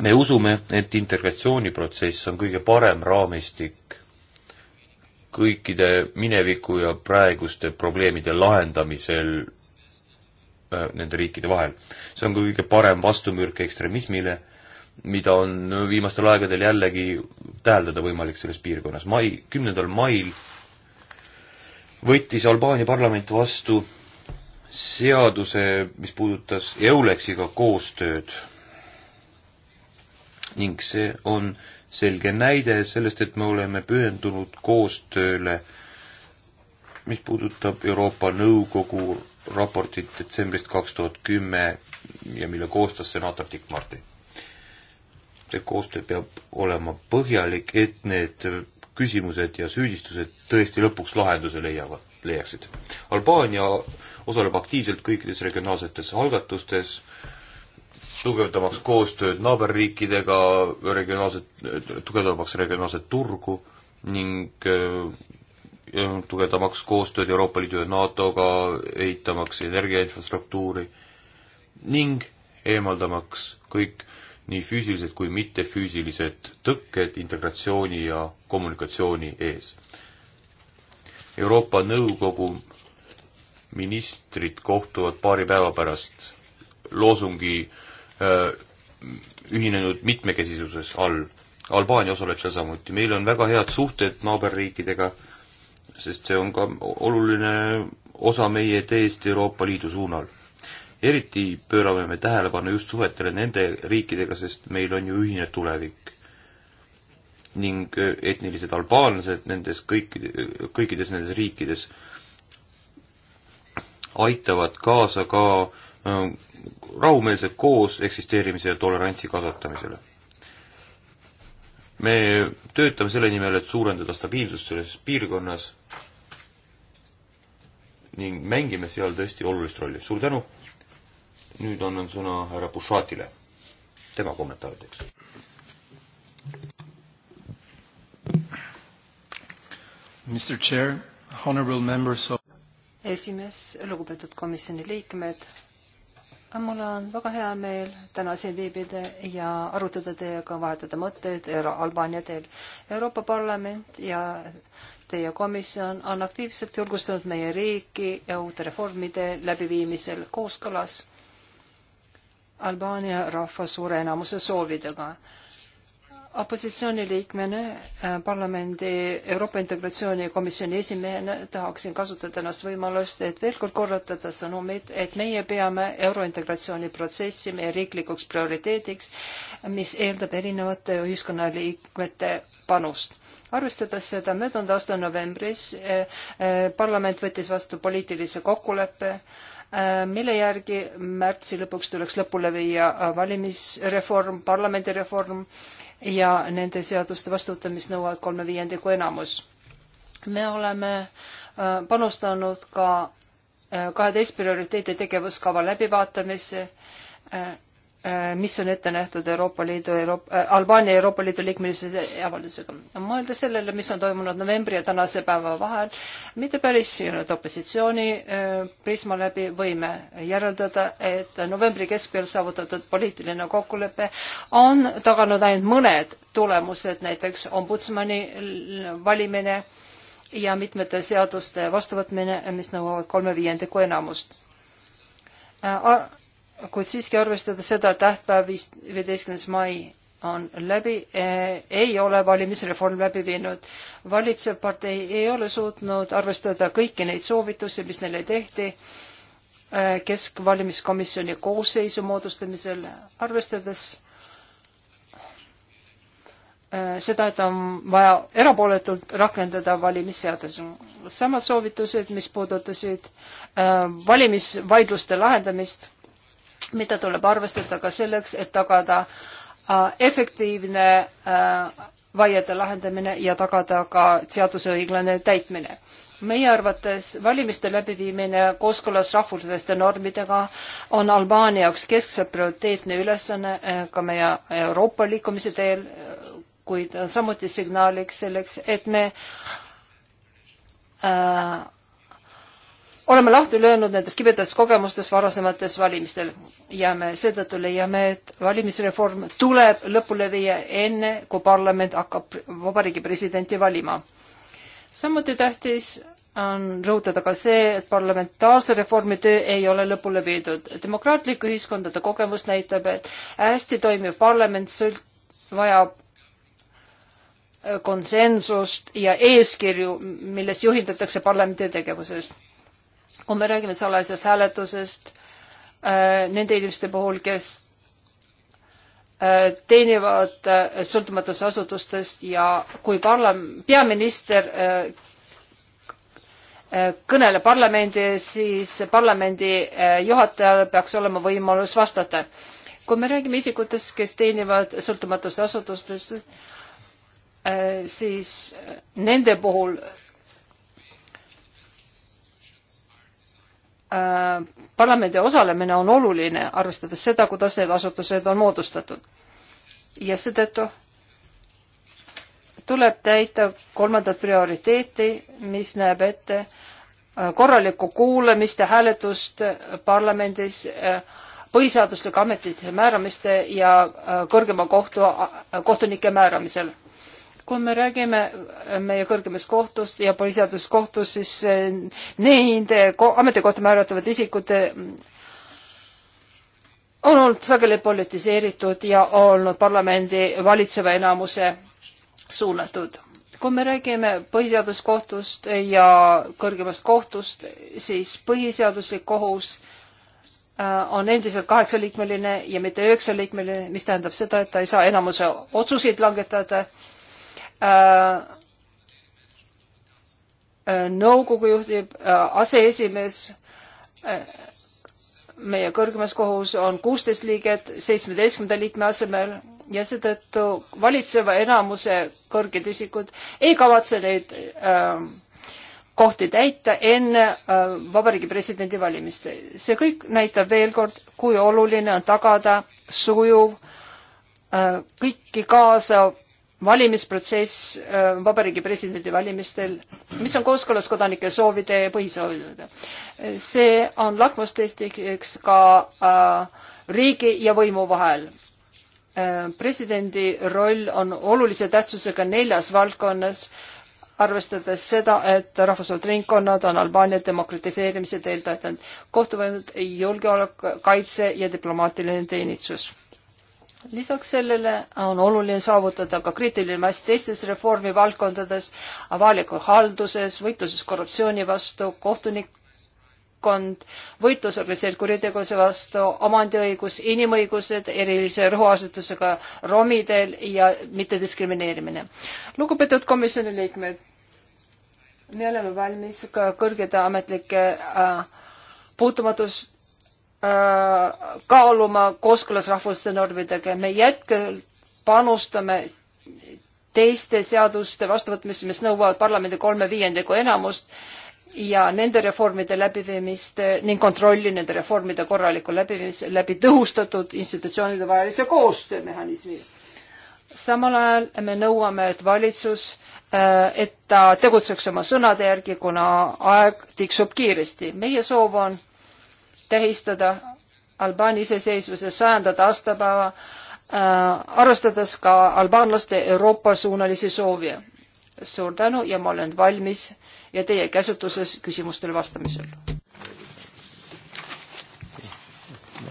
me usume, et integratsiooniprotsess on kõige parem raamistik kõikide mineviku ja praeguste probleemide lahendamisel äh, nende riikide vahel. see on kõige parem vastumürk ekstremismile mida on viimastel aegadel jällegi täheldada võimalik selles piirkonnas. mai, kümnendal mail võttis Albaania parlament vastu seaduse, mis puudutas EULEX-iga koostööd. ning see on selge näide sellest, et me oleme pühendunud koostööle, mis puudutab Euroopa Nõukogu raportit detsembrist kaks tuhat kümme ja mille koostas senaator Dick Martin see koostöö peab olema põhjalik, et need küsimused ja süüdistused tõesti lõpuks lahenduse leiavad, leiaksid. Albaania osaleb aktiivselt kõikides regionaalsetes algatustes, tugevdamaks koostööd naaberriikidega, regionaalset, tugevdamaks regionaalset turgu ning äh, tugevdamaks koostööd Euroopa Liidu ja NATO-ga, ehitamaks energiainfrastruktuuri ning eemaldamaks kõik nii füüsilised kui mittefüüsilised tõkked integratsiooni ja kommunikatsiooni ees. Euroopa Nõukogu ministrid kohtuvad paari päeva pärast loosungi öö, äh, ühinenud mitmekesisuses all. Albaania osaleb seal samuti. meil on väga head suhted naaberriikidega, sest see on ka oluline osa meie teest Euroopa Liidu suunal eriti pöörame me tähelepanu just suhetele nende riikidega, sest meil on ju ühine tulevik. ning etnilised albaanlased nendes kõikide, kõikides nendes riikides aitavad kaasa ka rahumeelse koos eksisteerimise ja tolerantsi kasvatamisele. me töötame selle nimel, et suurendada stabiilsust selles piirkonnas ning mängime seal tõesti olulist rolli. suur tänu! nüüd annan sõna härra Bušatile, tema kommentaarideks. Mr Chair, honorable members of esimees, lugupeetud komisjoni liikmed, mul on väga hea meel täna siin viibida ja arutada teiega, vahetada mõtteid Albaania teel. Euroopa Parlament ja teie komisjon on aktiivselt julgustanud meie riiki ja uute reformide läbiviimisel kooskõlas Albaania rahva suure enamuse soovidega. opositsiooni liikmena, äh, parlamendi Euroopa Integratsiooni Komisjoni esimehena tahaksin kasutada ennast võimalust, et veel kord korratada sõnumit, et meie peame eurointegratsiooni protsessi meie riiklikuks prioriteediks, mis eeldab erinevate ühiskonnaliikmete panust arvestades seda möödunud aasta novembris eh, eh, parlament võttis vastu poliitilise kokkuleppe eh, Äh, mille järgi märtsi lõpuks tuleks lõpule viia äh, valimisreform, parlamendireform ja nende seaduste vastuvõtmist nõuavad kolme viiendiku enamus. me oleme äh, panustanud ka kaheteist prioriteedi tegevuskava läbivaatamisse Äh, mis on ette nähtud Euroopa Liidu, Euroopa äh,, Albaania Euroopa Liidu liikmelisuse avaldusega. mõelda sellele, mis on toimunud novembri ja tänase päeva vahel, mitte päris nüüd opositsiooni äh, prisma läbi võime järeldada, et novembri keskpeal saavutatud poliitiline kokkulepe on taganud ainult mõned tulemused, näiteks ombudsmani valimine ja mitmete seaduste vastuvõtmine, mis nõuavad kolme viiendiku enamust äh, kuid siiski arvestada seda, et tähtpäev viis, viieteistkümnes mai on läbi, e, ei ole valimisreform läbi viinud. valitsev partei ei ole suutnud arvestada kõiki neid soovitusi, mis neile tehti e, keskvalimiskomisjoni koosseisu moodustamisel, arvestades e, seda, et on vaja erapooletult rakendada valimisseadus. samad soovitused, mis puudutasid valimisvaidluste lahendamist mida tuleb arvestada ka selleks, et tagada äh, efektiivne äh, vaiede lahendamine ja tagada ka seaduse õiglane täitmine meie arvates valimiste läbiviimine kooskõlas rahvusvaheliste normidega on Albaania jaoks keskselt prioriteetne ülesanne äh, ka meie Euroopa liikumise teel, kuid samuti signaaliks selleks, et me äh, oleme lahti löönud nendest kibedatest kogemustest varasemates valimistel ja me seetõttu leiame, et valimisreform tuleb lõpule viia enne, kui parlament hakkab vabariigi presidenti valima. samuti tähtis on rõhutada ka see, et parlamentaarse reformi töö ei ole lõpule viidud. demokraatlike ühiskondade kogemus näitab, et hästi toimiv parlament sõlt-, vajab äh, konsensust ja eeskirju, millest juhindatakse parlamendi tegevuses kui me räägime salajasest hääletusest äh, nende inimeste puhul, kes äh, teenivad äh, sõltumatusasutustest ja kui parlam-, peaminister äh, äh, kõnele parlamendi, siis parlamendi äh, juhatajal peaks olema võimalus vastata. kui me räägime isikutest, kes teenivad sõltumatust asutustest, siis nende puhul Äh, parlamendi osalemine on oluline, arvestades seda, kuidas need asutused on moodustatud. ja seetõttu tuleb täita kolmandat prioriteeti, mis näeb ette äh, korralikku kuulamist ja hääletust äh, parlamendis, põhiseaduslike ametite määramiste ja kõrgema kohtu, kohtunike määramisel kui me räägime äh, meie kõrgemast kohtust ja põhiseaduskohtust, siis äh, nende äh, ametikohta määratavad isikud on olnud sageli politiseeritud ja olnud parlamendi valitseva enamuse suunatud. kui me räägime põhiseaduskohtust ja kõrgemast kohtust, siis põhiseaduslik kohus on endiselt kaheksaliikmeline ja mitte üheksaliikmeline, mis tähendab seda, et ta ei saa enamuse otsuseid langetada Äh, äh, nõukogu juhtib äh, aseesimees, meie kõrgemas kohus on kuusteist liiget seitsmeteistkümnenda liikme asemel ja seetõttu valitseva enamuse kõrged isikud ei kavatse neid äh, kohti täita enne äh, vabariigi presidendi valimist. see kõik näitab veel kord, kui oluline on tagada sujuv äh,, kõiki kaasav valimisprotsess äh, vabariigi presidendi valimistel, mis on kooskõlas kodanike soovide ja põhisoovidega. see on lakmustestiks ka äh, riigi ja võimu vahel äh,. presidendi roll on olulise tähtsusega neljas valdkonnas, arvestades seda, et rahvusvahelised ringkonnad on Albaania demokratiseerimise teel töötanud. kohtuvõimud, julgeolek, kaitse ja diplomaatiline teenistus lisaks sellele on oluline saavutada ka kriitiline mass teistes reformivaldkondades, avalikus halduses, võitluses korruptsiooni vastu, kohtunikkond, võitlus organiseeritud kuritegevuse vastu, omandiõigus, inimõigused, erilise rõhuasetusega romidel ja mittediskrimineerimine. lugupeetud komisjoni liikmed, me oleme valmis ka kõrgete ametlike äh, puutumatust Äh, kaaluma kooskõlas rahvuste normidega ja me jätkuvalt panustame teiste seaduste vastuvõtmisse, mis nõuavad parlamendi kolme viiendiku enamust ja nende reformide läbiviimist ning kontrolli nende reformide korraliku läbiviimist läbi tõhustatud institutsioonide vahelise koostöömehhanismi. samal ajal me nõuame, et valitsus, äh, et ta tegutseks oma sõnade järgi, kuna aeg tiksub kiiresti. meie soov on tähistada Albaania iseseisvuse sajandat aastapäeva äh,, arvestades ka albaanlaste Euroopa-suunalisi soovi. suur tänu ja ma olen valmis ja teie käsutuses küsimustele vastamisel.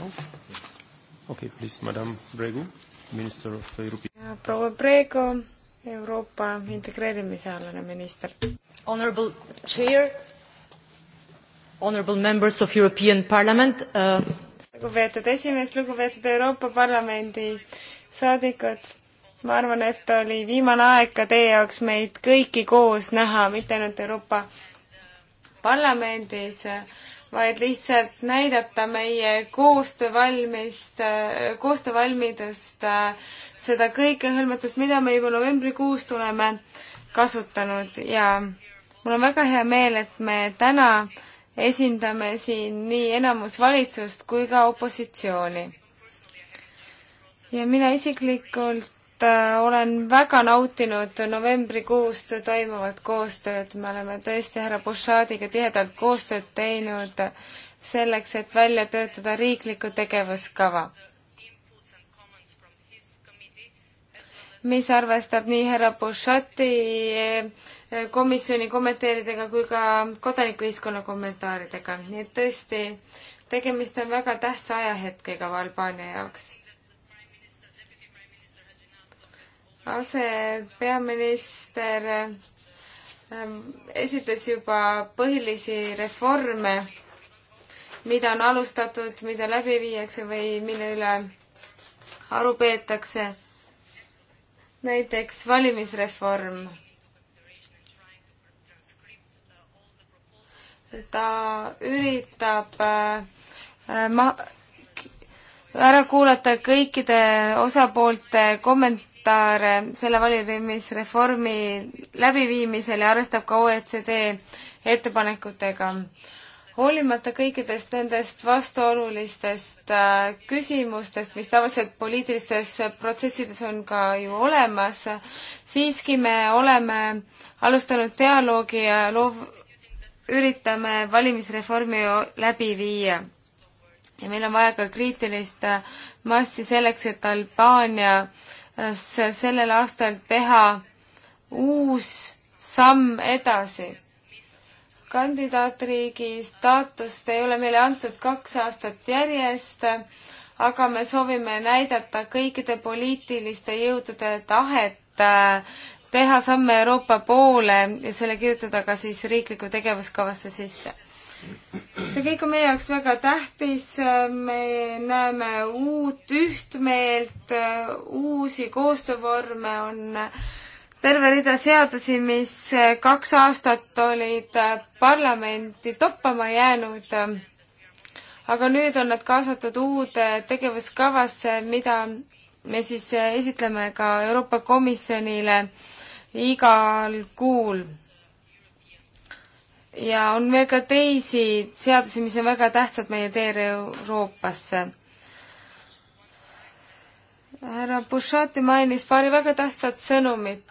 okei okay,, please, madam Bregu, minister of Euroopa. proua Bregu, Euroopa integreerimise alane minister. Honorable chair honourable members of European Parliament uh.... lugupeetud esimees, lugupeetud Euroopa Parlamendi saadikud, ma arvan, et oli viimane aeg ka teie jaoks meid kõiki koos näha, mitte ainult Euroopa Parlamendis, vaid lihtsalt näidata meie koostöövalmist, koostöövalmidust, seda kõikehõlmatust, mida me juba novembrikuus tuleme kasutanud ja mul on väga hea meel, et me täna äh, esindame siin nii enamusvalitsust kui ka opositsiooni. ja mina isiklikult äh, olen väga nautinud novembrikuust toimuvat koostööd, me oleme tõesti härra Bushadiga tihedalt koostööd teinud selleks, et välja töötada riiklikku tegevuskava, mis arvestab nii härra Bushati komisjoni kommentaaridega kui ka kodanikuühiskonna kommentaaridega, nii et tõesti, tegemist on väga tähtsa ajahetkega Albaania jaoks. asepeaminister ähm, esitles juba põhilisi reforme, mida on alustatud, mida läbi viiakse või mille üle aru peetakse. näiteks valimisreform ta üritab äh, ma-, ära kuulata kõikide osapoolte kommentaare selle valimisreformi läbiviimisel ja arvestab ka OECD ettepanekutega. hoolimata kõikidest nendest vastuolulistest äh, küsimustest, mis tavaliselt poliitilistes protsessides on ka ju olemas, siiski me oleme alustanud dialoogi ja loov-, üritame valimisreformi läbi viia. ja meil on vaja ka kriitilist äh, massi selleks, et Albaanias äh, sellel aastal teha uus samm edasi. kandidaatriigi staatust ei ole meile antud kaks aastat järjest, aga me soovime näidata kõikide poliitiliste jõudude tahet äh, teha samme Euroopa poole ja selle kirjutada ka siis riikliku tegevuskavasse sisse. see kõik on meie jaoks väga tähtis, me näeme uut ühtmeelt, uusi koostöövorme on terve rida seadusi, mis kaks aastat olid parlamenti toppama jäänud aga nüüd on nad kaasatud uude tegevuskavasse, mida me siis esitleme ka Euroopa Komisjonile igal kuul. ja on veel ka teisi seadusi, mis on väga tähtsad meie teel Euroopasse. härra Bushati mainis paari väga tähtsat sõnumit.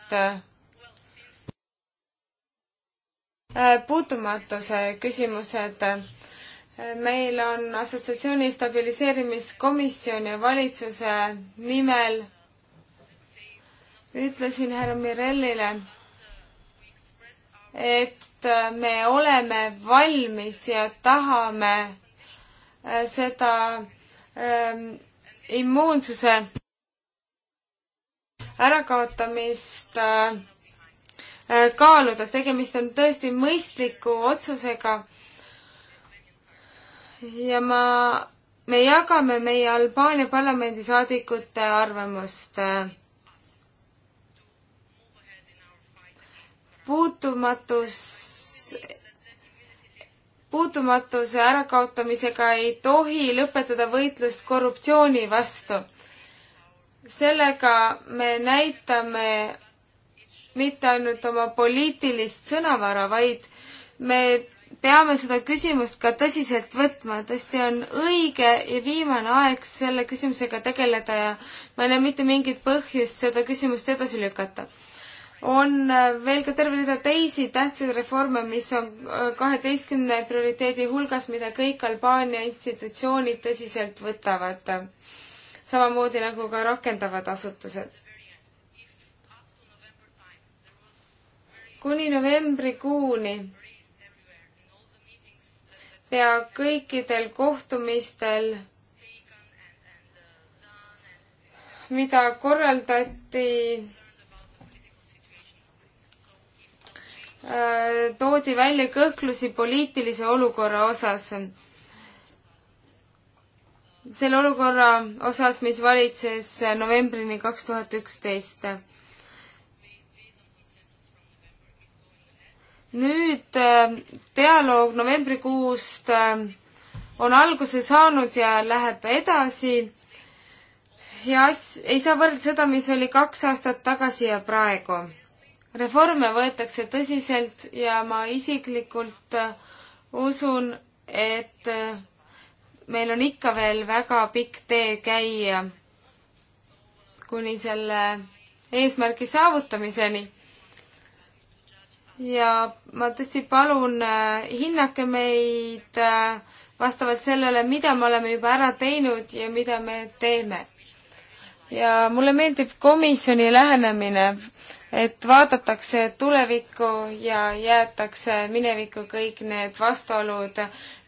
Äh, puutumatuse küsimused meil on assotsiatsiooni stabiliseerimiskomisjon ja valitsuse nimel ütlesin härra Mirellile, et äh, me oleme valmis ja tahame äh, seda ähm, immuunsuse ärakaotamist äh, äh kaaluda, tegemist on tõesti mõistliku otsusega. ja ma, me jagame meie Albaania parlamendisaadikute arvamust äh, puutumatus, puutumatuse ärakaotamisega ei tohi lõpetada võitlust korruptsiooni vastu. sellega me näitame mitte ainult oma poliitilist sõnavara, vaid me peame seda küsimust ka tõsiselt võtma, tõesti on õige ja viimane aeg selle küsimusega tegeleda ja ma ei näe mitte mingit põhjust seda küsimust edasi lükata on äh, veel ka terve rida teisi tähtsaid reforme, mis on äh, kaheteistkümne prioriteedi hulgas, mida kõik Albaania institutsioonid tõsiselt võtavad. samamoodi nagu ka rakendavad asutused. kuni novembrikuuni pea kõikidel kohtumistel, mida korraldati Äh, toodi välja kõhklusi poliitilise olukorra osas. selle olukorra osas, mis valitses novembrini kaks tuhat üksteist. nüüd äh, dialoog novembrikuust äh, on alguse saanud ja läheb edasi ja as-, ei saa võrrelda seda, mis oli kaks aastat tagasi ja praegu reforme võetakse tõsiselt ja ma isiklikult äh, usun, et äh, meil on ikka veel väga pikk tee käia kuni selle eesmärgi saavutamiseni. ja ma tõesti palun, äh, hinnake meid vastavalt sellele, mida me oleme juba ära teinud ja mida me teeme. ja mulle meeldib komisjoni lähenemine et vaadatakse tulevikku ja jäetakse minevikku kõik need vastuolud,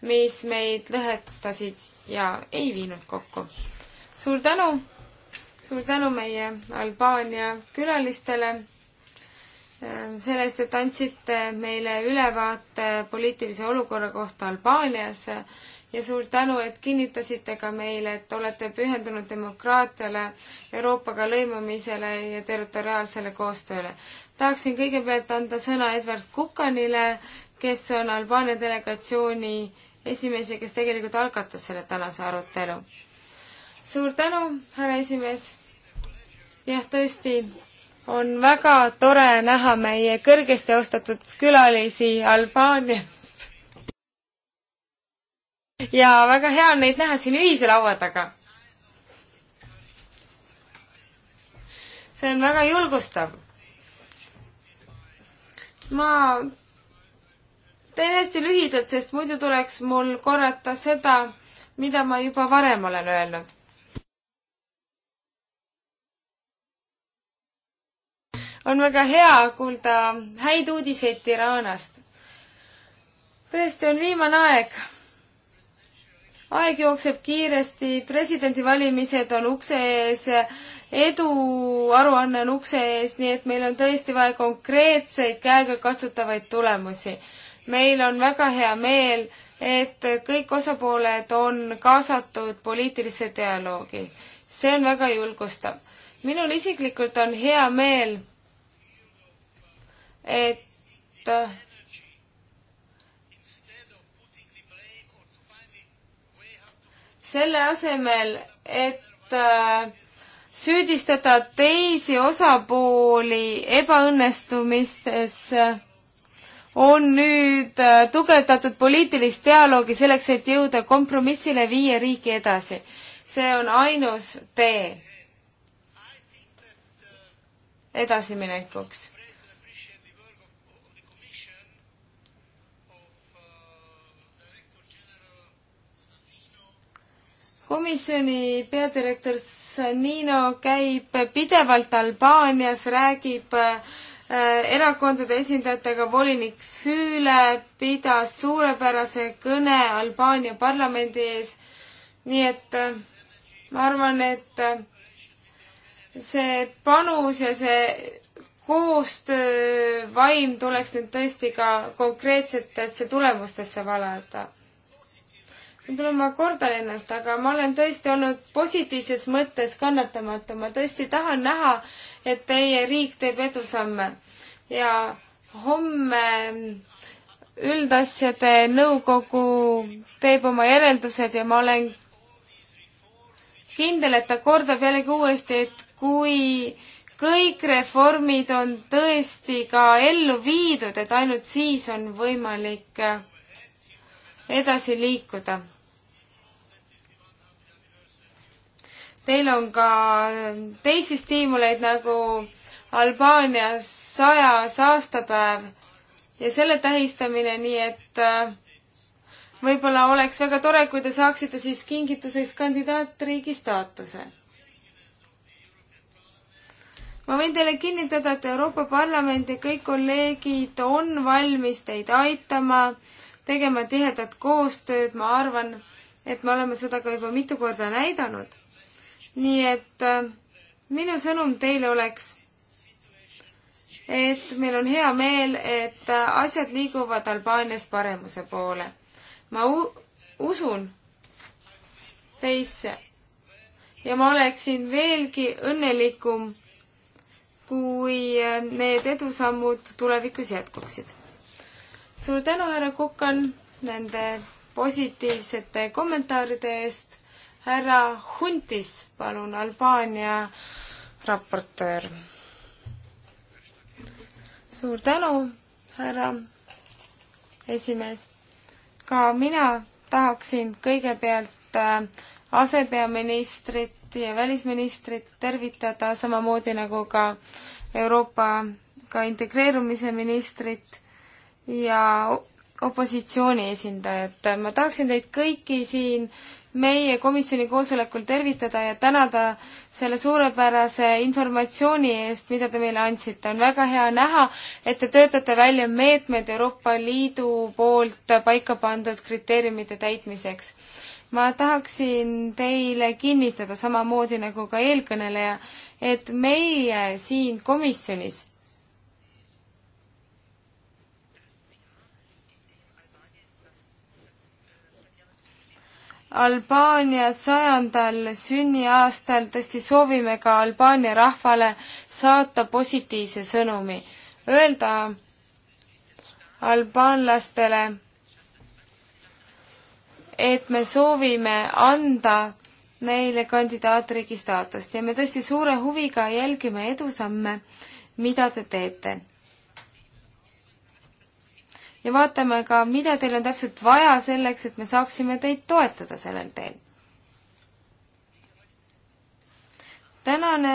mis meid lõhestasid ja ei viinud kokku. suur tänu, suur tänu meie Albaania külalistele ehm, selle eest, et andsite meile ülevaate poliitilise olukorra kohta Albaanias ja suur tänu, et kinnitasite ka meile, et olete pühendunud demokraatiale, Euroopaga lõimumisele ja territoriaalsele koostööle. tahaksin kõigepealt anda sõna Edward Kukanile, kes on Albaania delegatsiooni esimees ja kes tegelikult algatas selle tänase arutelu. suur tänu, härra esimees! jah, tõesti, on väga tore näha meie kõrgesti austatud külalisi Albaanias ja väga hea on neid näha siin ühise laua taga. see on väga julgustav. ma teen hästi lühidalt, sest muidu tuleks mul korrata seda, mida ma juba varem olen öelnud. on väga hea kuulda häid uudiseid Tiranast. tõesti on viimane aeg aeg jookseb kiiresti, presidendivalimised on ukse ees, eduaruanne on ukse ees, nii et meil on tõesti vaja konkreetseid käegakatsutavaid tulemusi. meil on väga hea meel, et kõik osapooled on kaasatud poliitilisse dialoogi. see on väga julgustav. minul isiklikult on hea meel, et selle asemel, et äh, süüdistada teisi osapooli ebaõnnestumistes, on nüüd äh, tugevdatud poliitilist dialoogi selleks, et jõuda kompromissile viie riigi edasi. see on ainus tee edasiminekuks komisjoni peadirektor Sanino käib pidevalt Albaanias, räägib äh, erakondade esindajatega, volinik Füüle pidas suurepärase kõne Albaania parlamendi ees. nii et äh, ma arvan, et äh, see panus ja see koostöövaim tuleks nüüd tõesti ka konkreetsetesse tulemustesse valada võib-olla ma kordan ennast, aga ma olen tõesti olnud positiivses mõttes kannatamatu, ma tõesti tahan näha, et teie riik teeb edusamme ja homme üldasjade nõukogu teeb oma järeldused ja ma olen kindel, et ta kordab jällegi uuesti, et kui kõik reformid on tõesti ka ellu viidud, et ainult siis on võimalik edasi liikuda. Teil on ka teisi stiimuleid nagu Albaanias sajas aastapäev ja selle tähistamine, nii et äh, võib-olla oleks väga tore, kui te saaksite siis kingituseks kandidaatriigi staatuse. ma võin teile kinnitada, et Euroopa Parlament ja kõik kolleegid on valmis teid aitama, tegema tihedat koostööd, ma arvan, et me oleme seda ka juba mitu korda näidanud nii et äh, minu sõnum teile oleks, et meil on hea meel, et äh, asjad liiguvad Albaanias paremuse poole. ma usun teisse ja ma oleksin veelgi õnnelikum, kui äh, need edusammud tulevikus jätkuksid. suur tänu, härra Kukan, nende positiivsete kommentaaride eest härra Huntis, palun, Albaania raportöör. suur tänu, härra esimees. ka mina tahaksin kõigepealt äh, asepeaministrit ja välisministrit tervitada, samamoodi nagu ka Euroopa ka integreerumise ministrit ja opositsiooni esindajat. ma tahaksin teid kõiki siin meie komisjoni koosolekul tervitada ja tänada selle suurepärase informatsiooni eest, mida te meile andsite. on väga hea näha, et te töötate välja meetmed Euroopa Liidu poolt paika pandud kriteeriumite täitmiseks. ma tahaksin teile kinnitada samamoodi nagu ka eelkõneleja, et meie siin komisjonis Albaania sajandal sünniaastal tõesti soovime ka Albaania rahvale saata positiivse sõnumi, öelda albaanlastele, et me soovime anda neile kandidaatriigi staatust ja me tõesti suure huviga jälgime edusamme, mida te teete ja vaatame ka, mida teil on täpselt vaja selleks, et me saaksime teid toetada sellel teel. tänane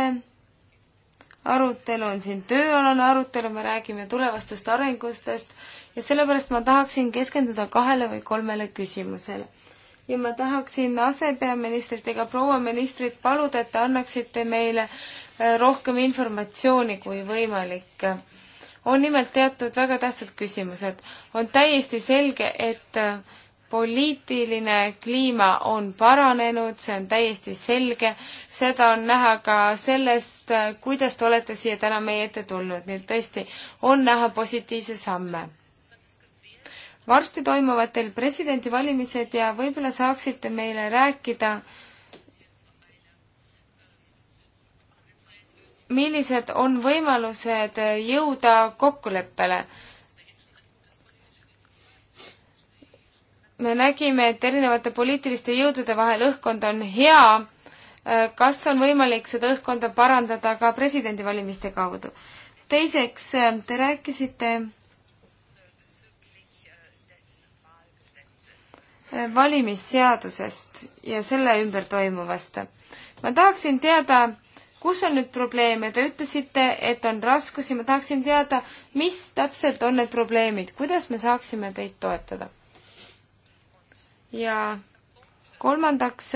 arutelu on siin tööalane arutelu, me räägime tulevastest arengustest ja sellepärast ma tahaksin keskenduda kahele või kolmele küsimusele. ja ma tahaksin asepeaministrit ega proua ministrit paluda, et te annaksite meile eh, rohkem informatsiooni kui võimalik on nimelt teatud väga tähtsad küsimused. on täiesti selge, et äh, poliitiline kliima on paranenud, see on täiesti selge, seda on näha ka sellest, äh, kuidas te olete siia täna meie ette tulnud, nii et tõesti on näha positiivse samme. varsti toimuvad teil presidendivalimised ja võib-olla saaksite meile rääkida äh, millised on võimalused jõuda kokkuleppele? me nägime, et erinevate poliitiliste jõudude vahel õhkkond on hea. kas on võimalik seda õhkkonda parandada ka presidendivalimiste kaudu? teiseks, te rääkisite valimisseadusest ja selle ümber toimuvast. ma tahaksin teada, kus on nüüd probleeme, te ütlesite, et on raskusi, ma tahaksin teada, mis täpselt on need probleemid, kuidas me saaksime teid toetada? ja kolmandaks,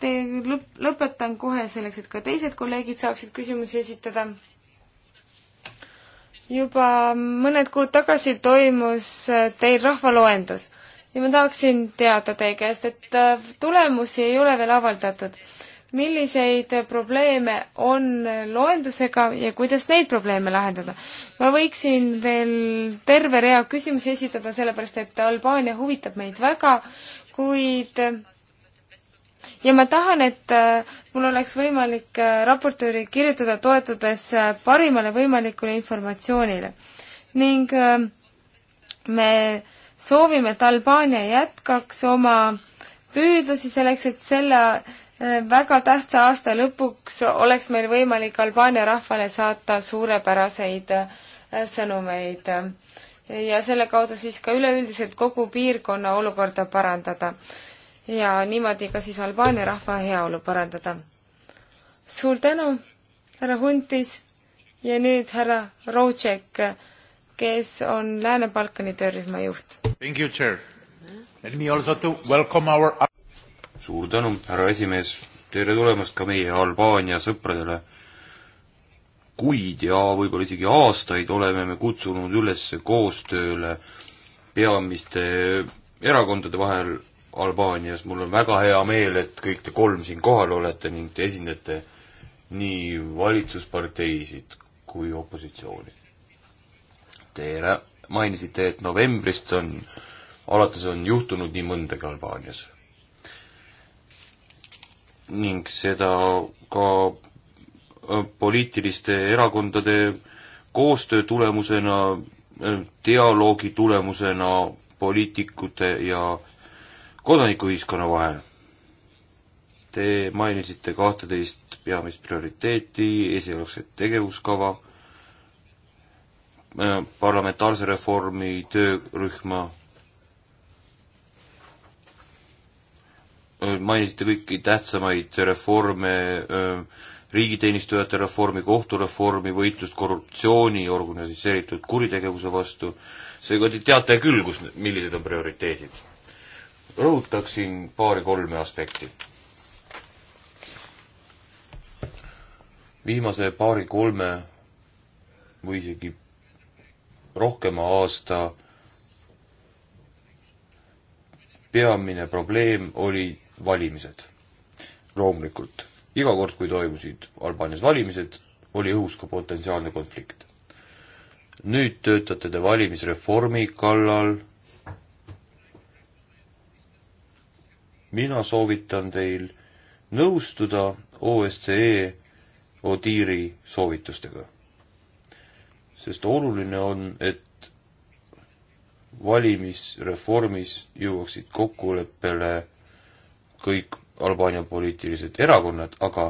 te lõp-, lõpetan kohe selleks, et ka teised kolleegid saaksid küsimusi esitada. juba mõned kuud tagasi toimus äh, teil rahvaloendus ja ma tahaksin teada teie käest, et äh, tulemusi ei ole veel avaldatud milliseid probleeme on loendusega ja kuidas neid probleeme lahendada. ma võiksin veel terve rea küsimusi esitada, sellepärast et Albaania huvitab meid väga, kuid ja ma tahan, et äh, mul oleks võimalik äh, raportööri kirjutada, toetudes äh, parimale võimalikule informatsioonile. ning me soovime, et Albaania jätkaks oma püüdlusi selleks, et selle väga tähtsa aasta lõpuks oleks meil võimalik Albaania rahvale saata suurepäraseid äh, sõnumeid ja selle kaudu siis ka üleüldiselt kogu piirkonna olukorda parandada. ja niimoodi ka siis Albaania rahva heaolu parandada. suur tänu, härra Huntis ja nüüd härra Rootšek, kes on Lääne-Balkani töörühma juht. Thank you, chair. Let me also to welcome our suur tänu, härra esimees, tere tulemast ka meie Albaania sõpradele. kuid ja võib-olla isegi aastaid oleme me kutsunud üles koostööle peamiste erakondade vahel Albaanias, mul on väga hea meel, et kõik te kolm siin kohal olete ning te esindate nii valitsusparteisid kui opositsiooni. Te mainisite, et novembrist on, alates on juhtunud nii mõndagi Albaanias ning seda ka äh, poliitiliste erakondade koostöö tulemusena, äh, dialoogi tulemusena poliitikute ja kodanikuühiskonna vahel. Te mainisite kahteteist peamist prioriteeti, esialgset tegevuskava, äh, parlamentaarse reformi töörühma Äh, mainisite kõiki tähtsamaid reforme, äh, riigiteenistujate reformi, kohtureformi, võitlust korruptsiooni, organiseeritud kuritegevuse vastu, seega te teate küll, kus, millised on prioriteedid. rõhutaksin paari-kolme aspekti. viimase paari-kolme või isegi rohkema aasta peamine probleem oli valimised. loomulikult, iga kord, kui toimusid Albaanias valimised, oli õhus ka potentsiaalne konflikt. nüüd töötate te valimisreformi kallal, mina soovitan teil nõustuda OSCE Odiiri soovitustega. sest oluline on, et valimisreformis jõuaksid kokkuleppele kõik Albaania poliitilised erakonnad, aga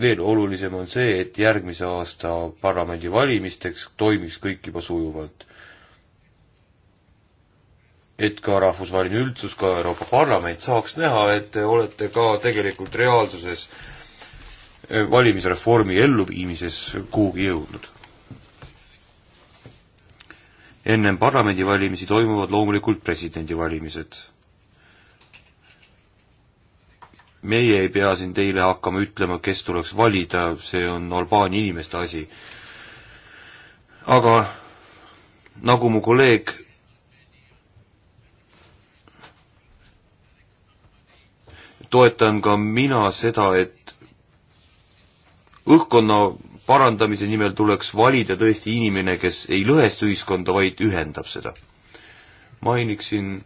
veel olulisem on see, et järgmise aasta parlamendivalimisteks toimiks kõik juba sujuvalt. et ka rahvusvaheline üldsus, ka Euroopa Parlament saaks näha, et te olete ka tegelikult reaalsuses valimisreformi elluviimises kuhugi jõudnud. ennem parlamendivalimisi toimuvad loomulikult presidendivalimised meie ei pea siin teile hakkama ütlema, kes tuleks valida, see on Albaania inimeste asi. aga nagu mu kolleeg toetan ka mina seda, et õhkkonna parandamise nimel tuleks valida tõesti inimene, kes ei lõhesta ühiskonda, vaid ühendab seda. mainiksin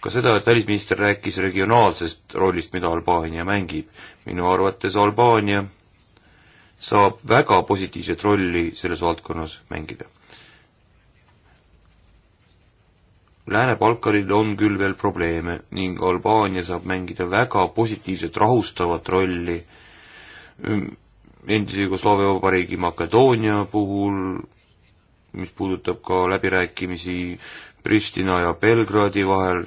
ka seda, et välisminister rääkis regionaalsest rollist, mida Albaania mängib. minu arvates Albaania saab väga positiivset rolli selles valdkonnas mängida. Lääne-Balkanil on küll veel probleeme ning Albaania saab mängida väga positiivset rahustavat rolli endise Jugoslaavia vabariigi Makedoonia puhul, mis puudutab ka läbirääkimisi Pristina ja Belgradi vahel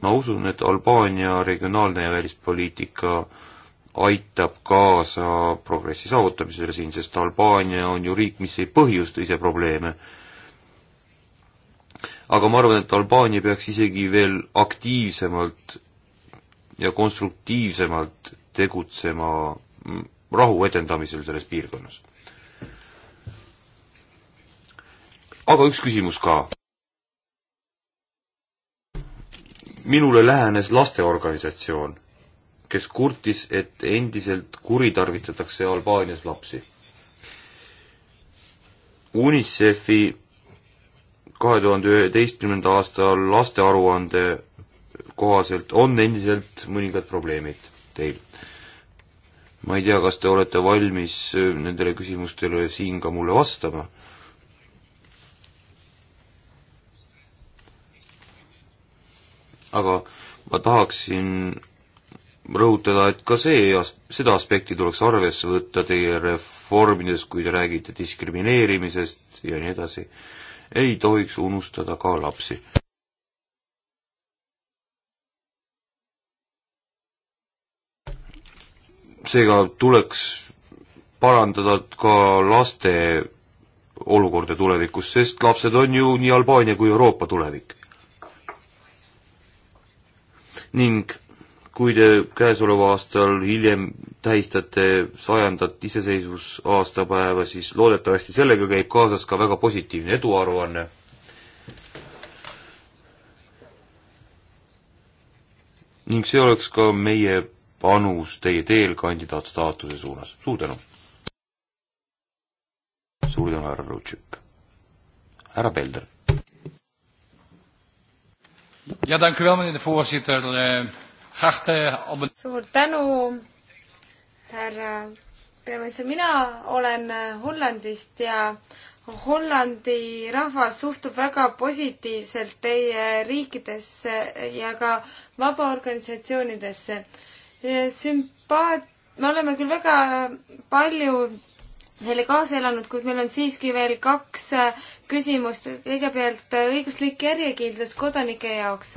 ma usun, et Albaania regionaalne ja välispoliitika aitab kaasa progressi saavutamisele siin, sest Albaania on ju riik, mis ei põhjusta ise probleeme. aga ma arvan, et Albaania peaks isegi veel aktiivsemalt ja konstruktiivsemalt tegutsema rahu edendamisel selles piirkonnas. aga üks küsimus ka. minule lähenes lasteorganisatsioon, kes kurtis, et endiselt kuritarvitatakse Albaanias lapsi. UNICEF-i kahe tuhande üheteistkümnenda aasta lastearuande kohaselt on endiselt mõningad probleemid teil. ma ei tea, kas te olete valmis nendele küsimustele siin ka mulle vastama aga ma tahaksin rõhutada, et ka see, seda aspekti tuleks arvesse võtta teie reformides, kui te räägite diskrimineerimisest ja nii edasi. ei tohiks unustada ka lapsi. seega tuleks parandada ka laste olukorda tulevikus, sest lapsed on ju nii Albaania kui Euroopa tulevik ning kui te käesoleval aastal hiljem tähistate sajandat iseseisvusaastapäeva, siis loodetavasti sellega käib kaasas ka väga positiivne eduaruanne. ning see oleks ka meie panus teie teel kandidaatstaatuse suunas. suur tänu! suur tänu, härra Rutšik! härra Pelder ja tänku veel, meneer voorzitter äh,. suur tänu, härra peaminister, mina olen eh, Hollandist ja Hollandi rahvas suhtub väga positiivselt teie riikidesse ja ka vabaorganisatsioonidesse. sümpaat-, me oleme küll väga palju selle kaasa elanud, kuid meil on siiski veel kaks äh, küsimust. kõigepealt äh, õiguslik järjekindlus kodanike jaoks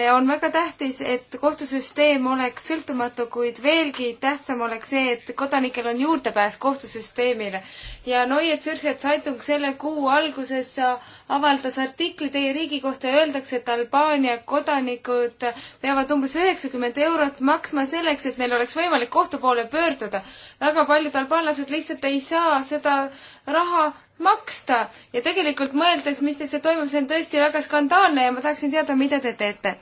ja on väga tähtis, et kohtusüsteem oleks sõltumatu, kuid veelgi tähtsam oleks see, et kodanikel on juurdepääs kohtusüsteemile. ja Neue Zürcher Zeitung selle kuu alguses avaldas artikli teie riigi kohta ja öeldakse, et Albaania kodanikud peavad umbes üheksakümmend eurot maksma selleks, et neil oleks võimalik kohtu poole pöörduda. väga paljud albaanlased lihtsalt ei saa seda raha maksta ja tegelikult mõeldes, mis teil seal toimub, see on tõesti väga skandaalne ja ma tahaksin teada, mida te teete.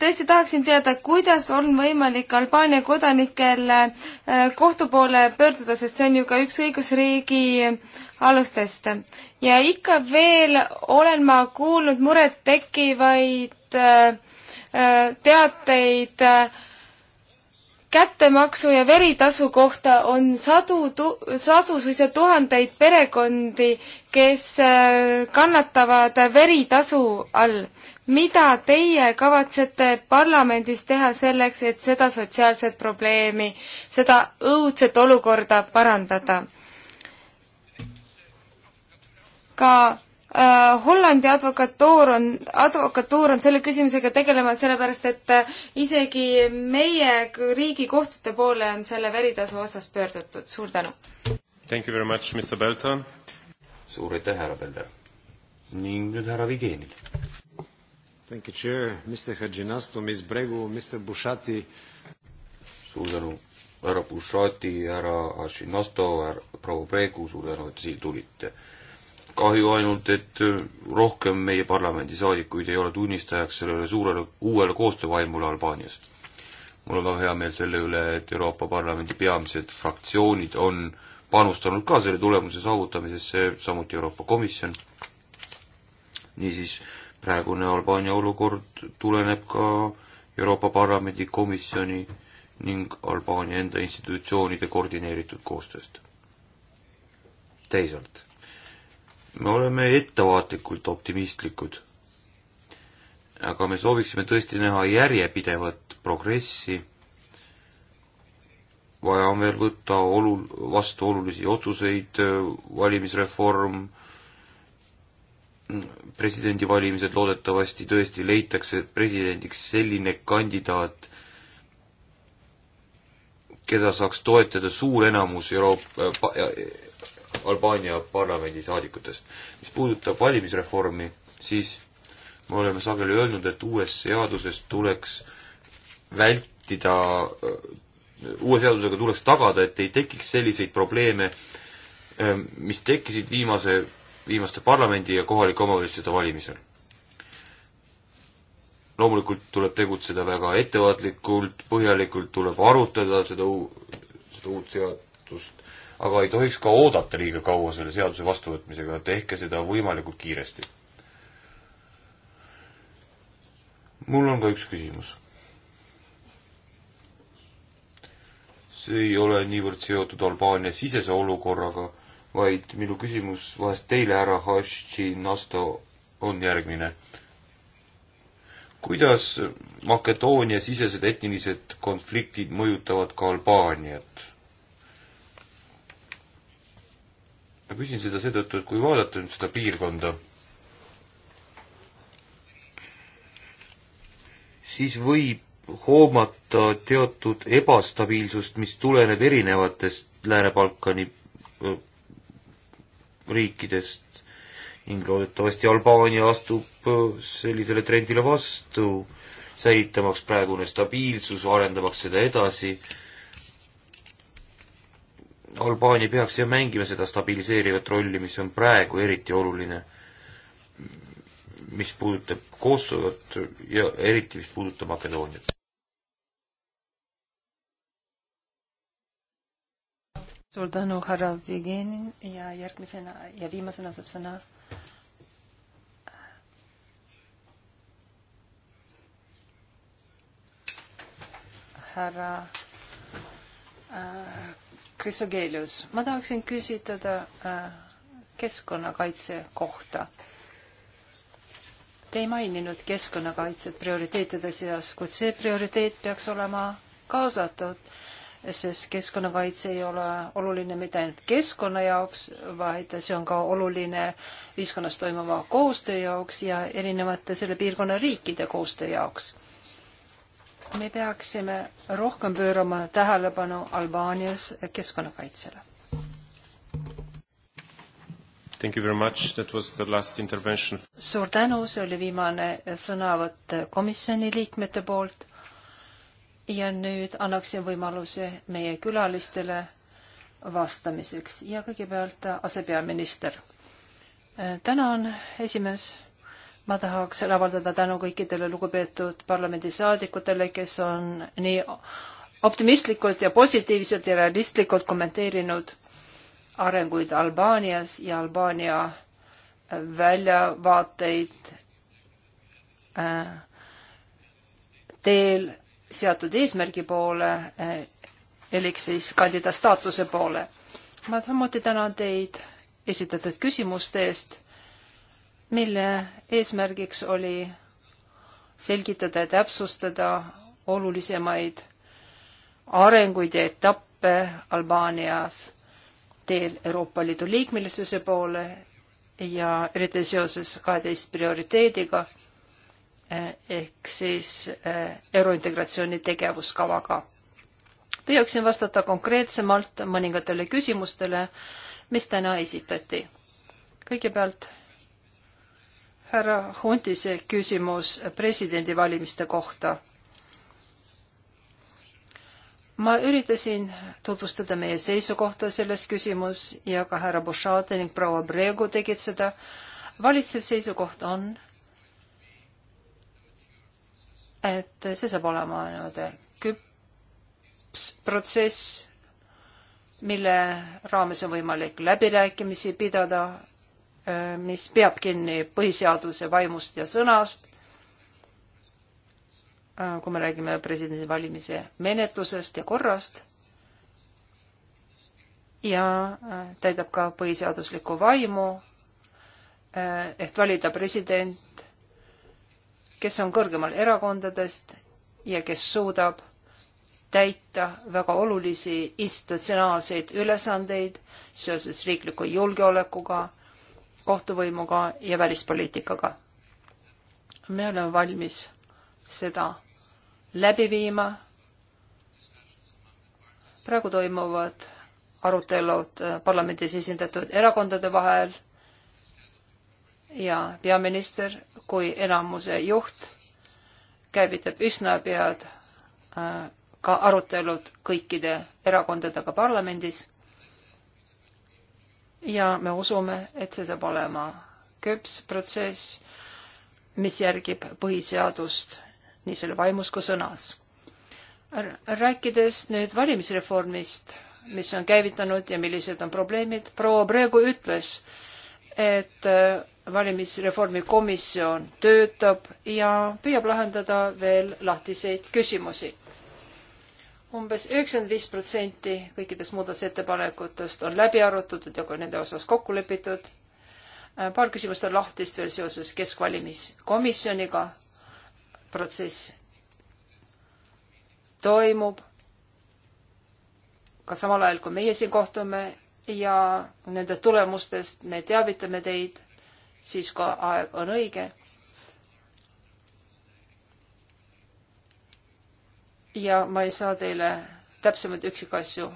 tõesti tahaksin teada, kuidas on võimalik Albaania kodanikel äh, kohtu poole pöörduda, sest see on ju ka üks õigusriigi alustest. ja ikka veel olen ma kuulnud muret tekkivaid äh, äh, teateid äh, kättemaksu ja veritasu kohta on sadu, sadu, suisa tuhandeid perekondi, kes äh, kannatavad veritasu all. mida teie kavatsete parlamendis teha selleks, et seda sotsiaalset probleemi, seda õudset olukorda parandada? ka Äh, Hollandi advokatuur on, advokatuur on selle küsimusega tegelema, sellepärast et äh, isegi meie riigikohtute poole on selle veritasu osas pöördutud. suur tänu! Thank you very much, Mr Belton! suur aitäh, härra Pelder! ning nüüd härra Vigenil. Thank you, chair, Mr Hadžinastu, Miss Bregu, Mr Bushati. suur tänu, härra Bushati, härra Hadžinastu, proua Bregu, suur tänu, et siia tulite kahju ainult, et äh, rohkem meie parlamendisaadikuid ei ole tunnistajaks sellele suurele uuele koostöövaimule Albaanias. mul on väga hea meel selle üle, et Euroopa Parlamendi peamised fraktsioonid on panustanud ka selle tulemuse saavutamisesse, samuti Euroopa Komisjon. niisiis, praegune Albaania olukord tuleneb ka Euroopa Parlamendi komisjoni ning Albaania enda institutsioonide koordineeritud koostööst. teisalt me oleme ettevaatlikult optimistlikud. aga me sooviksime tõesti näha järjepidevat progressi. vaja on veel võtta olul-, vastu olulisi otsuseid, valimisreform, presidendivalimised loodetavasti tõesti leitakse presidendiks selline kandidaat, keda saaks toetada suur enamus Euroopa Albaania parlamendi saadikutest. mis puudutab valimisreformi, siis me oleme sageli öelnud, et uues seaduses tuleks vältida, uue seadusega tuleks tagada, et ei tekiks selliseid probleeme, ähm, mis tekkisid viimase, viimaste parlamendi ja kohalike omavalitsuste valimisel. loomulikult tuleb tegutseda väga ettevaatlikult, põhjalikult tuleb arutada seda uu-, seda uut seadust, aga ei tohiks ka oodata liiga kaua selle seaduse vastuvõtmisega, tehke seda võimalikult kiiresti. mul on ka üks küsimus. see ei ole niivõrd seotud Albaania sisese olukorraga, vaid minu küsimus vahest teile, härra Hashi Nasto, on järgmine kuidas Makedoonia sisesed etnilised konfliktid mõjutavad ka Albaaniat? ma küsin seda seetõttu, et kui vaadata nüüd seda piirkonda, siis võib hoomata teatud ebastabiilsust, mis tuleneb erinevatest Lääne-Balkani riikidest ning loodetavasti Albaania astub sellisele trendile vastu, säilitamaks praegune stabiilsus, arendamaks seda edasi Albaania peaks jah mängima seda stabiliseerivat rolli, mis on praegu eriti oluline, mis puudutab Kosovot ja eriti, mis puudutab Makedooniat. suur tänu, härra Vigenin ja järgmisena ja viimasena saab sõna härra äh, Krisogelius, ma tahaksin küsitada äh, keskkonnakaitse kohta. Te ei maininud keskkonnakaitset prioriteetide seas, kuid see prioriteet peaks olema kaasatud, sest keskkonnakaitse ei ole oluline mitte ainult keskkonna jaoks, vaid see on ka oluline ühiskonnas toimuva koostöö jaoks ja erinevate selle piirkonna riikide koostöö jaoks me peaksime rohkem pöörama tähelepanu Albaanias keskkonnakaitsele. Thank you very much. That was the last intervention. suur tänu, see oli viimane sõnavõtt komisjoni liikmete poolt. ja nüüd annaksin võimaluse meie külalistele vastamiseks ja kõigepealt asepeaminister. tänan, esimees ma tahaksin avaldada tänu kõikidele lugupeetud parlamendisaadikutele, kes on nii optimistlikult ja positiivselt ja realistlikult kommenteerinud arenguid Albaanias ja Albaania äh, väljavaateid äh, teel seatud eesmärgi poole äh, elik siis kandidaat staatuse poole. ma samuti tänan teid esitatud küsimuste eest mille eesmärgiks oli selgitada ja täpsustada olulisemaid arenguid ja etappe Albaanias teel Euroopa Liidu liikmelisuse poole ja eriti seoses kaheteist prioriteediga eh, ehk siis eh, eurointegratsiooni tegevuskavaga. püüaksin vastata konkreetsemalt mõningatele küsimustele, mis täna esitati. kõigepealt härra Huntise küsimus presidendivalimiste kohta. ma üritasin tutvustada meie seisukohta selles küsimus ja ka härra Bushate ning proua Bregu tegid seda. valitsev seisukoht on, et see saab olema nii-öelda küps protsess, mille raames on võimalik läbirääkimisi pidada mis peab kinni põhiseaduse vaimust ja sõnast, kui me räägime presidendivalimise menetlusest ja korrast ja äh, täidab ka põhiseaduslikku vaimu, äh, et valida president, kes on kõrgemal erakondadest ja kes suudab täita väga olulisi institutsionaalseid ülesandeid seoses riikliku julgeolekuga kohtuvõimuga ja välispoliitikaga. me oleme valmis seda läbi viima. praegu toimuvad arutelud äh, parlamendis esindatud erakondade vahel ja peaminister kui enamuse juht käivitab üsna pead äh, ka arutelud kõikide erakondadega parlamendis ja me usume, et see saab olema küps protsess, mis järgib põhiseadust nii selle vaimus kui sõnas. rääkides nüüd valimisreformist, mis on käivitanud ja millised on probleemid, proua Bregu ütles, et äh, valimisreformi komisjon töötab ja püüab lahendada veel lahtiseid küsimusi umbes üheksakümmend viis protsenti kõikidest muudatusettepanekutest on läbi arutatud ja ka nende osas kokku lepitud. Äh, paar küsimust on lahtist veel seoses keskvalimiskomisjoniga. protsess toimub ka samal ajal, kui meie siin kohtume ja nende tulemustest me teavitame teid, siis kui aeg on õige ja ma ei saa teile täpsemaid üksikasju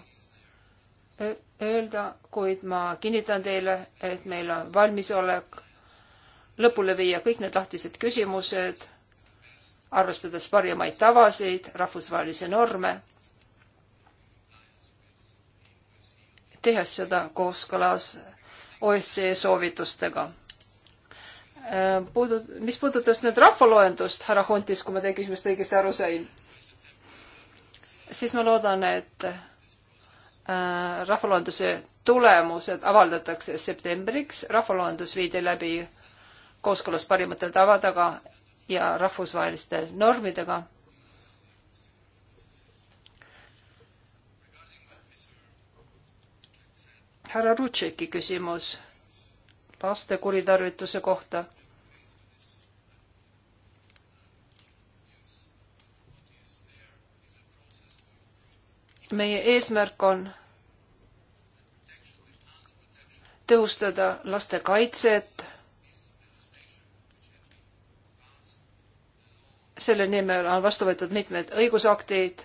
öelda, kuid ma kinnitan teile, et meil on valmisolek lõpule viia kõik need lahtised küsimused, arvestades parimaid tavasid, rahvusvahelisi norme, tehes seda kooskõlas OSCE soovitustega äh, puudu-, mis puudutas nüüd rahvaloendust, härra Hontis, kui ma teie küsimusest õigesti aru sain, siis ma loodan, et äh, rahvaloenduse tulemused avaldatakse septembriks. rahvaloendus viidi läbi kooskõlas parimate tavadega ja rahvusvaheliste normidega. härra Rutšeki küsimus laste kuritarvituse kohta meie eesmärk on tõhustada laste kaitset. selle nimel on vastu võetud mitmed õigusaktid,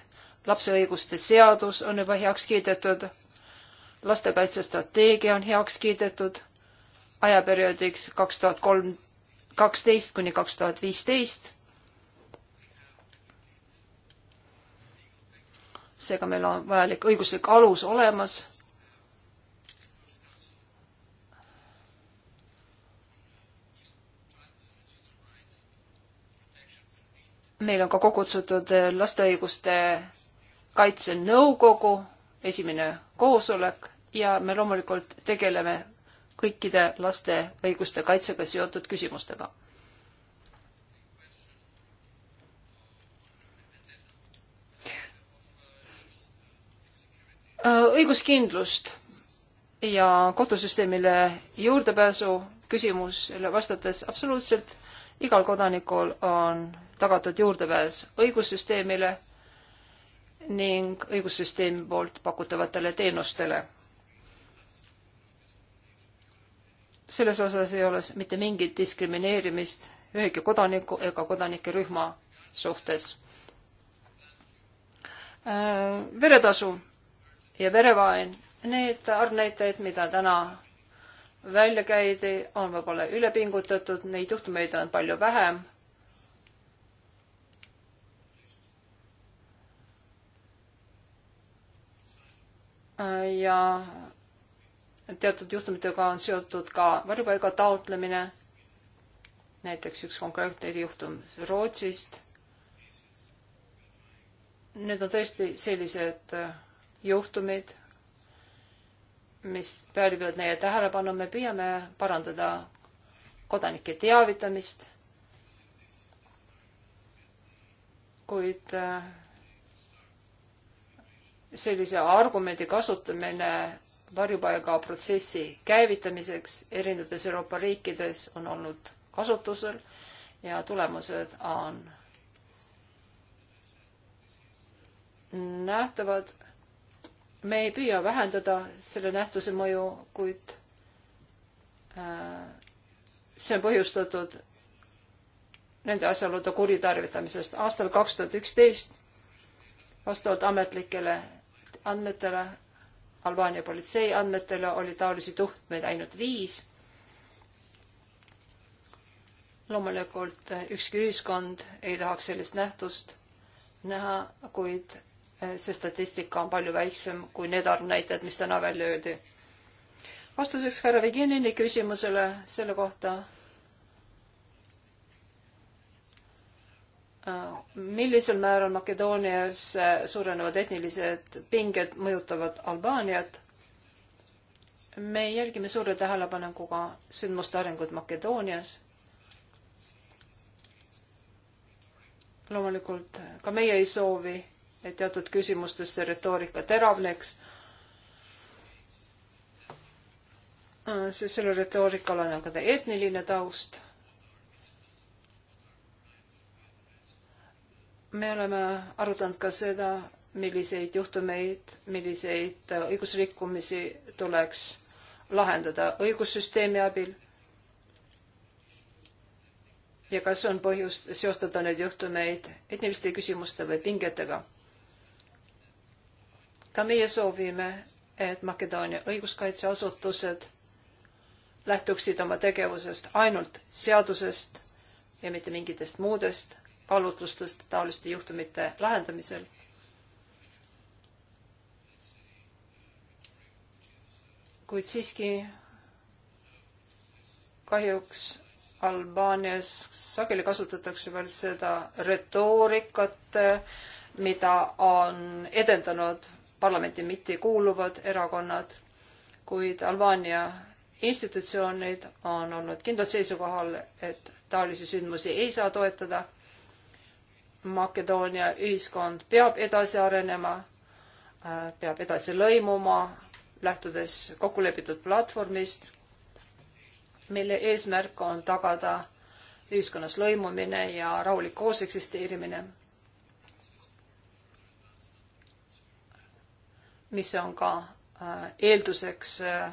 lapse õiguste seadus on juba heaks kiidetud, lastekaitsestrateegia on heaks kiidetud ajaperioodiks kaks tuhat kolm, kaksteist kuni kaks tuhat viisteist seega meil on vajalik õiguslik alus olemas. meil on ka kokku kutsutud laste õiguste kaitsenõukogu esimene koosolek ja me loomulikult tegeleme kõikide laste õiguste kaitsega seotud küsimustega Äh, õiguskindlust ja kohtusüsteemile juurdepääsu küsimusele vastates absoluutselt igal kodanikul on tagatud juurdepääs õigussüsteemile ning õigussüsteemi poolt pakutavatele teenustele. selles osas ei ole mitte mingit diskrimineerimist ühegi kodaniku ega kodanike rühma suhtes. Äh, veretasu ja verevaen. Need arvnäitajad, mida täna välja käidi, on võib-olla üle pingutatud, neid juhtumeid on palju vähem. ja teatud juhtumitega on seotud ka varjupaiga taotlemine. näiteks üks konkreetne juhtum Rootsist. Need on tõesti sellised juhtumeid, mis pälvivad meie tähelepanu, me püüame parandada kodanike teavitamist, kuid äh, sellise argumendi kasutamine varjupaigaprotsessi käivitamiseks erinevates Euroopa riikides on olnud kasutusel ja tulemused on nähtavad me ei püüa vähendada selle nähtuse mõju, kuid äh, see on põhjustatud nende asjaolude kuritarvitamisest. aastal kaks tuhat üksteist vastavalt ametlikele andmetele, Albaania politsei andmetele oli taolisi tuhtmeid ainult viis. loomulikult ükski ühiskond ei tahaks sellist nähtust näha, kuid Eh, see statistika on palju väiksem kui need arvnäitajad, mis täna välja öeldi. vastuseks härra Vigenini küsimusele selle kohta, eh, millisel määral Makedoonias eh, suurenevad etnilised pinged mõjutavad Albaaniat. me jälgime suure tähelepanekuga sündmuste arengut Makedoonias loomulikult ka meie ei soovi et teatud küsimustes see retoorika teravneks. Äh, sest sellel retoorikal on ka etniline taust. me oleme arutanud ka seda, milliseid juhtumeid, milliseid äh, õigusrikkumisi tuleks lahendada õigussüsteemi abil ja kas on põhjust seostada neid juhtumeid etniliste küsimuste või pingetega ka meie soovime, et Makedoonia õiguskaitseasutused lähtuksid oma tegevusest ainult seadusest ja mitte mingitest muudest kaalutlustest taoliste juhtumite lahendamisel. kuid siiski kahjuks Albaanias sageli kasutatakse veel seda retoorikat, mida on edendanud parlamenti mitte kuuluvad erakonnad, kuid Albaania institutsioonid on olnud kindlalt seisukohal, et taolisi sündmusi ei saa toetada. Makedoonia ühiskond peab edasi arenema, peab edasi lõimuma, lähtudes kokkulepitud platvormist, mille eesmärk on tagada ühiskonnas lõimumine ja rahulik kooseksisteerimine mis on ka äh, eelduseks äh,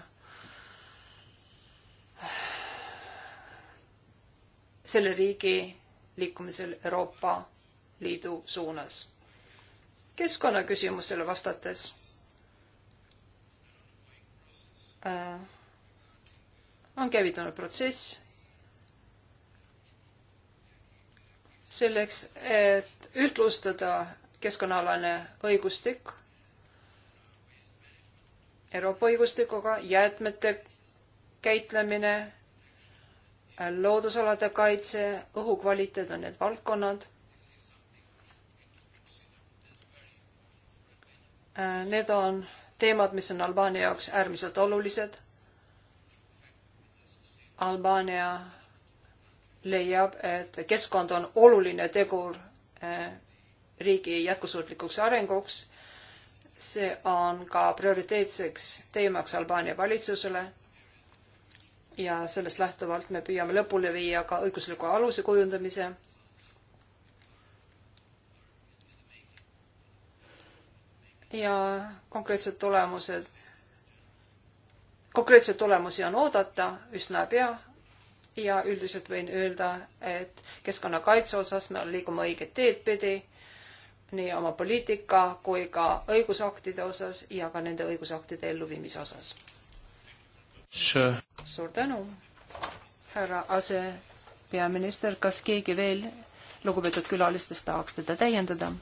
selle riigi liikumisel Euroopa Liidu suunas. keskkonnaküsimusele vastates äh, on käivitunud protsess selleks, et ühtlustada keskkonnaalane õigustik Euroopa õigustikuga, jäätmete käitlemine, loodusalade kaitse, õhukvaliteet on need valdkonnad. Need on teemad, mis on Albaania jaoks äärmiselt olulised. Albaania leiab, et keskkond on oluline tegur eh, riigi jätkusuutlikuks arenguks see on ka prioriteetseks teemaks Albaania valitsusele. ja sellest lähtuvalt me püüame lõpule viia ka õigusliku aluse kujundamise. ja konkreetsed tulemused, konkreetseid tulemusi on oodata üsna pea ja üldiselt võin öelda, et keskkonnakaitse osas me liigume õiget teed pidi nii oma poliitika kui ka õigusaktide osas ja ka nende õigusaktide elluviimise osas sure.. suur tänu, härra asepeaminister, kas keegi veel lugupeetud külalistest tahaks teda täiendada?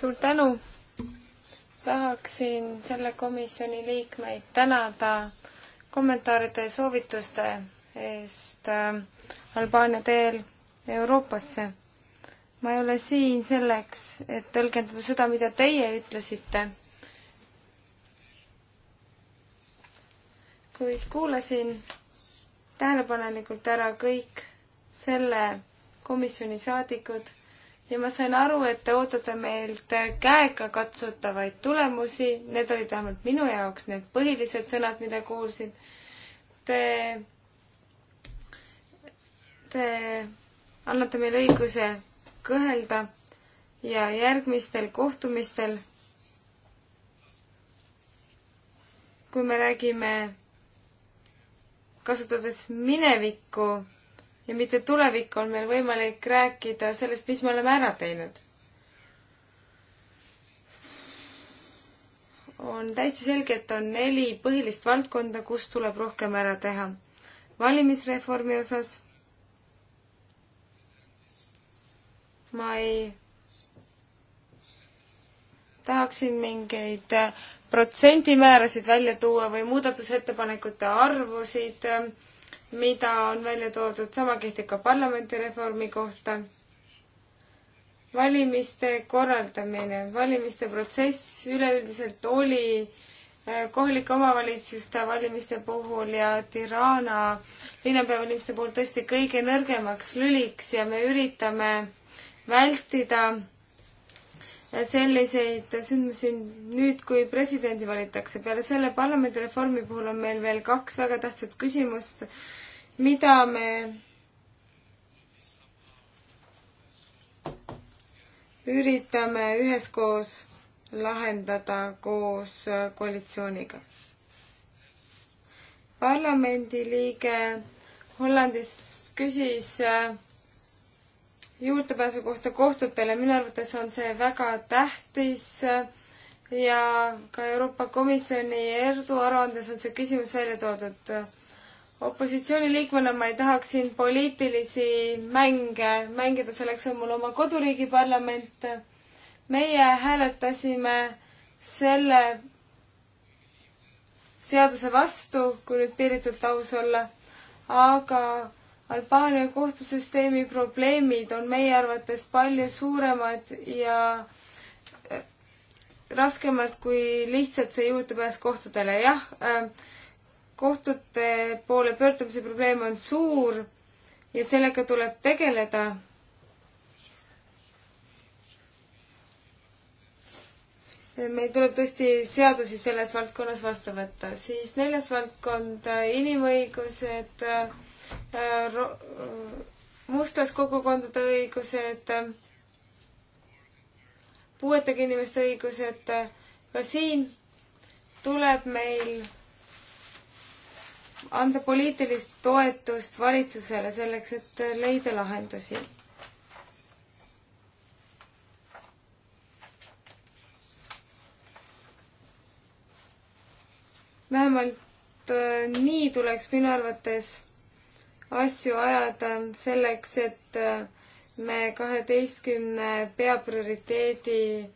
suur tänu! tahaksin selle komisjoni liikmeid tänada kommentaaride ja soovituste eest äh, Albaania teel Euroopasse. ma ei ole siin selleks, et tõlgendada seda, mida teie ütlesite. kuid kuulasin tähelepanelikult ära kõik selle komisjoni saadikud, ja ma sain aru, et te ootate meilt käegakatsutavaid tulemusi, need olid vähemalt minu jaoks need põhilised sõnad, mida kuulsin. Te, te annate meile õiguse kõhelda ja järgmistel kohtumistel, kui me räägime kasutades minevikku ja mitte tulevikku on meil võimalik rääkida sellest, mis me oleme ära teinud. on täiesti selge, et on neli põhilist valdkonda, kus tuleb rohkem ära teha. valimisreformi osas ma ei tahaksin mingeid protsendimäärasid välja tuua või muudatusettepanekute arvusid äh, mida on välja toodud, sama kehtib ka parlamendireformi kohta. valimiste korraldamine, valimiste protsess üleüldiselt oli äh, kohalike omavalitsuste valimiste puhul ja Tirana linnapeavalimiste puhul tõesti kõige nõrgemaks lüliks ja me üritame vältida selliseid sündmusi nüüd, kui presidendi valitakse. peale selle parlamendireformi puhul on meil veel kaks väga tähtsat küsimust, mida me üritame üheskoos lahendada koos koalitsiooniga. parlamendiliige Hollandis küsis äh, juurdepääsu kohta kohtutele, minu arvates on see väga tähtis ja ka Euroopa Komisjoni erdu aruandes on see küsimus välja toodud opositsiooniliikmena ma ei tahaks siin poliitilisi mänge mängida, selleks on mul oma koduriigi parlament. meie hääletasime selle seaduse vastu, kui nüüd piiritult aus olla, aga Albaania kohtusüsteemi probleemid on meie arvates palju suuremad ja eh, raskemad kui lihtsalt see juurdepääs kohtadele, jah äh, kohtute poole pöördumise probleem on suur ja sellega tuleb tegeleda. meil tuleb tõesti seadusi selles valdkonnas vastu võtta, siis neljas valdkond, inimõigused, äh, mustlaskogukondade õigused, puuetega inimeste õigused, ka siin tuleb meil anda poliitilist toetust valitsusele selleks, et leida lahendusi. vähemalt äh, nii tuleks minu arvates asju ajada selleks, et äh, me kaheteistkümne peaprioriteedi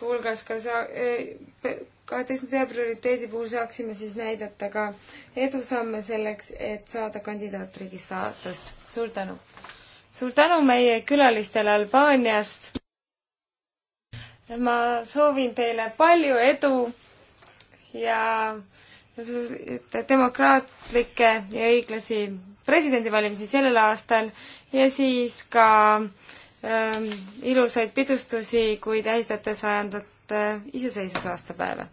hulgas ka saa-, äh, kaheteistkümnenda veebruari puhul saaksime siis näidata ka edusamme selleks, et saada kandidaatriigi staatust. suur tänu! suur tänu meie külalistele Albaaniast! ma soovin teile palju edu ja demokraatlikke ja õiglasi presidendivalimisi sellel aastal ja siis ka ähm, ilusaid pidustusi, kui tähistate sajandat äh, iseseisvusaasta päeva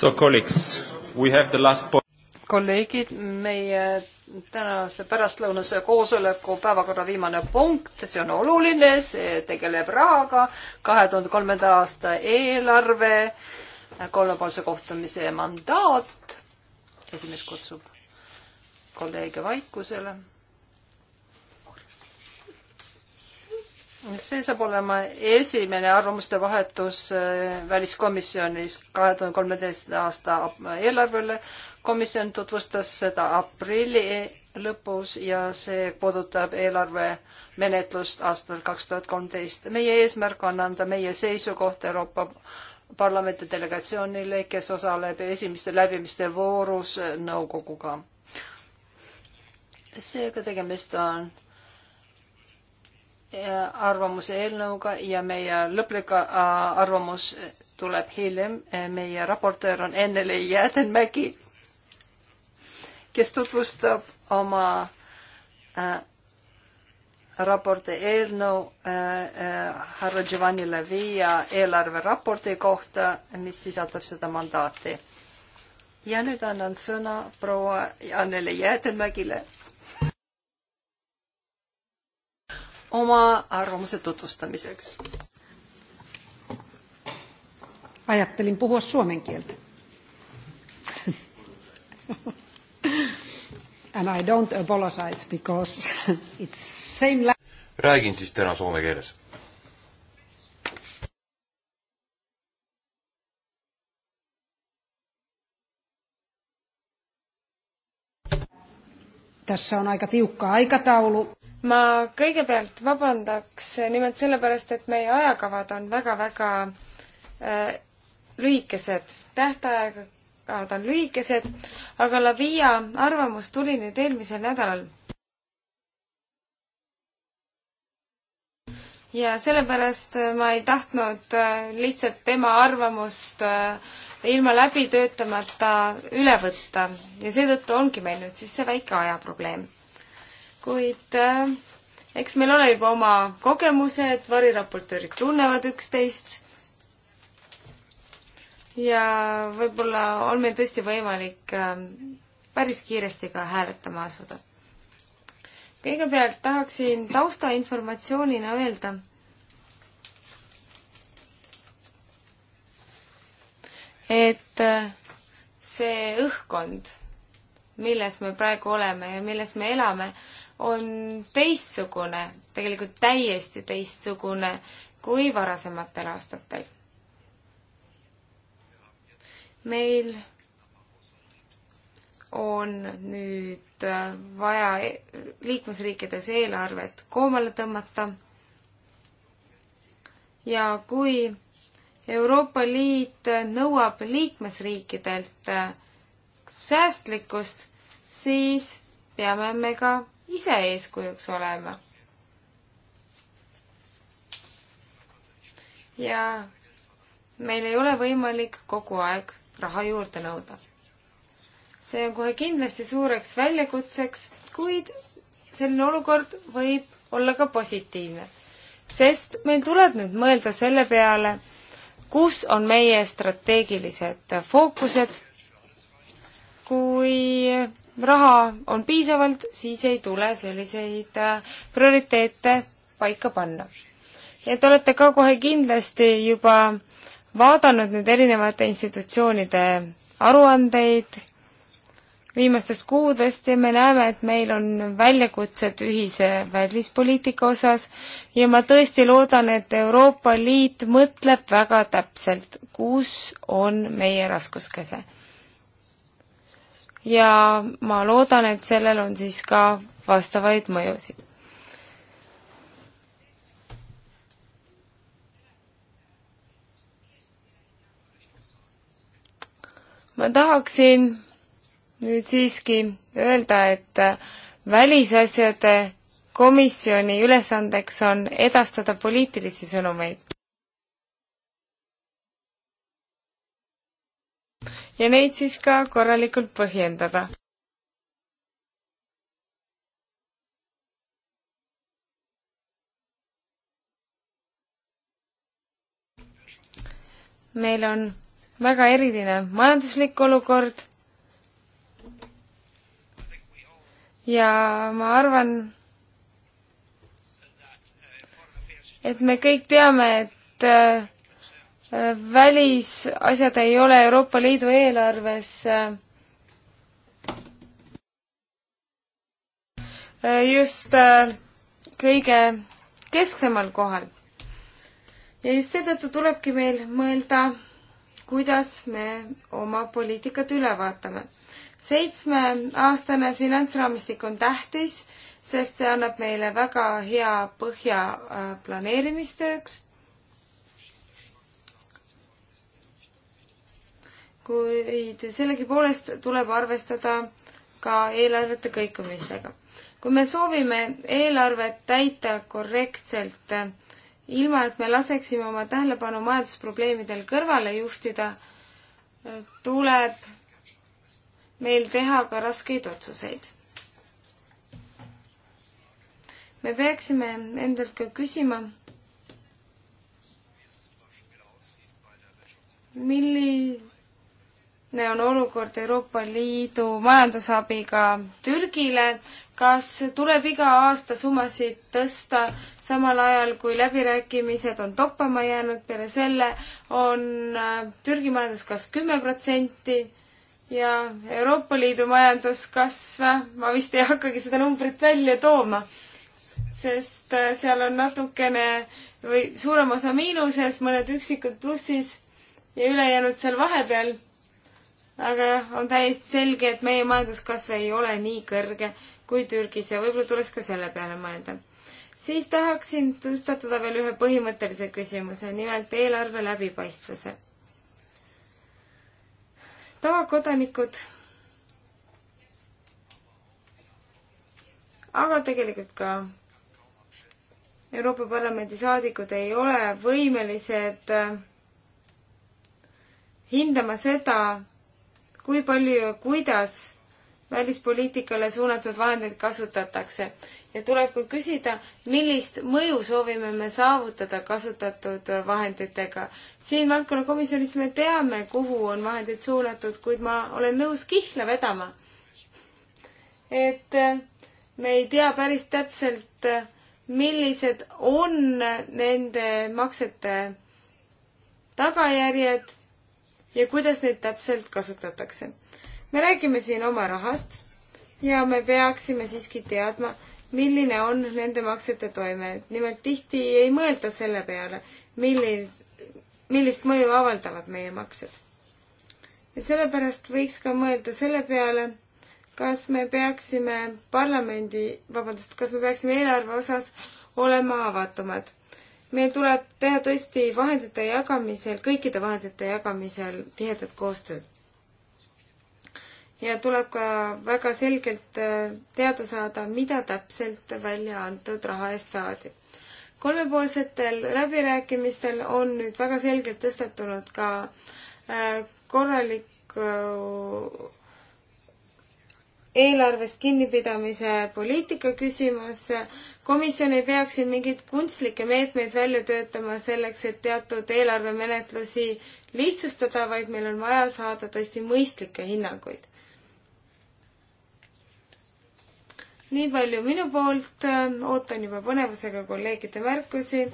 So colleagues, we have the last point. kolleegid, meie tänase pärastlõunase koosoleku päevakorra viimane punkt, see on oluline, see tegeleb rahaga, kahe tuhande kolmanda aasta eelarve, kolmepoolse kohtumise mandaat, esimees kutsub kolleege vaikusele see saab olema esimene arvamuste vahetus äh, väliskomisjonis kahe tuhande kolmeteistkümnenda aasta eelarvele. komisjon tutvustas seda aprilli lõpus ja see puudutab eelarve menetlust aastal kaks tuhat kolmteist. meie eesmärk on anda meie seisukoht Euroopa Parlamendi delegatsioonile, kes osaleb esimeste läbimiste voorus nõukoguga. seega tegemist on arvamuse eelnõuga ja meie lõplik äh, arvamus tuleb hiljem. Äh, meie raportöör on Enneli Jäädenmägi, kes tutvustab oma äh, raporti eelnõu härra Giovanni Levia eelarveraporti kohta, mis sisaldab seda mandaati. ja nüüd annan sõna proua Anneli Jäädenmägile oma arvamuse tutvustamiseks. ajattelin puhua suomen kieltä. And I don't apologize because it's same la- räägin siis täna soome keeles. Tässä on aika tiukka aikataulu ma kõigepealt vabandaks nimelt sellepärast, et meie ajakavad on väga-väga äh, lühikesed, tähtajad on lühikesed, aga Lavia arvamus tuli nüüd eelmisel nädalal. ja sellepärast äh, ma ei tahtnud äh, lihtsalt tema arvamust äh, ilma läbi töötamata üle võtta ja seetõttu ongi meil nüüd siis see väike ajaprobleem kuid äh, eks meil ole juba oma kogemused, variraportöörid tunnevad üksteist ja võib-olla on meil tõesti võimalik äh, päris kiiresti ka hääletama asuda. kõigepealt tahaksin taustainformatsioonina öelda, et äh, see õhkkond, milles me praegu oleme ja milles me elame, on teistsugune, tegelikult täiesti teistsugune kui varasematel aastatel. meil on nüüd vaja liikmesriikides eelarvet koomale tõmmata ja kui Euroopa Liit nõuab liikmesriikidelt säästlikkust, siis peame me ka ise eeskujuks olema. ja meil ei ole võimalik kogu aeg raha juurde nõuda. see on kohe kindlasti suureks väljakutseks, kuid selline olukord võib olla ka positiivne, sest meil tuleb nüüd mõelda selle peale, kus on meie strateegilised fookused kui raha on piisavalt, siis ei tule selliseid äh, prioriteete paika panna. ja te olete ka kohe kindlasti juba vaadanud nüüd erinevate institutsioonide aruandeid viimastest kuudest ja me näeme, et meil on väljakutsed ühise välispoliitika osas ja ma tõesti loodan, et Euroopa Liit mõtleb väga täpselt, kus on meie raskuskese ja ma loodan, et sellel on siis ka vastavaid mõjusid. ma tahaksin nüüd siiski öelda, et välisasjade komisjoni ülesandeks on edastada poliitilisi sõnumeid. ja neid siis ka korralikult põhjendada. meil on väga eriline majanduslik olukord ja ma arvan, et me kõik teame, et äh, välisasjad ei ole Euroopa Liidu eelarves äh, just äh, kõige kesksemal kohal. ja just seetõttu tulebki meil mõelda, kuidas me oma poliitikat üle vaatame. seitsmeaastane finantsraamistik on tähtis, sest see annab meile väga hea põhja äh, planeerimistööks kuid sellegipoolest tuleb arvestada ka eelarvete kõikumistega. kui me soovime eelarvet täita korrektselt, ilma et me laseksime oma tähelepanu majandusprobleemidel kõrvale juhtida, tuleb meil teha ka raskeid otsuseid. me peaksime endalt ka küsima, milline on olukord Euroopa Liidu majandusabiga Türgile, kas tuleb iga aasta summasid tõsta, samal ajal kui läbirääkimised on toppama jäänud, peale selle on äh, Türgi majanduskasv kümme protsenti ja Euroopa Liidu majanduskasv, äh, ma vist ei hakkagi seda numbrit välja tooma, sest äh, seal on natukene või suurem osa miinuses, mõned üksikud plussis ja ülejäänud seal vahepeal aga on täiesti selge, et meie majanduskasv ei ole nii kõrge kui Türgis ja võib-olla tuleks ka selle peale mõelda. siis tahaksin tõstatada veel ühe põhimõttelise küsimuse, nimelt eelarve läbipaistvuse. tavakodanikud, aga tegelikult ka Euroopa Parlamendi saadikud ei ole võimelised hindama seda, kui palju ja kuidas välispoliitikale suunatud vahendeid kasutatakse. ja tuleb ka küsida, millist mõju soovime me saavutada kasutatud vahenditega. siin valdkonnakomisjonis me teame, kuhu on vahendid suunatud, kuid ma olen nõus kihla vedama. et me ei tea päris täpselt, millised on nende maksete tagajärjed ja kuidas neid täpselt kasutatakse. me räägime siin oma rahast ja me peaksime siiski teadma, milline on nende maksete toime, et nimelt tihti ei mõelda selle peale, millis, millist mõju avaldavad meie maksed. ja sellepärast võiks ka mõelda selle peale, kas me peaksime parlamendi, vabandust, kas me peaksime eelarve osas olema avatumad meil tuleb teha tõesti vahendite jagamisel, kõikide vahendite jagamisel tihedat koostööd. ja tuleb ka väga selgelt äh, teada saada, mida täpselt välja antud raha eest saadi. kolmepoolsetel läbirääkimistel on nüüd väga selgelt tõstatunud ka äh, korralik eelarvest kinnipidamise poliitika küsimus. komisjon ei peaks siin mingeid kunstlikke meetmeid välja töötama selleks, et teatud eelarvemenetlusi lihtsustada, vaid meil on vaja saada tõesti mõistlikke hinnanguid. nii palju minu poolt, ootan juba põnevusega kolleegide märkusi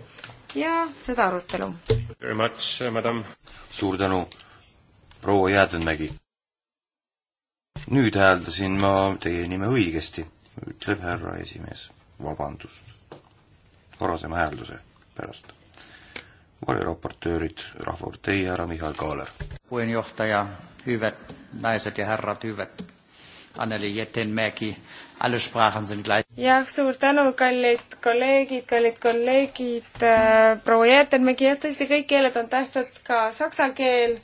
ja seda arutelu. suur tänu, proua Jäädenmägi! nüüd hääldasin ma teie nime õigesti, ütleb härra esimees. vabandust varasema häälduse pärast. variraportöörid, Rahvapartei härra Mihhail Kaaler. puheenjohtaja, hüved, naised ja härrad, hüved. Anneli Jätenmägi, alle sprachen sind gleich. jah, suur tänu, kallid kolleegid, kallid kolleegid äh,, proua Jätenmägi, jah, tõesti kõik keeled on tähtsad, ka saksa keel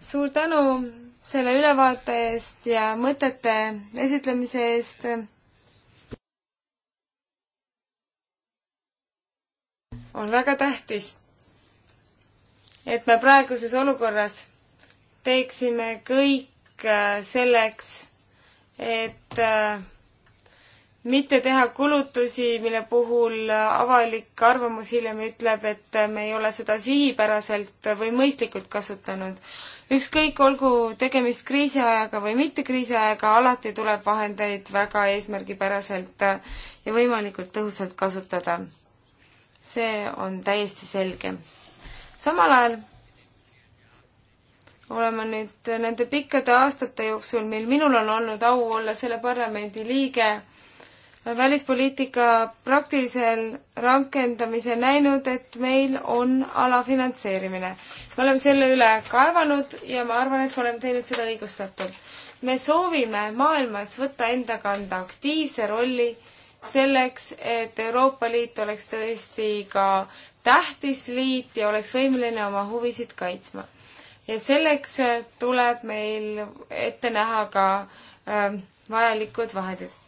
suur tänu selle ülevaate eest ja mõtete esitlemise eest. on väga tähtis, et me praeguses olukorras teeksime kõik äh, selleks, et äh, mitte teha kulutusi, mille puhul avalik arvamus hiljem ütleb, et me ei ole seda sihipäraselt või mõistlikult kasutanud ükskõik, olgu tegemist kriisiajaga või mitte kriisiajaga, alati tuleb vahendeid väga eesmärgipäraselt ja võimalikult tõhusalt kasutada. see on täiesti selge. samal ajal olema nüüd nende pikkade aastate jooksul, mil minul on olnud au olla selle parlamendi liige, välispoliitika praktilisel rakendamise näinud, et meil on alafinantseerimine. me oleme selle üle kaevanud ja ma arvan, et me oleme teinud seda õigustatult. me soovime maailmas võtta enda kanda aktiivse rolli selleks, et Euroopa Liit oleks tõesti ka tähtis liit ja oleks võimeline oma huvisid kaitsma. ja selleks tuleb meil ette näha ka äh, vajalikud vahendid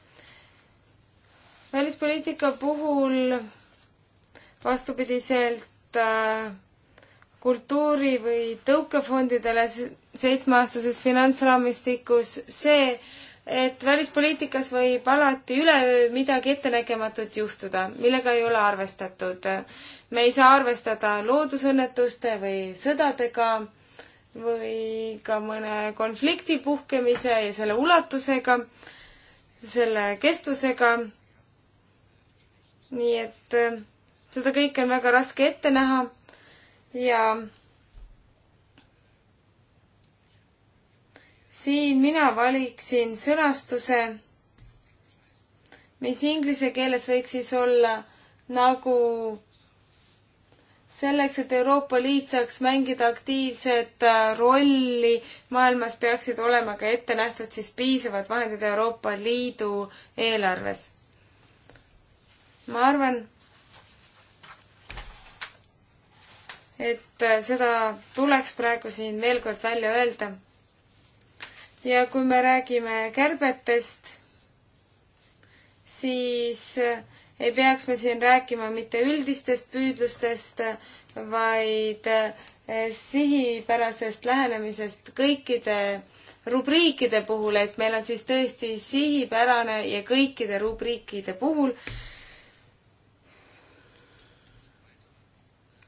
välispoliitika puhul vastupidiselt äh, kultuuri- või tõukefondidele seitsmeaastases finantsraamistikus see, et välispoliitikas võib alati üleöö midagi ettenägematut juhtuda, millega ei ole arvestatud. me ei saa arvestada loodusõnnetuste või sõdadega või ka mõne konflikti puhkemise ja selle ulatusega, selle kestusega nii et äh, seda kõike on väga raske ette näha ja siin mina valiksin sõnastuse, mis inglise keeles võiks siis olla nagu selleks, et Euroopa Liit saaks mängida aktiivset äh, rolli maailmas, peaksid olema ka ette nähtud siis piisavad vahendid Euroopa Liidu eelarves ma arvan, et äh, seda tuleks praegu siin veel kord välja öelda. ja kui me räägime kärbetest, siis äh, ei peaks me siin rääkima mitte üldistest püüdlustest, vaid äh, sihipärasest lähenemisest kõikide rubriikide puhul, et meil on siis tõesti sihipärane ja kõikide rubriikide puhul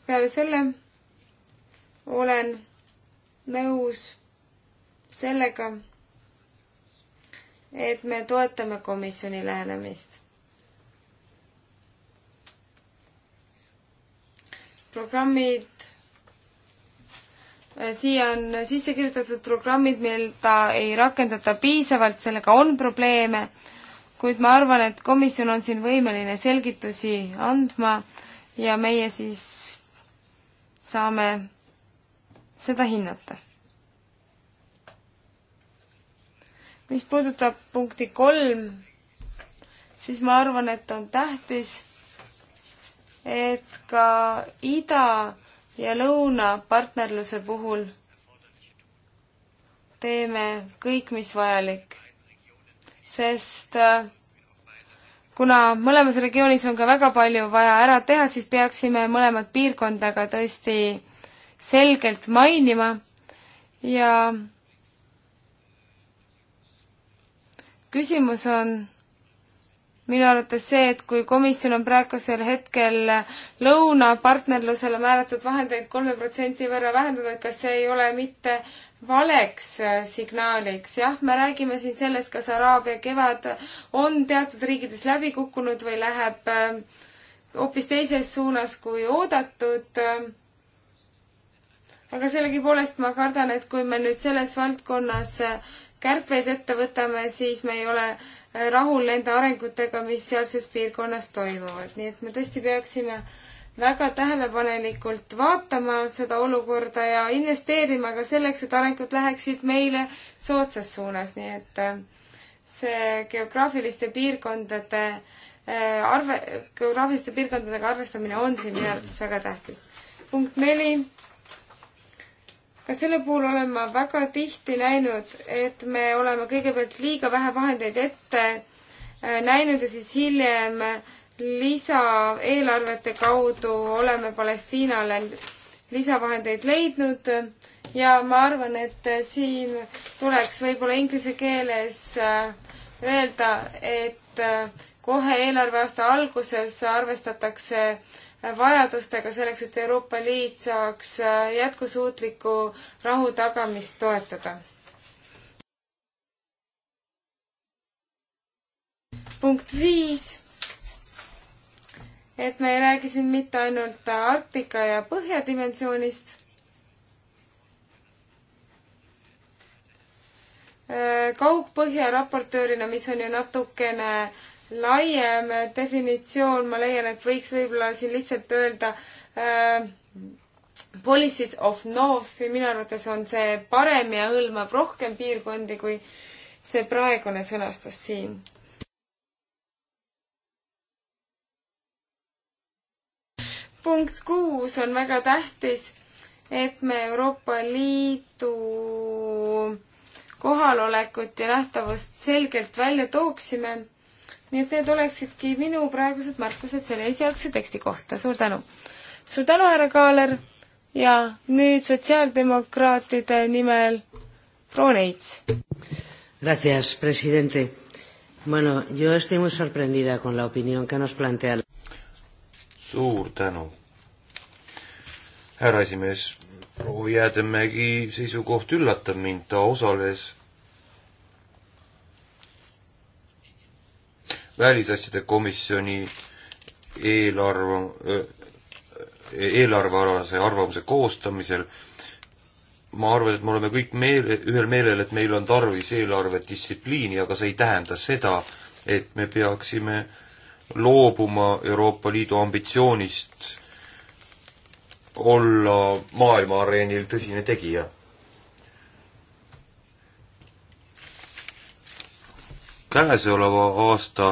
peale selle olen nõus sellega, et me toetame komisjoni lähenemist. programmid, äh, siia on sisse kirjutatud programmid, mida ei rakendata piisavalt, sellega on probleeme, kuid ma arvan, et komisjon on siin võimeline selgitusi andma ja meie siis saame seda hinnata. mis puudutab punkti kolm, siis ma arvan, et on tähtis, et ka ida ja lõuna partnerluse puhul teeme kõik, mis vajalik, sest äh, kuna mõlemas regioonis on ka väga palju vaja ära teha, siis peaksime mõlemat piirkonda ka tõesti selgelt mainima ja küsimus on minu arvates see, et kui komisjon on praegusel hetkel lõunapartnerlusele määratud vahendeid kolme protsendi võrra vähendanud, kas see ei ole mitte valeks äh, signaaliks, jah, me räägime siin sellest, kas Araabia kevad on teatud riikides läbi kukkunud või läheb äh, hoopis teises suunas kui oodatud. aga sellegipoolest ma kardan, et kui me nüüd selles valdkonnas äh, kärpeid ette võtame, siis me ei ole rahul nende arengutega, mis sealses piirkonnas toimuvad, nii et me tõesti peaksime äh, väga tähelepanelikult vaatama seda olukorda ja investeerima ka selleks, et arengud läheksid meile soodsas suunas, nii et äh, see geograafiliste piirkondade äh, arve, geograafiliste piirkondadega arvestamine on siin minu arvates väga tähtis. punkt neli. ka selle puhul olen ma väga tihti näinud, et me oleme kõigepealt liiga vähe vahendeid ette äh, näinud ja siis hiljem äh, lisaeelarvete kaudu oleme Palestiinale lisavahendeid leidnud ja ma arvan, et siin tuleks võib-olla inglise keeles äh, öelda, et äh, kohe eelarveaasta alguses arvestatakse vajadustega selleks, et Euroopa Liit saaks äh, jätkusuutlikku rahu tagamist toetada. punkt viis et me ei räägi siin mitte ainult Arktika ja Põhja dimensioonist äh, kaugpõhja raportöörina, mis on ju natukene laiem definitsioon, ma leian, et võiks võib-olla siin lihtsalt öelda äh, policies of north või minu arvates on see parem ja hõlmab rohkem piirkondi kui see praegune sõnastus siin. punkt kuus on väga tähtis, et me Euroopa Liidu kohalolekut ja nähtavust selgelt välja tooksime. nii et need oleksidki minu praegused märkused selle esialgse teksti kohta, suur tänu! suur tänu, härra Kaaler ja nüüd sotsiaaldemokraatide nimel proua Neits. Gracias, presidente. Bueno, yo estoy muy sorprendida con la opinión que nos plantea suur tänu. härra esimees, proua Jäädemägi seisukoht üllatab mind, ta osales välisasjade komisjoni eelarve, äh, eelarvealase arvamuse koostamisel. ma arvan, et me oleme kõik meele, ühel meelel, et meil on tarvis eelarvedistsipliini, aga see ei tähenda seda, et me peaksime äh, loobuma Euroopa Liidu ambitsioonist olla maailma areenil tõsine tegija. käesoleva aasta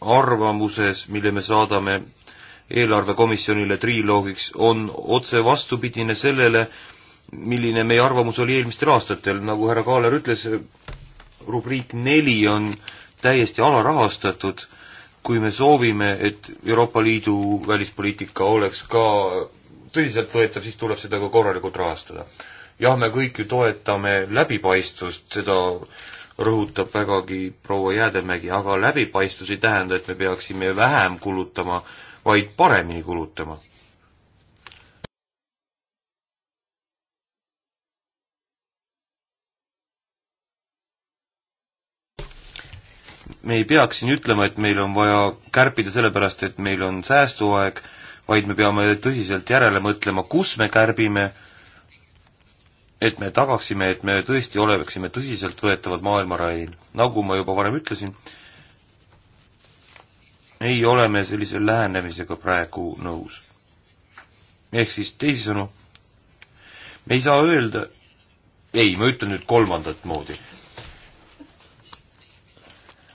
arvamuses, mille me saadame eelarvekomisjonile triloogiks, on otse vastupidine sellele, milline meie arvamus oli eelmistel aastatel, nagu härra Kaaler ütles, rubriik neli on täiesti alarahastatud, kui me soovime, et Euroopa Liidu välispoliitika oleks ka tõsiseltvõetav, siis tuleb seda ka korralikult rahastada. jah, me kõik ju toetame läbipaistvust, seda rõhutab vägagi proua Jäädemägi, aga läbipaistvus ei tähenda, et me peaksime vähem kulutama, vaid paremini kulutama. me ei peaks siin ütlema, et meil on vaja kärpida sellepärast, et meil on säästuaeg, vaid me peame tõsiselt järele mõtlema, kus me kärbime, et me tagaksime, et me tõesti oleksime tõsiseltvõetavad maailmarallil. nagu ma juba varem ütlesin, ei ole me sellise lähenemisega praegu nõus. ehk siis teisisõnu, me ei saa öelda, ei, ma ütlen nüüd kolmandat moodi,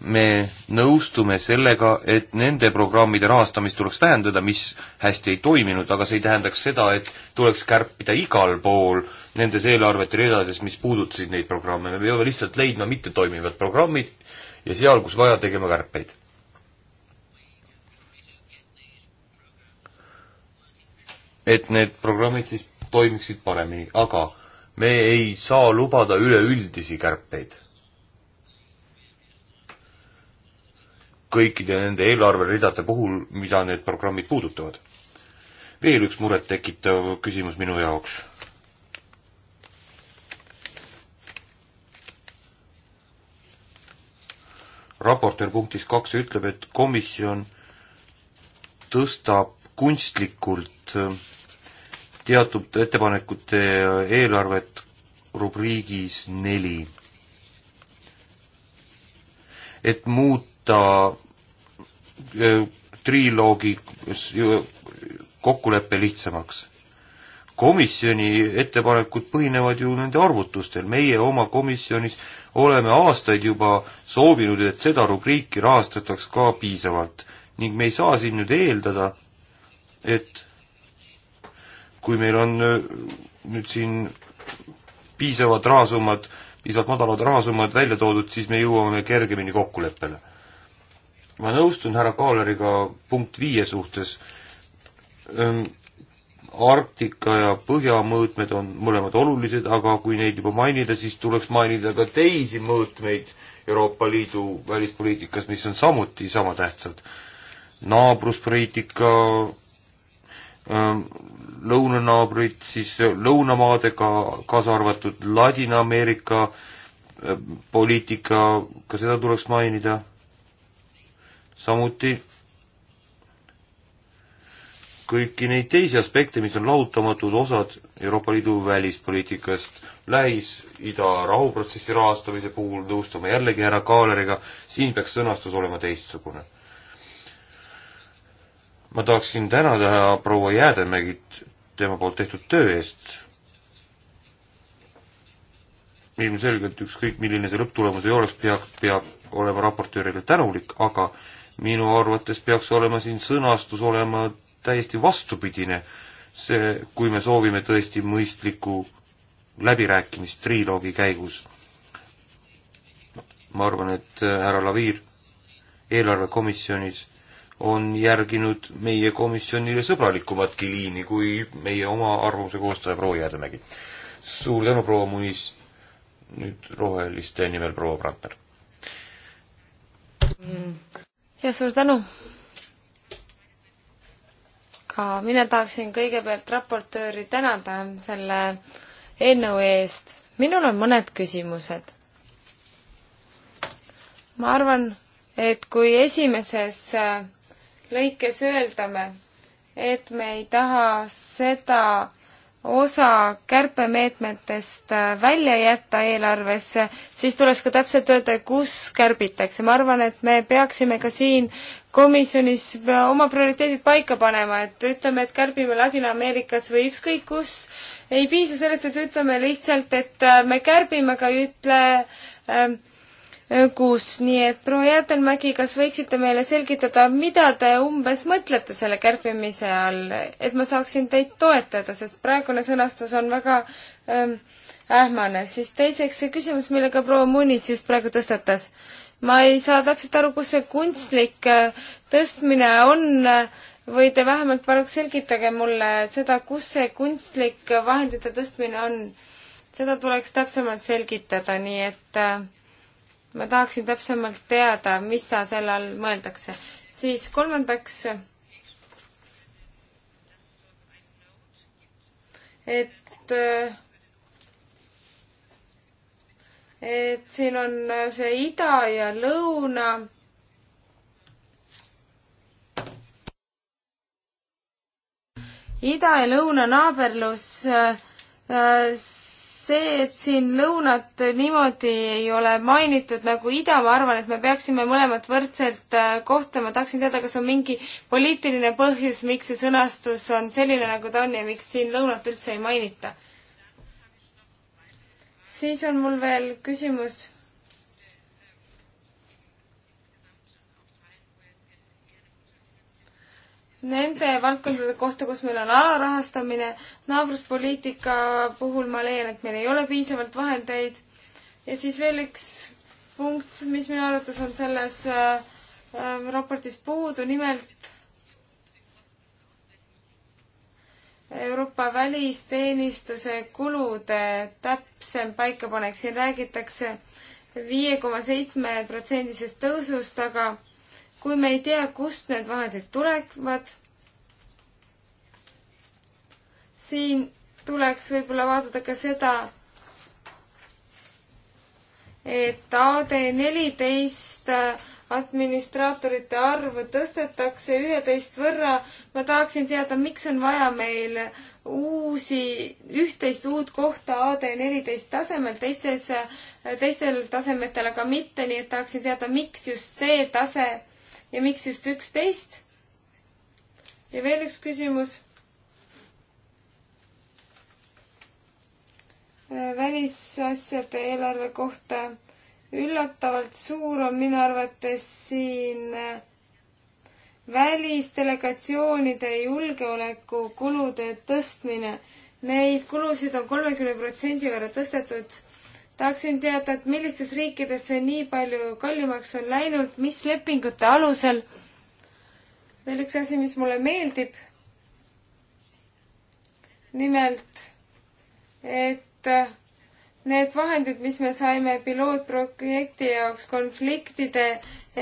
me nõustume sellega, et nende programmide rahastamist tuleks vähendada, mis hästi ei toiminud, aga see ei tähendaks seda, et tuleks kärpida igal pool nendes eelarvete ridades, mis puudutasid neid programme, me peame lihtsalt leidma mittetoimivad programmid ja seal, kus vaja, tegema kärpeid. et need programmid siis toimiksid paremini, aga me ei saa lubada üleüldisi kärpeid kõikide nende eelarveridade puhul, mida need programmid puudutavad. veel üks murettekitav küsimus minu jaoks. raportöör punktis kaks ütleb, et komisjon tõstab kunstlikult äh, teatud ettepanekute eelarvet rubriigis neli. et muud ta e, triloogi kokkuleppe lihtsamaks. komisjoni ettepanekud põhinevad ju nende arvutustel, meie oma komisjonis oleme aastaid juba soovinud, et seda rubriiki rahastataks ka piisavalt ning me ei saa siin nüüd eeldada, et kui meil on e, nüüd siin piisavad rahasummad, piisavalt madalad rahasummad välja toodud, siis me jõuame kergemini kokkuleppele ma nõustun härra Kaaleriga punkt viie suhtes. Arktika ja Põhja mõõtmed on mõlemad olulised, aga kui neid juba mainida, siis tuleks mainida ka teisi mõõtmeid Euroopa Liidu välispoliitikas, mis on samuti sama tähtsad. naabruspoliitika, lõunanaabrid, siis lõunamaadega, kaasa arvatud Ladina-Ameerika poliitika, ka seda tuleks mainida samuti kõiki neid teisi aspekte, mis on lahutamatud osad Euroopa Liidu välispoliitikast. Lähis-Ida rahuprotsessi rahastamise puhul nõustume jällegi härra Kaaleriga, siin peaks sõnastus olema teistsugune. ma tahaksin tänada proua Jäädemägit tema poolt tehtud töö eest. ilmselgelt ükskõik, milline see lõpptulemus ei oleks, peab, peab olema raportöörile tänulik, aga minu arvates peaks olema siin sõnastus olema täiesti vastupidine, see, kui me soovime tõesti mõistlikku läbirääkimist triloogi käigus. ma arvan, et äh, härra Laviir eelarvekomisjonis on järginud meie komisjonile sõbralikumatki liini kui meie oma arvamuse koostaja proua Jäädemägi. suur tänu, proua Munis, nüüd roheliste nimel proua Brandner mm ja suur tänu! ka mina tahaksin kõigepealt raportööri tänada selle eelnõu eest. minul on mõned küsimused. ma arvan, et kui esimeses äh, lõikes öeldame, et me ei taha seda osa kärpemeetmetest äh, välja jätta eelarvesse, siis tuleks ka täpselt öelda, kus kärbitakse. ma arvan, et me peaksime ka siin komisjonis oma prioriteedid paika panema, et ütleme, et kärbime Ladina-Ameerikas või ükskõik kus. ei piisa sellest, et ütleme lihtsalt, et äh, me kärbime, aga ei ütle ähm, kuus, nii et proua Jäätelmägi, kas võiksite meile selgitada, mida te umbes mõtlete selle kärpimise all, et ma saaksin teid toetada, sest praegune sõnastus on väga ähm, ähmane. siis teiseks see küsimus, millega proua Munis just praegu tõstatas. ma ei saa täpselt aru, kus see kunstlik äh, tõstmine on äh, või te vähemalt paluks selgitage mulle seda, kus see kunstlik vahendite tõstmine on. seda tuleks täpsemalt selgitada, nii et äh, ma tahaksin täpsemalt teada, mis sa selle all mõeldakse. siis kolmandaks, et et siin on see ida ja lõuna ida ja lõuna naaberlus äh, see, et siin lõunat niimoodi ei ole mainitud nagu ida, ma arvan, et me peaksime mõlemat võrdselt äh, kohtlema. tahaksin teada, kas on mingi poliitiline põhjus, miks see sõnastus on selline, nagu ta on ja miks siin lõunat üldse ei mainita? siis on mul veel küsimus nende valdkondade kohta, kus meil on alarahastamine. naabruspoliitika puhul ma leian, et meil ei ole piisavalt vahendeid. ja siis veel üks punkt, mis minu arvates on selles äh, äh, raportis puudu, nimelt Euroopa välisteenistuse kulude täpsem paikapanek. siin räägitakse viie koma seitsme protsendisest tõusust, aga kui me ei tea, kust need vahendid tulevad, siin tuleks võib-olla vaadata ka seda, et AD neliteist administraatorite arvu tõstetakse üheteist võrra. ma tahaksin teada, miks on vaja meil uusi, üht-teist uut kohta AD neliteist tasemel, teistes, teistel tasemetel aga mitte, nii et tahaksin teada, miks just see tase ja miks just üksteist? ja veel üks küsimus. Äh, välisasjade eelarve kohta üllatavalt suur on minu arvates siin äh, välisdelegatsioonide julgeolekukulude tõstmine. Neid kulusid on kolmekümne protsendi võrra tõstetud tahaksin teada, et millistes riikides see nii palju kallimaks on läinud, mis lepingute alusel. veel üks asi, mis mulle meeldib. nimelt, et need vahendid, mis me saime pilootprojekti jaoks konfliktide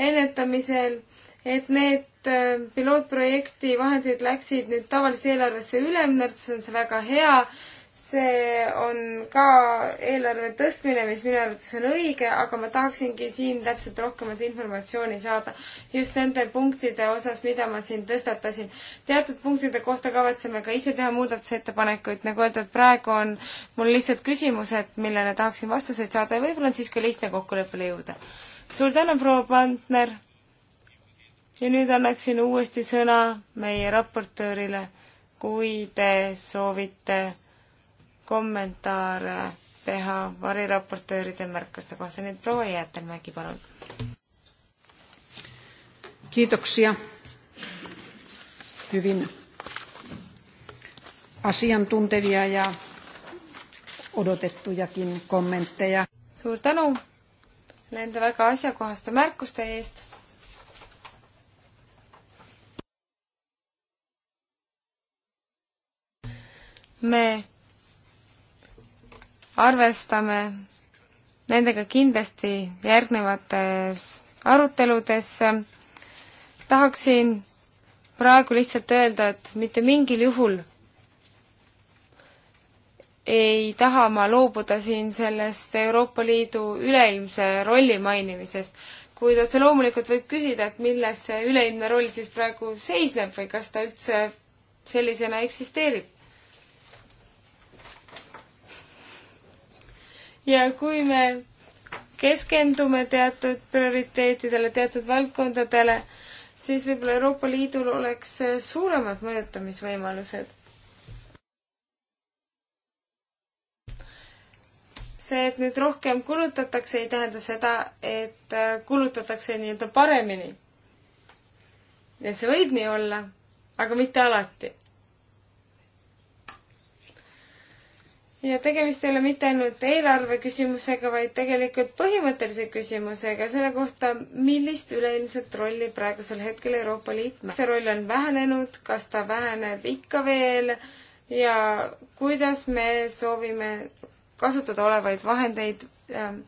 ennetamisel, et need äh, pilootprojekti vahendid läksid nüüd tavalise eelarvesse üle, minu arvates on see väga hea see on ka eelarve tõstmine, mis minu arvates on õige, aga ma tahaksingi siin täpselt rohkemat informatsiooni saada just nende punktide osas, mida ma siin tõstatasin. teatud punktide kohta kavatseme ka ise teha muudatusettepanekuid, nagu öeldud, praegu on mul lihtsalt küsimused, millele tahaksin vastuseid saada ja võib-olla on siis ka lihtne kokkuleppele jõuda. suur tänu, proua Pantner! ja nüüd annaksin uuesti sõna meie raportöörile, kui te soovite kommentaare teha variraportööride märkuste kohta, nii et proua Jäätelmägi, palun. kiitoksia. hyvin asiantuntevia ja odotettujakin kommentteja. suur tänu nende väga asjakohaste märkuste eest me arvestame nendega kindlasti järgnevates aruteludes. tahaksin praegu lihtsalt öelda, et mitte mingil juhul ei taha ma loobuda siin sellest Euroopa Liidu üleilmse rolli mainimisest, kuid otse loomulikult võib küsida, et milles see üleilmne roll siis praegu seisneb või kas ta üldse sellisena eksisteerib. ja kui me keskendume teatud prioriteetidele, teatud valdkondadele, siis võib-olla Euroopa Liidul oleks äh, suuremad mõjutamisvõimalused. see, et nüüd rohkem kulutatakse, ei tähenda seda, et äh, kulutatakse nii-öelda paremini. ja see võib nii olla, aga mitte alati ja tegemist ei ole mitte ainult eelarve küsimusega, vaid tegelikult põhimõttelise küsimusega selle kohta, millist üleilmset rolli praegusel hetkel Euroopa Liit mängib. see roll on vähenenud, kas ta väheneb ikka veel ja kuidas me soovime kasutada olevaid vahendeid ähm,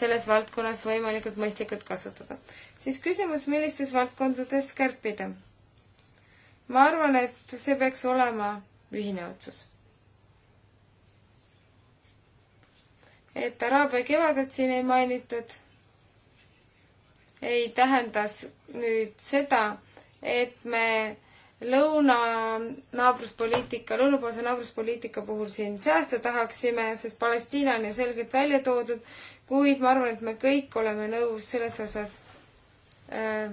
selles valdkonnas võimalikult mõistlikult kasutada. siis küsimus, millistes valdkondades kärpida? ma arvan, et see peaks olema ühine otsus et Araabia kevadet siin ei mainitud, ei tähenda nüüd seda, et me lõuna naabruspoliitika, lõunapoolse naabruspoliitika puhul siin säästa tahaksime, sest Palestiina on ju selgelt välja toodud, kuid ma arvan, et me kõik oleme nõus selles osas, äh,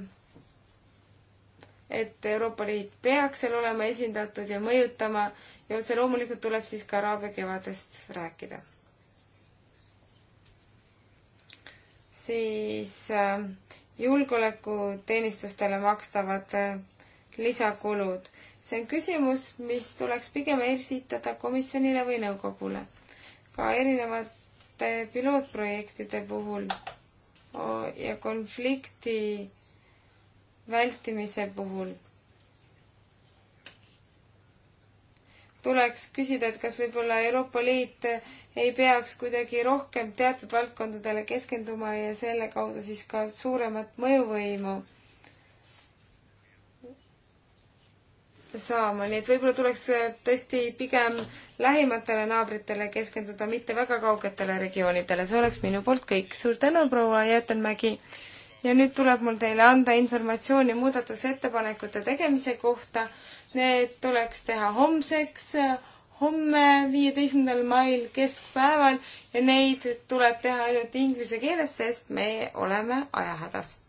et Euroopa Liit peaks seal olema esindatud ja mõjutama ja otse loomulikult tuleb siis ka Araabia kevadest rääkida siis äh, julgeolekuteenistustele makstavad äh, lisakulud. see on küsimus, mis tuleks pigem esitada komisjonile või nõukogule. ka erinevate pilootprojektide puhul ja konflikti vältimise puhul tuleks küsida, et kas võib-olla Euroopa Liit ei peaks kuidagi rohkem teatud valdkondadele keskenduma ja selle kaudu siis ka suuremat mõjuvõimu saama, nii et võib-olla tuleks tõesti pigem lähimatele naabritele keskenduda, mitte väga kaugetele regioonidele, see oleks minu poolt kõik. suur tänu, proua Jäätenmägi! ja nüüd tuleb mul teile anda informatsiooni muudatusettepanekute tegemise kohta. Need tuleks teha homseks, homme, viieteistkümnendal mail keskpäeval ja neid tuleb teha ainult inglise keeles, sest me oleme ajahädas.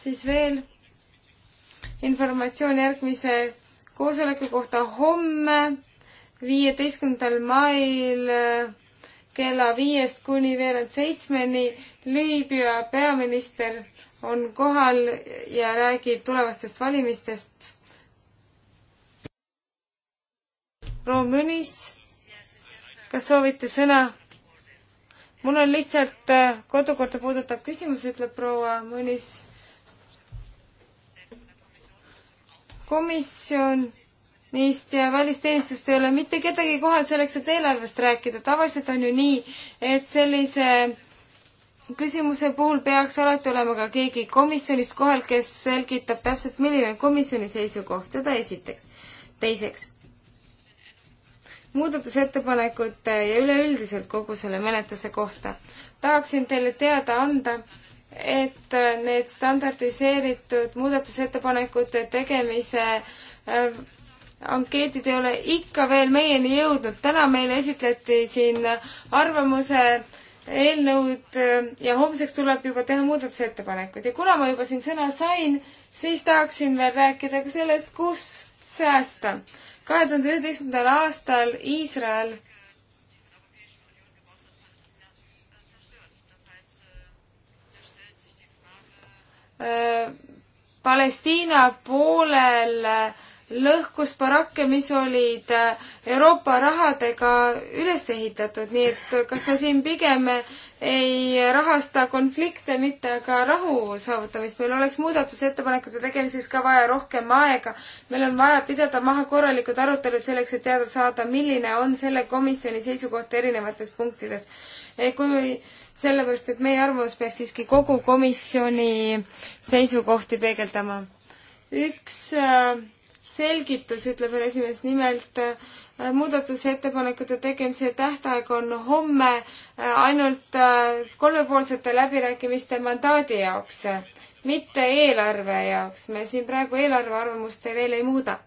siis veel informatsioon järgmise koosoleku kohta homme, viieteistkümnendal mail kella viiest kuni veerand seitsmeni. Liibüa peaminister on kohal ja räägib tulevastest valimistest. proua Münis, kas soovite sõna? mul on lihtsalt äh, kodukorda puudutav küsimus, ütleb proua Mõnis. komisjon meist ja välisteenistust ei ole mitte kedagi kohal selleks, et eelarvest rääkida. tavaliselt on ju nii, et sellise küsimuse puhul peaks alati olema ka keegi komisjonist kohal, kes selgitab täpselt, milline on komisjoni seisukoht, seda esiteks. teiseks, muudatusettepanekute ja üleüldiselt kogu selle menetluse kohta tahaksin teile teada anda, et need standardiseeritud muudatusettepanekute tegemise äh, ankeedid ei ole ikka veel meieni jõudnud. täna meile esitleti siin arvamuse eelnõud äh, ja homseks tuleb juba teha muudatusettepanekuid ja kuna ma juba siin sõna sain, siis tahaksin veel rääkida ka sellest, kus säästa. kahe tuhande üheteistkümnendal aastal Iisrael äh, Palestiina poolel äh, lõhkus barakke, mis olid äh, Euroopa rahadega üles ehitatud, nii et kas me siin pigem ei rahasta konflikte, mitte aga rahu saavutamist. meil oleks muudatusettepanekute tegemiseks ka vaja rohkem aega. meil on vaja pidada maha korralikud arutelud selleks, et teada saada, milline on selle komisjoni seisukoht erinevates punktides. E, kui sellepärast, et meie arvamus peaks siiski kogu komisjoni seisukohti peegeldama. üks äh, selgitus, ütleb härra esimees, nimelt äh, muudatusettepanekute tegemise tähtaeg on homme äh, ainult äh, kolmepoolsete läbirääkimiste mandaadi jaoks, mitte eelarve jaoks. me siin praegu eelarve arvamust veel ei muuda.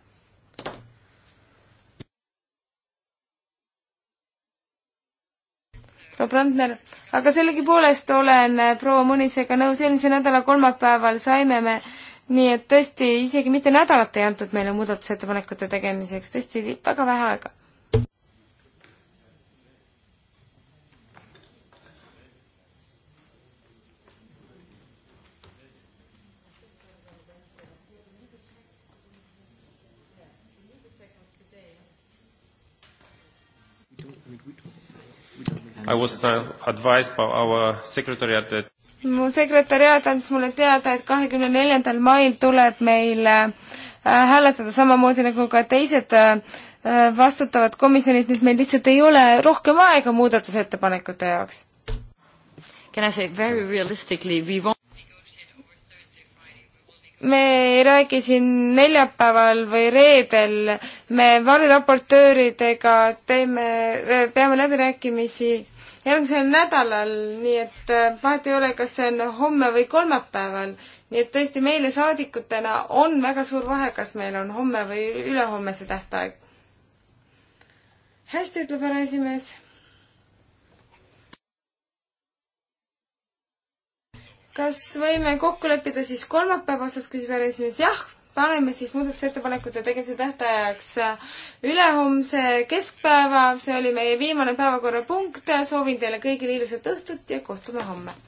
proua Brandner, aga sellegipoolest olen proua Munisega nõus, eelmise nädala kolmapäeval saime me äh, nii et tõesti, isegi mitte nädalat ei antud meile muudatusettepanekute tegemiseks, tõesti väga vähe aega. I was advised by our secretariat that mu sekretäriaat andis mulle teada, et kahekümne neljandal mail tuleb meil äh, hääletada samamoodi nagu ka teised äh, vastutavad komisjonid, nii et meil lihtsalt ei ole rohkem aega muudatusettepanekute jaoks. Can I say very realistically we won't me ei räägi siin neljapäeval või reedel, me variraportööridega teeme, peame läbirääkimisi järgmisel nädalal, nii et äh, vahet ei ole, kas see on homme või kolmapäeval. nii et tõesti, meile saadikutena on väga suur vahe, kas meil on homme või ülehomme see tähtaeg. hästi, ütleb härra esimees. kas võime kokku leppida siis kolmapäeva osas, küsib härra esimees, jah paneme siis muudatusettepanekute tegemise tähtajaks äh, ülehomse keskpäeva, see oli meie viimane päevakorrapunkt, soovin teile kõigile ilusat õhtut ja kohtume homme!